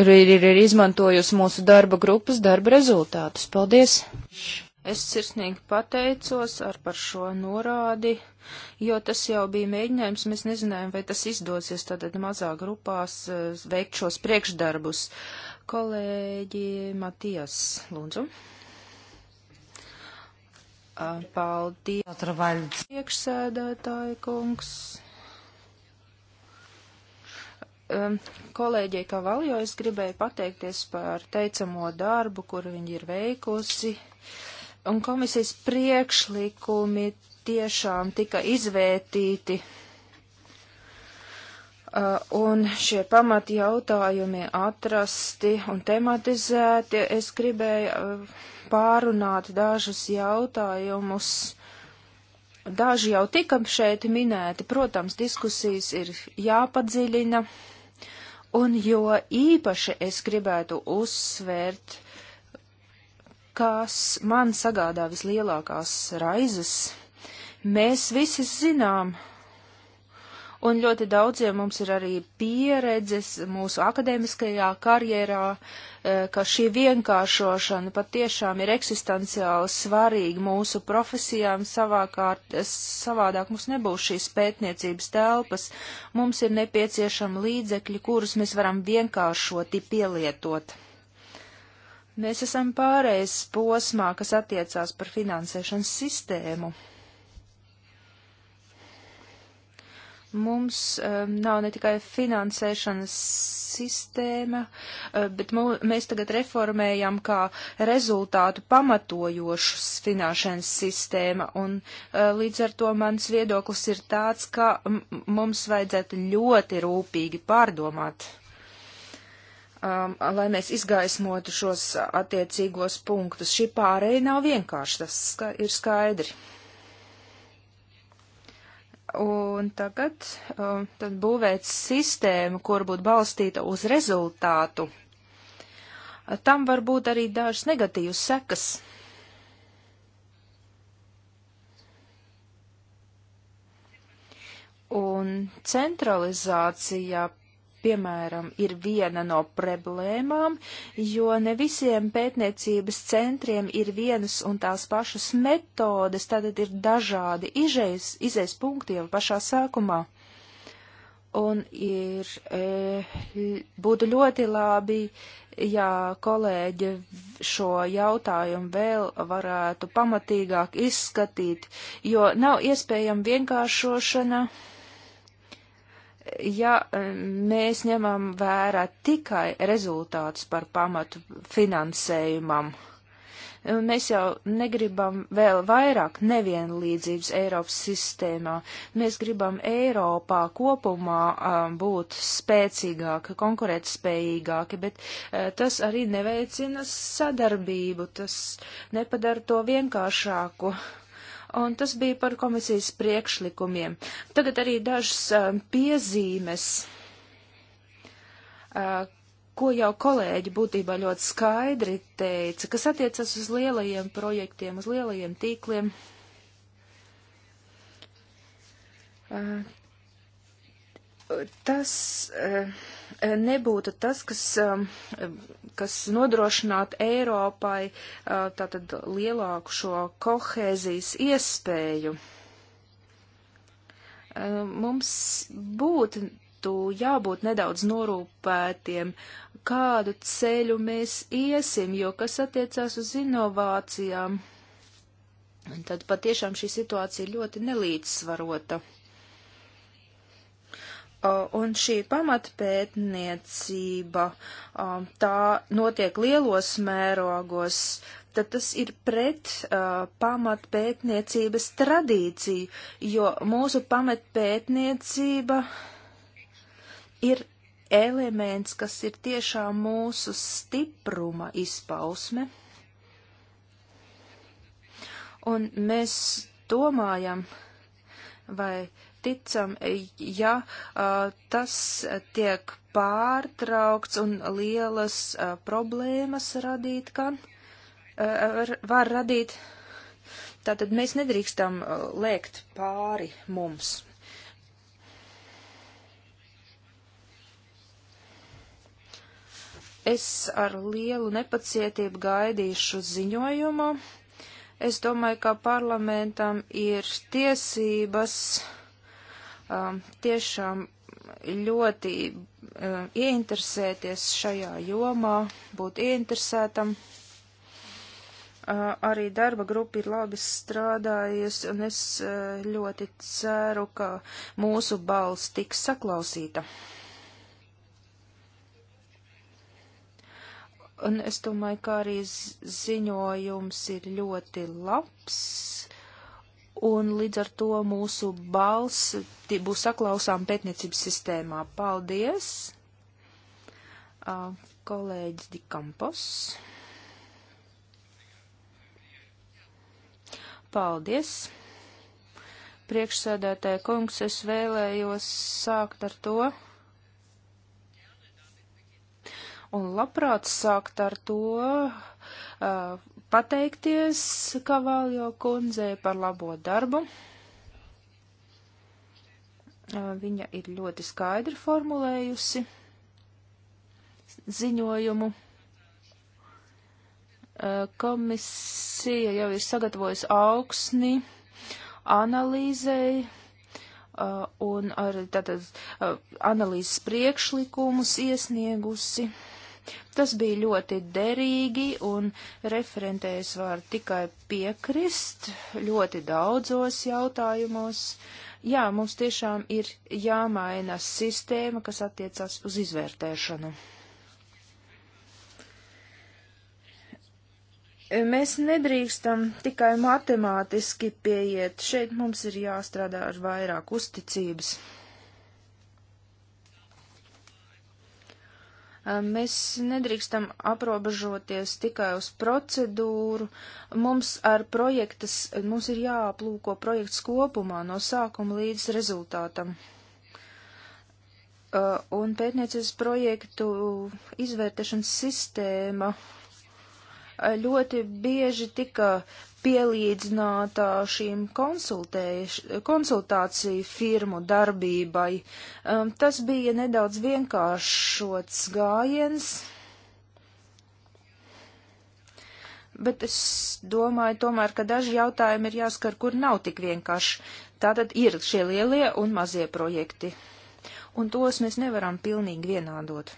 ir, ir, ir izmantojusi mūsu darba grupas darba rezultātus. Paldies! Es sirsnīgi pateicos ar par šo norādi, jo tas jau bija mēģinājums, mēs nezinājām, vai tas izdosies tātad mazā grupās eh, veikt šos priekšdarbus. Kolēģi Matijas, lūdzu. Paldies, priekšsēdētāji kungs um, kolēģei Kavaljo es gribēju pateikties par teicamo darbu, kur viņi ir veikusi, un komisijas priekšlikumi tiešām tika izvērtīti. Uh, un šie pamati jautājumi atrasti un tematizēti. Es gribēju uh, pārunāt dažus jautājumus, Daži jau tika šeit minēti, protams, diskusijas ir jāpadziļina, Un jo īpaši es gribētu uzsvērt, kas man sagādā vislielākās raizes, mēs visi zinām, un ļoti daudziem mums ir arī pieredzes mūsu akadēmiskajā karjerā, e, ka šī vienkāršošana patiešām ir eksistenciāli svarīga mūsu profesijām, savākārt, savādāk mums nebūs šīs pētniecības telpas, mums ir nepieciešama līdzekļi, kurus mēs varam vienkāršoti pielietot. Mēs esam pārējais posmā, kas attiecās par finansēšanas sistēmu. Mums um, nav ne tikai finansēšanas sistēma, uh, bet mū, mēs tagad reformējam kā rezultātu pamatojošas finansēšanas sistēma, un uh, līdz ar to mans viedoklis ir tāds, ka mums vajadzētu ļoti rūpīgi pārdomāt um, lai mēs izgaismotu šos attiecīgos punktus. Šī pārēja nav vienkārši, tas ska ir skaidri. Un tagad um, tad būvēt sistēmu, kur būtu balstīta uz rezultātu. Tam var būt arī dažas negatīvas sekas. Un centralizācija piemēram, ir viena no problēmām, jo ne visiem pētniecības centriem ir vienas un tās pašas metodes, tātad ir dažādi izējas, izējas punkti jau pašā sākumā. Un ir, e, būtu ļoti labi, ja kolēģi šo jautājumu vēl varētu pamatīgāk izskatīt, jo nav iespējama vienkāršošana. E, ja e, mēs ņemam vērā tikai rezultātus par pamatu finansējumam, e, mēs jau negribam vēl vairāk nevienlīdzības Eiropas sistēmā. Mēs gribam Eiropā kopumā um, būt spēcīgāki, konkurētspējīgāki, bet uh, tas arī neveicina sadarbību, tas nepadara to vienkāršāku. Uh, un tas bija par komisijas priekšlikumiem. Tagad arī dažas uh, piezīmes, uh, ko jau kolēģi būtībā ļoti skaidri teica, kas attiecas uz lielajiem projektiem, uz lielajiem tīkliem. Uh, tas. Uh, Eh, nebūtu tas, kas, eh, kas nodrošinātu Eiropai eh, tātad lielāku šo kohēzijas iespēju. Mums būtu jābūt nedaudz norūpētiem, kādu ceļu mēs iesim, jo kas attiecās uz inovācijām, tad patiešām šī situācija ļoti nelīdzsvarota. Un šī pamatpētniecība, tā notiek lielos mērogos, tad tas ir pret uh, pamatpētniecības tradīciju, jo mūsu pamatpētniecība ir elements, kas ir tiešām mūsu stipruma izpausme. Un mēs domājam, vai uh, ticam, ja tas tiek pārtraukts un lielas problēmas radīt, kan var radīt. Tātad mēs nedrīkstam lēkt pāri mums. Es ar lielu nepacietību gaidīšu ziņojumu. Es domāju, ka parlamentam ir tiesības uh, um, tiešām ļoti um, ieinteresēties šajā jomā, būt ieinteresētam. Uh, arī darba grupa ir labi strādājusi, un es uh, ļoti ceru, ka mūsu balss tiks saklausīta. Un es domāju, ka arī ziņojums ir ļoti labs un līdz ar to mūsu balss būs saklausām pētniecības sistēmā. Paldies, uh, kolēģis Dikampos. Paldies. Priekšsēdētāja kungs, es vēlējos sākt ar to. Un labprāt sākt ar to, uh, pateikties Kavaljo kundzei par labo darbu. Uh, viņa ir ļoti skaidri formulējusi ziņojumu. Uh, komisija jau ir sagatavojusi augsni analīzei uh, un ar tātad uh, analīzes priekšlikumus iesniegusi. Tas bija ļoti derīgi un referentēs var tikai piekrist ļoti daudzos jautājumos. Jā, mums tiešām ir jāmaina sistēma, kas attiecas uz izvērtēšanu. Mēs nedrīkstam tikai matemātiski pieiet, šeit mums ir jāstrādā ar vairāk uzticības. Mēs nedrīkstam aprobežoties tikai uz procedūru. Mums ar projektas, mums ir jāaplūko projekts kopumā no sākuma līdz rezultātam. Un pētniecības projektu izvērtēšanas sistēma ļoti bieži tika pielīdzināta šīm konsultāciju firmu darbībai. Um, tas bija nedaudz vienkāršots gājiens, bet es domāju tomēr, ka daži jautājumi ir jāskar, kur nav tik vienkārši. Tātad ir šie lielie un mazie projekti, un tos mēs nevaram pilnīgi vienādot.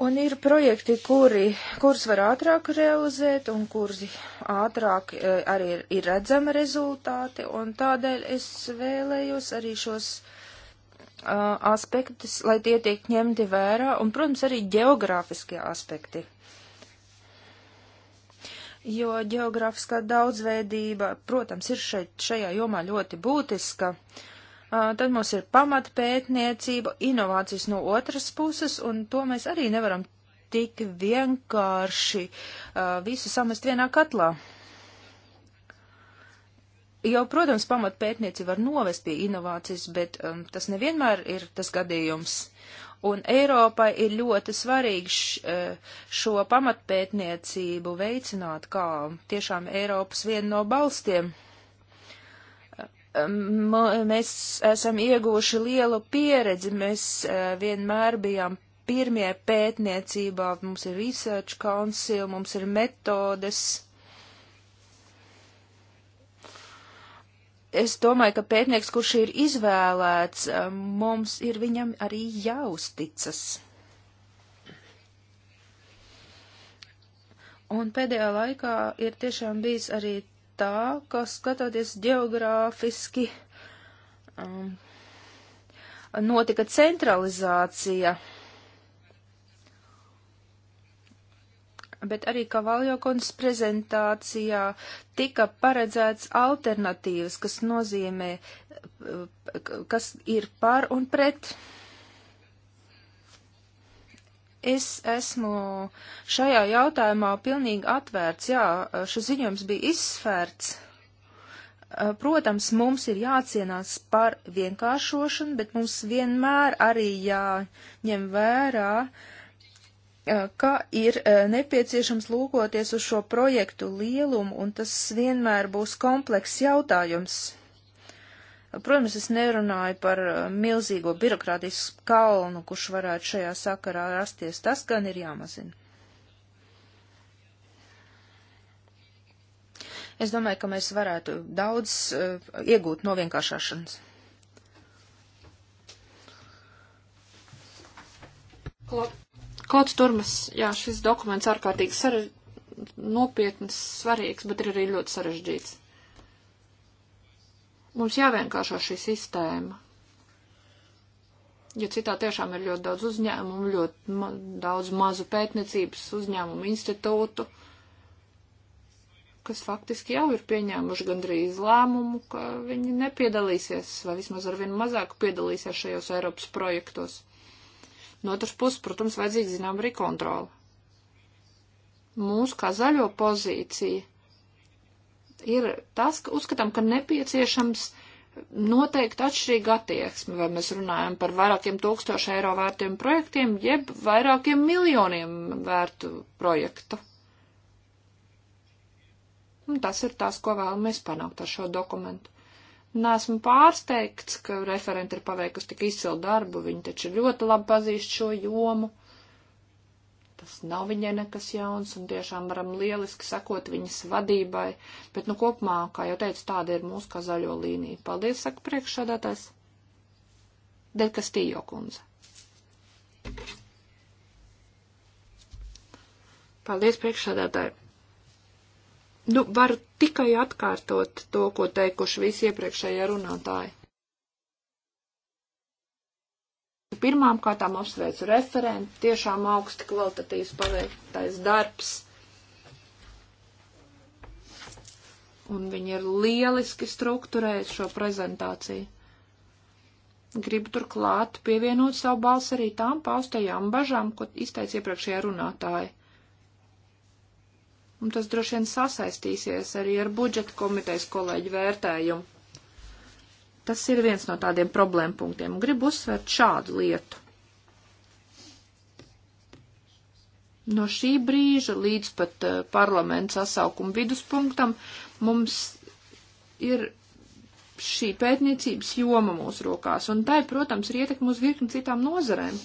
Un ir projekti, kuri, kurus var ātrāk realizēt un kuri ātrāk e, arī ir, ir redzama rezultāti, un tādēļ es vēlējos arī šos uh, aspektus, lai tie tiek ņemti vērā, un, protams, arī geogrāfiskie aspekti. Jo geogrāfiskā daudzveidība, protams, ir šeit, šajā jomā ļoti būtiska. Uh, Uh, tad mums ir pamatpētniecība, inovācijas no otras puses, un to mēs arī nevaram tik vienkārši uh, visu samest vienā katlā. Jau, protams, pamatpētniecība var novest pie inovācijas, bet um, tas nevienmēr ir tas gadījums. Un Eiropai ir ļoti svarīgi uh, šo pamatpētniecību veicināt kā tiešām Eiropas vienu no balstiem mēs esam ieguvuši lielu pieredzi, mēs eh, vienmēr bijām pirmie pētniecībā, mums ir Research Council, mums ir metodes. Es domāju, ka pētnieks, kurš ir izvēlēts, eh, mums ir viņam arī jāuzticas. Un pēdējā laikā ir tiešām bijis arī tā, ka skatoties geogrāfiski, um, notika centralizācija. Bet arī Kavaljokonas prezentācijā tika paredzēts alternatīvas, kas nozīmē, uh, kas ir par un pret. Uh, Es esmu šajā jautājumā pilnīgi atvērts. Jā, šis ziņojums bija izsvērts. Eh, protams, mums ir jācienās par vienkāršošanu, bet mums vienmēr arī jāņem vērā, eh, ka ir eh, nepieciešams lūkoties uz šo projektu lielumu, un tas vienmēr būs komplekss jautājums. Protams, es nerunāju par uh, milzīgo birokrātisku kalnu, kurš varētu šajā sakarā rasties. Tas gan ir jāmazina. Es domāju, ka mēs varētu daudz uh, iegūt no vienkāršāšanas. Klots Turmas, jā, šis dokuments ārkārtīgi sare... nopietns, svarīgs, bet ir arī ļoti sarežģīts. Mums jāvienkāršo šī sistēma. Jo citā tiešām ir ļoti daudz uzņēmumu, ļoti ma daudz mazu pētniecības uzņēmumu institūtu, kas faktiski jau ir pieņēmuši gandrīz lēmumu, ka viņi nepiedalīsies vai vismaz arvien mazāk piedalīsies šajos Eiropas projektos. No otras puses, protams, vajadzīga zinām arī kontrola. Mūsu kā zaļo pozīcija ir tas, ka uzskatām, ka nepieciešams noteikti atšķirīga attieksme, vai mēs runājam par vairākiem tūkstošu eiro vērtiem projektiem, jeb vairākiem miljoniem vērtu projektu. Un tas ir tas, ko vēlamies panākt ar šo dokumentu. Nesmu pārsteigts, ka referenti ir paveikusi tik izcilu darbu, viņi taču ļoti labi pazīst šo jomu. Tas nav viņai nekas jauns un tiešām varam lieliski sekot viņas vadībai, bet nu kopumā, kā jau teicu, tāda ir mūsu kā zaļo līnija. Paldies, saka priekšsādātājs. Del Kastījo kundze. Paldies, priekšsādātāji. Nu, varu tikai atkārtot to, ko teikuši visi iepriekšējie runātāji. Pirmām kārtām apsveicu referentu, tiešām augsti kvalitatīvs paveiktais darbs. Un viņi ir lieliski strukturējuši šo prezentāciju. Gribu turklāt pievienot savu balsi arī tām paustajām bažām, ko izteica iepriekšējā runātāja. Un tas droši vien sasaistīsies arī ar budžeta komitejas kolēģu vērtējumu. Tas ir viens no tādiem problēmu punktiem. Un gribu uzsvērt šādu lietu. No šī brīža līdz pat uh, eh, parlaments sasaukuma viduspunktam mums ir šī pētniecības joma mūsu rokās, un tai, protams, ir ietekme uz virkni citām nozarēm.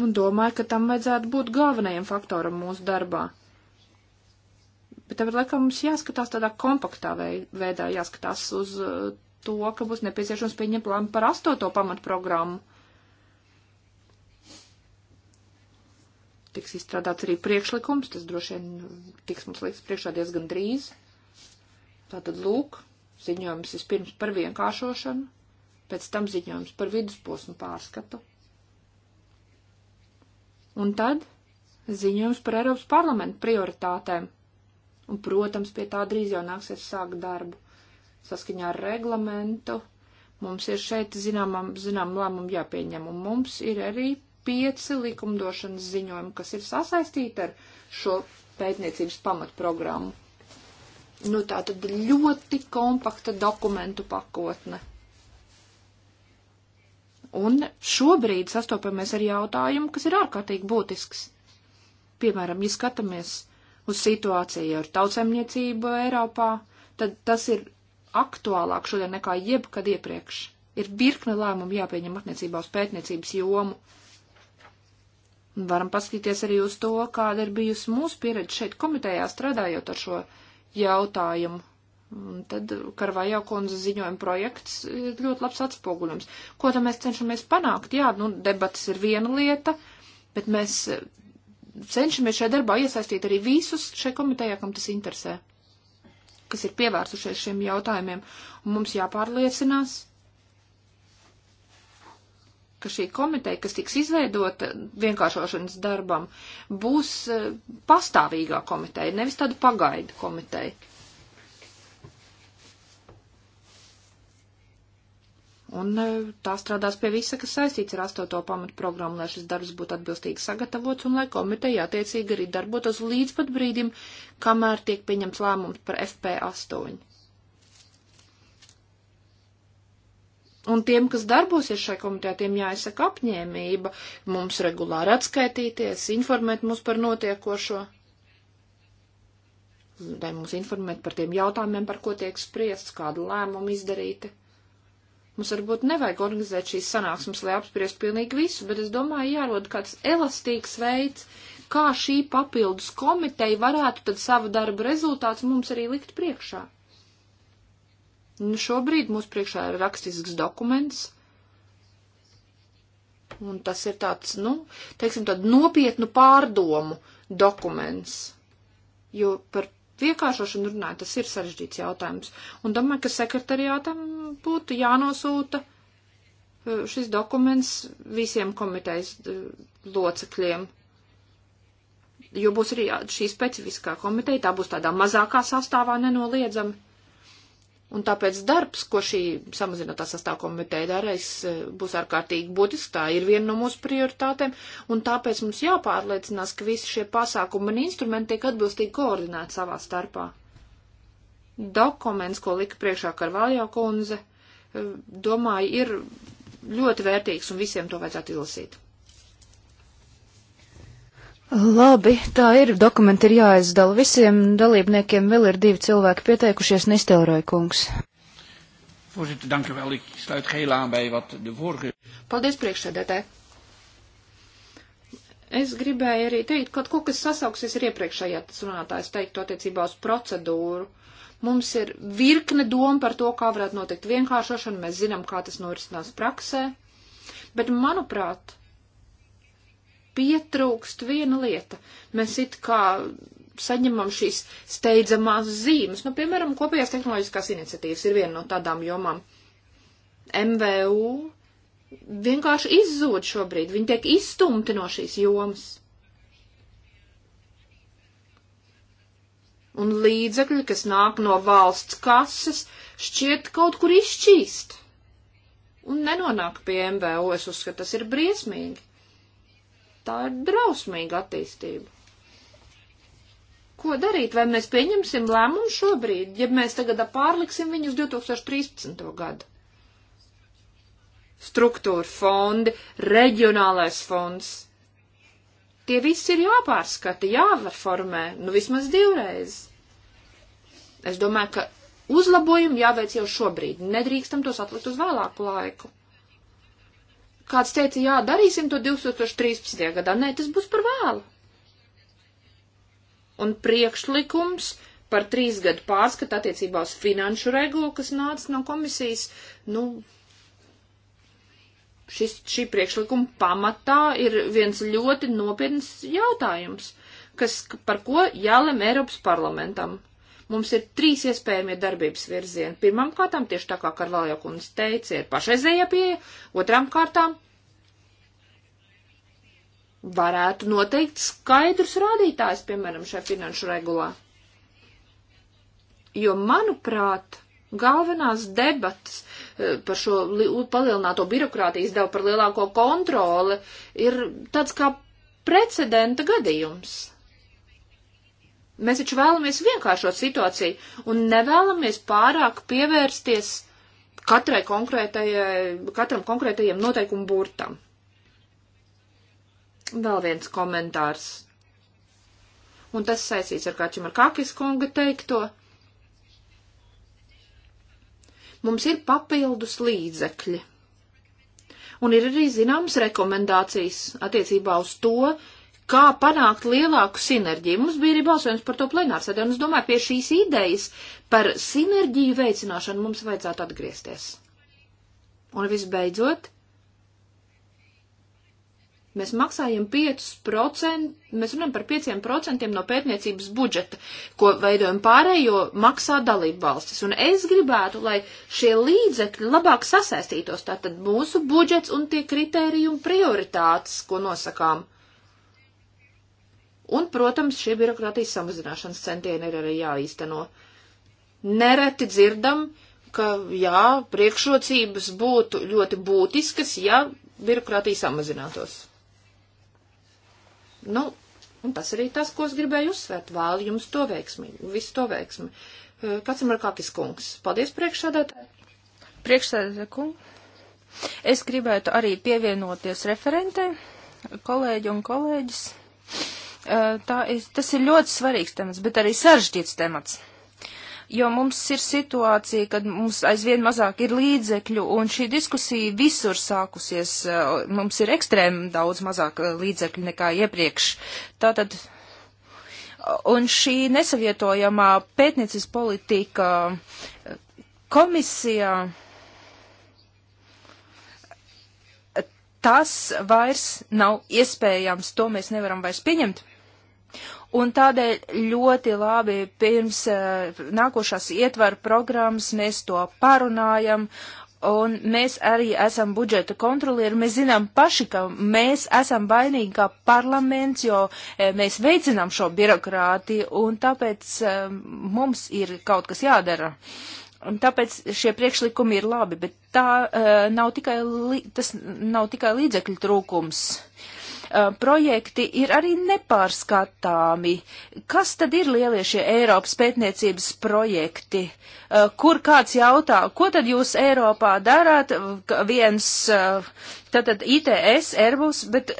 Un domāju, ka tam vajadzētu būt galvenajam faktoram mūsu darbā. Bet tāpat laikā mums jāskatās tādā kompaktā veidā, jāskatās uz uh, to, ka būs nepieciešams pieņemt lēmumu par astoto pamatprogrammu. Tiks izstrādāts arī priekšlikums, tas droši vien tiks mums liks priekšā diezgan drīz. Tātad lūk, ziņojums vispirms par vienkāršošanu, pēc tam ziņojums par vidusposmu pārskatu. Un tad ziņojums par Eiropas parlamentu prioritātēm Un, protams, pie tā drīz jau nāksies sākt darbu. Saskaņā ar reglamentu mums ir šeit zinām, zinām lēmumu jāpieņem, un mums ir arī pieci likumdošanas ziņojumi, kas ir sasaistīti ar šo pētniecības pamatprogrammu. Nu, tā tad ļoti kompakta dokumentu pakotne. Un šobrīd sastopamies ar jautājumu, kas ir ārkārtīgi būtisks. Piemēram, ja skatāmies uz situāciju ar tautsēmniecību Eiropā, tad tas ir aktuālāk šodien nekā jebkad iepriekš. Ir virkne lēmumu jāpieņem attiecībā uz pētniecības jomu. Un varam paskatīties arī uz to, kāda ir bijusi mūsu pieredze šeit komitejā strādājot ar šo jautājumu. Un tad Karvajā kundze ziņojuma projekts ir ļoti labs atspoguļums. Ko tad mēs cenšamies panākt? Jā, nu, debatas ir viena lieta, bet mēs cenšamies šajā darbā iesaistīt arī visus šai komitejā, kam tas interesē, kas ir pievērsušies šiem jautājumiem. Un mums jāpārliecinās, ka šī komiteja, kas tiks izveidota vienkāršošanas darbam, būs eh, pastāvīgā komiteja, nevis tāda pagaidu komiteja. Un e, tā strādās pie visa, kas saistīts ar astoto pamatu programmu, lai šis darbs būtu atbilstīgi sagatavots un lai komiteja attiecīgi arī darbotos līdz pat brīdim, kamēr tiek pieņemts lēmums par FP8. Un tiem, kas darbosies šai komitejā, tiem jāizsaka apņēmība mums regulāri atskaitīties, informēt mūs par notiekošo, lai mums informēt par tiem jautājumiem, par ko tiek spriests, kādu lēmumu izdarīti. Mums varbūt nevajag organizēt šīs sanāksmes, lai apspriest pilnīgi visu, bet es domāju, jārod kāds elastīgs veids, kā šī papildus komiteja varētu tad savu darbu rezultāts mums arī likt priekšā. Nu, šobrīd mums priekšā ir rakstisks dokuments, un tas ir tāds, nu, teiksim, tādu nopietnu pārdomu dokuments, jo par vienkāršošanu runāju, tas ir sarežģīts jautājums. Un domāju, ka sekretariātam būtu jānosūta uh, šis dokuments visiem komitejas uh, locekļiem, jo būs arī šī specifiskā komiteja, tā būs tādā mazākā sastāvā nenoliedzami. Un tāpēc darbs, ko šī samazinātā sastāvkomiteja darēs, eh, būs ārkārtīgi būtisks. Tā ir viena no mūsu prioritātēm. Un tāpēc mums jāpārliecinās, ka visi šie pasākumi un instrumenti tiek atbilstīgi koordinēti savā starpā. Dokuments, ko lika priekšā Karvaljā kundze, eh, domāju, ir ļoti vērtīgs un visiem to vajadzētu izlasīt. Labi, tā ir. Dokumenti ir jāizdala visiem dalībniekiem. Vēl ir divi cilvēki pieteikušies, Nistelroja kungs. Voorzitter, dank u wel. Ik sluit geheel aan bij wat de vorige. Paldies, priekšsēdētāji. Es gribēju arī teikt, kaut ko, kas sasauksies ar iepriekšējā runātājs teiktu attiecībā uz procedūru. Mums ir virkne doma par to, kā varētu notikt vienkāršošana, mēs zinām, kā tas norisinās praksē, bet, manuprāt, pietrūkst viena lieta. Mēs it kā saņemam šīs steidzamās zīmes. Nu, piemēram, kopējās tehnoloģiskās iniciatīvas ir viena no tādām jomām. MVU vienkārši izzūd šobrīd, viņi tiek izstumti no šīs jomas. Un līdzekļi, kas nāk no valsts kases, šķiet kaut kur izšķīst. Un nenonāk pie MVO, es uzskatu, tas ir briesmīgi. Tā ir drausmīga attīstība. Ko darīt? Vai mēs pieņemsim lēmumu šobrīd, ja mēs tagad pārliksim viņu uz 2013. gadu? Struktūra fondi, reģionālais fonds. Tie visi ir jāpārskata, jāverformē, nu vismaz divreiz. Es domāju, ka uzlabojumi jāveic jau šobrīd. Nedrīkstam tos atlikt uz vēlāku laiku. Kāds teica, jā, darīsim to 2013. gadā. Nē, tas būs par vēlu. Un priekšlikums par trīs gadu pārskatu attiecībā uz finanšu regulu, kas nāca no komisijas, nu, šis, šī priekšlikuma pamatā ir viens ļoti nopietns jautājums, kas, par ko jālem Eiropas parlamentam. Mums ir trīs iespējamie darbības virzieni. Pirmam kārtām, tieši tā kā Karvaljo kundze teica, ir pašreizējā pieeja, otram kārtām varētu noteikt skaidrus rādītājus, piemēram, šai finanšu regulā. Jo, manuprāt, galvenās debatas eh, par šo palielināto birokrātijas devu par lielāko kontroli ir tāds kā precedenta gadījums. Mēs taču vēlamies vienkāršot situāciju un nevēlamies pārāk pievērsties katrai konkrētajai, katram konkrētajiem noteikumu burtam. Vēl viens komentārs. Un tas saistīts ar kāčiem ar Kakis kunga teikto. Mums ir papildus līdzekļi. Un ir arī zināmas rekomendācijas attiecībā uz to, kā panākt lielāku sinerģiju. Mums bija arī balsojums par to plenārsēdē, un es domāju, pie šīs idejas par sinerģiju veicināšanu mums vajadzētu atgriezties. Un visbeidzot, mēs maksājam 5%, mēs runājam par 5% no pētniecības budžeta, ko veidojam pārējo maksā dalību valstis. Un es gribētu, lai šie līdzekļi labāk sasaistītos, tātad mūsu budžets un tie kriteriju un prioritātes, ko nosakām. Un, protams, šie birokrātijas samazināšanas centieni ir arī jāīsteno. Nereti dzirdam, ka, jā, priekšrocības būtu ļoti būtiskas, ja birokrātija samazinātos. Nu, un tas arī tas, ko es gribēju uzsvērt. Vēlu jums to veiksmi, visu to veiksmi. Eh, Kāds ir Markakis kungs? Paldies priekšsādātāji. Priekšsādātāji kungs. Es gribētu arī pievienoties referentei, kolēģi un kolēģis ir, tas ir ļoti svarīgs temats, bet arī sarežģīts temats. Jo mums ir situācija, kad mums aizvien mazāk ir līdzekļu, un šī diskusija visur sākusies. Mums ir ekstrēmi daudz mazāk līdzekļu nekā iepriekš. Tātad, un šī nesavietojamā pētniecības politika komisijā. tas vairs nav iespējams, to mēs nevaram vairs pieņemt. Un tādēļ ļoti labi pirms eh, nākošās ietvaru programmas mēs to parunājam, un mēs arī esam budžeta kontrolieri. Mēs zinām paši, ka mēs esam vainīgi kā parlaments, jo eh, mēs veicinām šo birokrātiju, un tāpēc eh, mums ir kaut kas jādara. Un tāpēc šie priekšlikumi ir labi, bet tā, uh, nav tikai, tas nav tikai līdzekļu trūkums. Uh, Uh, projekti ir arī nepārskatāmi. Kas tad ir lielie šie Eiropas pētniecības projekti? Uh, kur kāds jautā, ko tad jūs Eiropā darāt? Viens, uh, tātad ITS, Airbus, bet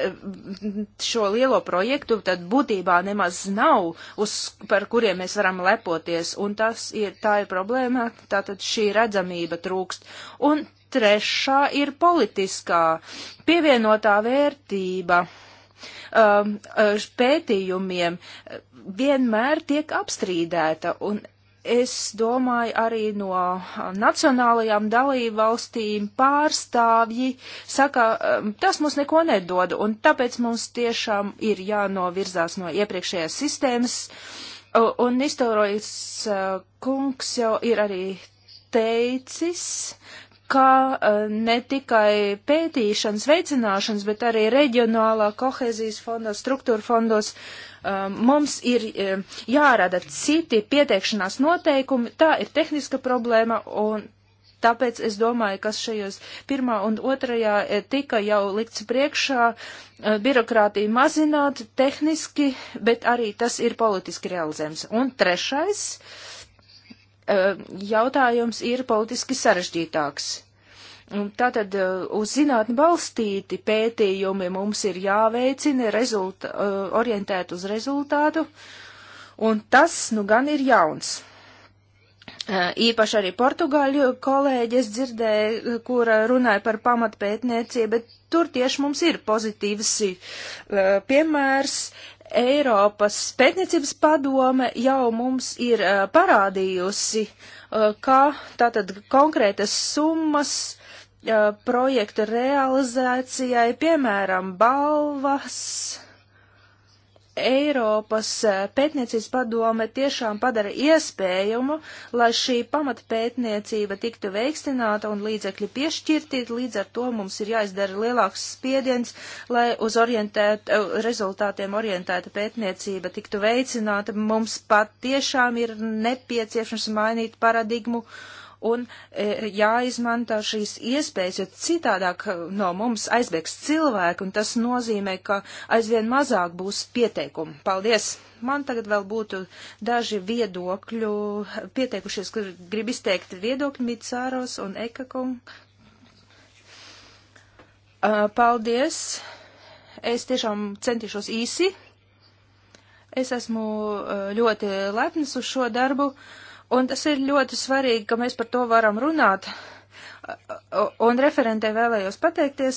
šo lielo projektu tad būtībā nemaz nav, uz, par kuriem mēs varam lepoties. Un tas ir, tā ir problēma, tātad šī redzamība trūkst. Un trešā ir politiskā pievienotā vērtība. Um, uh, pētījumiem uh, vienmēr tiek apstrīdēta, un es domāju, arī no uh, nacionālajām dalībvalstīm pārstāvji saka, um, tas mums neko nedod, un tāpēc mums tiešām ir jānovirzās no iepriekšējās sistēmas, un Nistorojas kungs jau ir arī teicis, kā eh, ne tikai pētīšanas veicināšanas, bet arī reģionālā kohēzijas fondā, struktūra fondos eh, mums ir eh, jārada citi pieteikšanās noteikumi. Tā ir tehniska problēma un tāpēc es domāju, kas šajos pirmā un otrajā tika jau likts priekšā birokrātiju mazināt tehniski, bet arī tas ir politiski realizējams. Un trešais. Uh, Eh, jautājums ir politiski sarežģītāks. Tātad eh, uz zinātni balstīti pētījumi mums ir jāveicina, rezulta, eh, orientēt uz rezultātu, un tas nu gan ir jauns. Īpaši arī portugāļu kolēģis dzirdēja, kura runāja par pamatpētniecību, bet tur tieši mums ir pozitīvs piemērs. Eiropas pētniecības padome jau mums ir uh, parādījusi, uh, eh, kā tātad konkrētas summas uh, projekta realizācijai, piemēram, balvas, Eiropas eh, pētniecības padome tiešām padara iespējumu, lai šī pamatpētniecība tiktu veikstināta un līdzekļi piešķirti, līdz ar to mums ir jāizdara lielāks spiediens, lai uz orientēt, eh, rezultātiem orientēta pētniecība tiktu veicināta. Mums pat tiešām ir nepieciešams mainīt paradigmu. Uh, un e, jāizmanto šīs iespējas, jo citādāk e, no mums aizbēgs cilvēki, un tas nozīmē, ka aizvien mazāk būs pieteikumu. Paldies! Man tagad vēl būtu daži viedokļu pieteikušies, kur grib izteikt viedokļu Micāros un Ekakung. E, paldies! Es tiešām centīšos īsi. Es esmu e, ļoti lepnas uz šo darbu. Uh, Un tas ir ļoti svarīgi, ka mēs par to varam runāt. Un referentē vēlējos pateikties.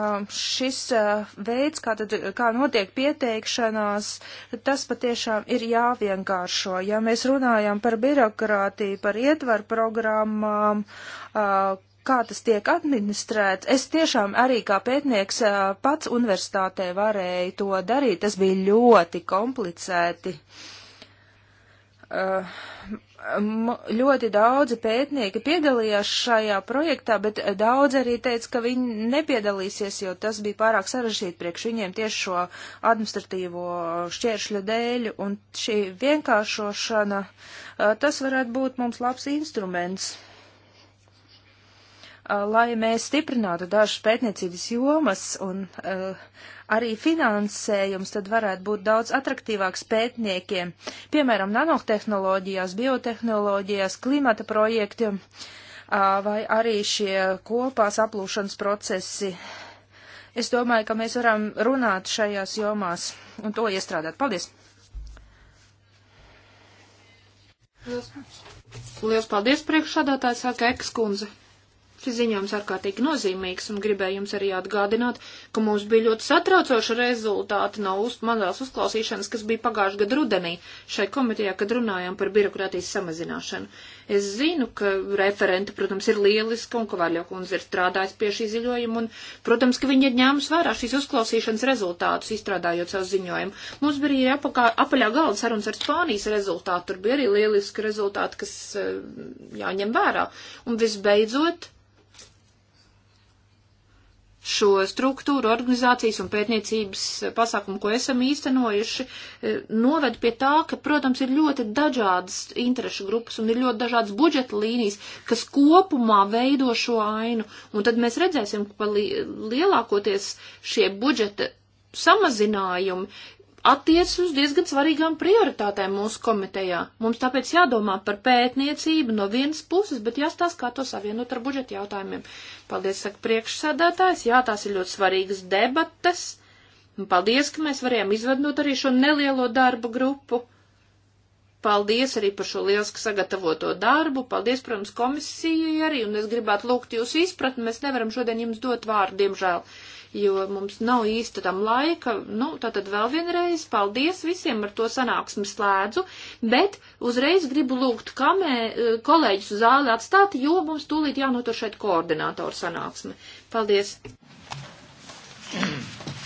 Um, šis uh, veids, kā, tad, kā notiek pieteikšanās, tas patiešām ir jāvienkāršo. Ja mēs runājam par birokrātiju, par ietvaru programmām, uh, kā tas tiek administrēts, es tiešām arī kā pētnieks uh, pats universitātē varēju to darīt. Tas bija ļoti komplicēti. Uh, Uh, ļoti daudzi pētnieki piedalījās šajā projektā, bet daudz arī teica, ka viņi nepiedalīsies, jo tas bija pārāk sarežģīti priekš viņiem tieši šo administratīvo šķēršļu dēļ, un šī vienkāršošana, uh, tas varētu būt mums labs instruments Uh, lai mēs stiprinātu dažas pētniecības jomas un uh, arī finansējums tad varētu būt daudz atraktīvāks pētniekiem, piemēram, nanotehnoloģijās, biotehnoloģijās, klimata projekti uh, vai arī šie kopās aplūšanas procesi. Es domāju, ka mēs varam runāt šajās jomās un to iestrādāt. Paldies! Lielas paldies priekšsādātājs, saka ekskundze. Šis ziņojums ārkārtīgi nozīmīgs un gribēju jums arī atgādināt, ka mums bija ļoti satraucoši rezultāti no uz, manās uzklausīšanas, kas bija pagājušā gada rudenī šai komitejā, kad runājām par birokrātijas samazināšanu. Es zinu, ka referenta, protams, ir lieliska un ka Vaļokundze ir strādājis pie šī ziņojuma un, protams, ka viņa ir ņēmusi vērā šīs uzklausīšanas rezultātus, izstrādājot savu ziņojumu. Mums bija arī apakā, apaļā galda sarunas ar Spānijas rezultātu, tur bija arī lieliski rezultāti, kas eh, jāņem vērā. Un visbeidzot, šo struktūru, organizācijas un pētniecības pasākumu, ko esam īstenojuši, e, noved pie tā, ka, protams, ir ļoti dažādas interešu grupas un ir ļoti dažādas budžeta līnijas, kas kopumā veido šo ainu. Un tad mēs redzēsim, ka li lielākoties šie budžeta samazinājumi attiecas uz diezgan svarīgām prioritātēm mūsu komitejā. Mums tāpēc jādomā par pētniecību no vienas puses, bet jāstāsta, kā to savienot ar budžeta jautājumiem. Paldies, saka priekšsēdētājs, jā, tās ir ļoti svarīgas debates, un paldies, ka mēs varējām izvednot arī šo nelielo darbu grupu. Paldies arī par šo lielisku sagatavoto darbu, paldies, protams, komisijai arī, un es gribētu lūgt jūsu izpratni, mēs nevaram šodien jums dot vārdu, diemžēl jo mums nav īsti tam laika. Nu, tātad vēl vienreiz paldies visiem ar to sanāksmi slēdzu, bet uzreiz gribu lūgt kamē, e, kolēģus zāli atstāt, jo mums tūlīt jānotur šeit koordinātoru sanāksme. Paldies! Mm.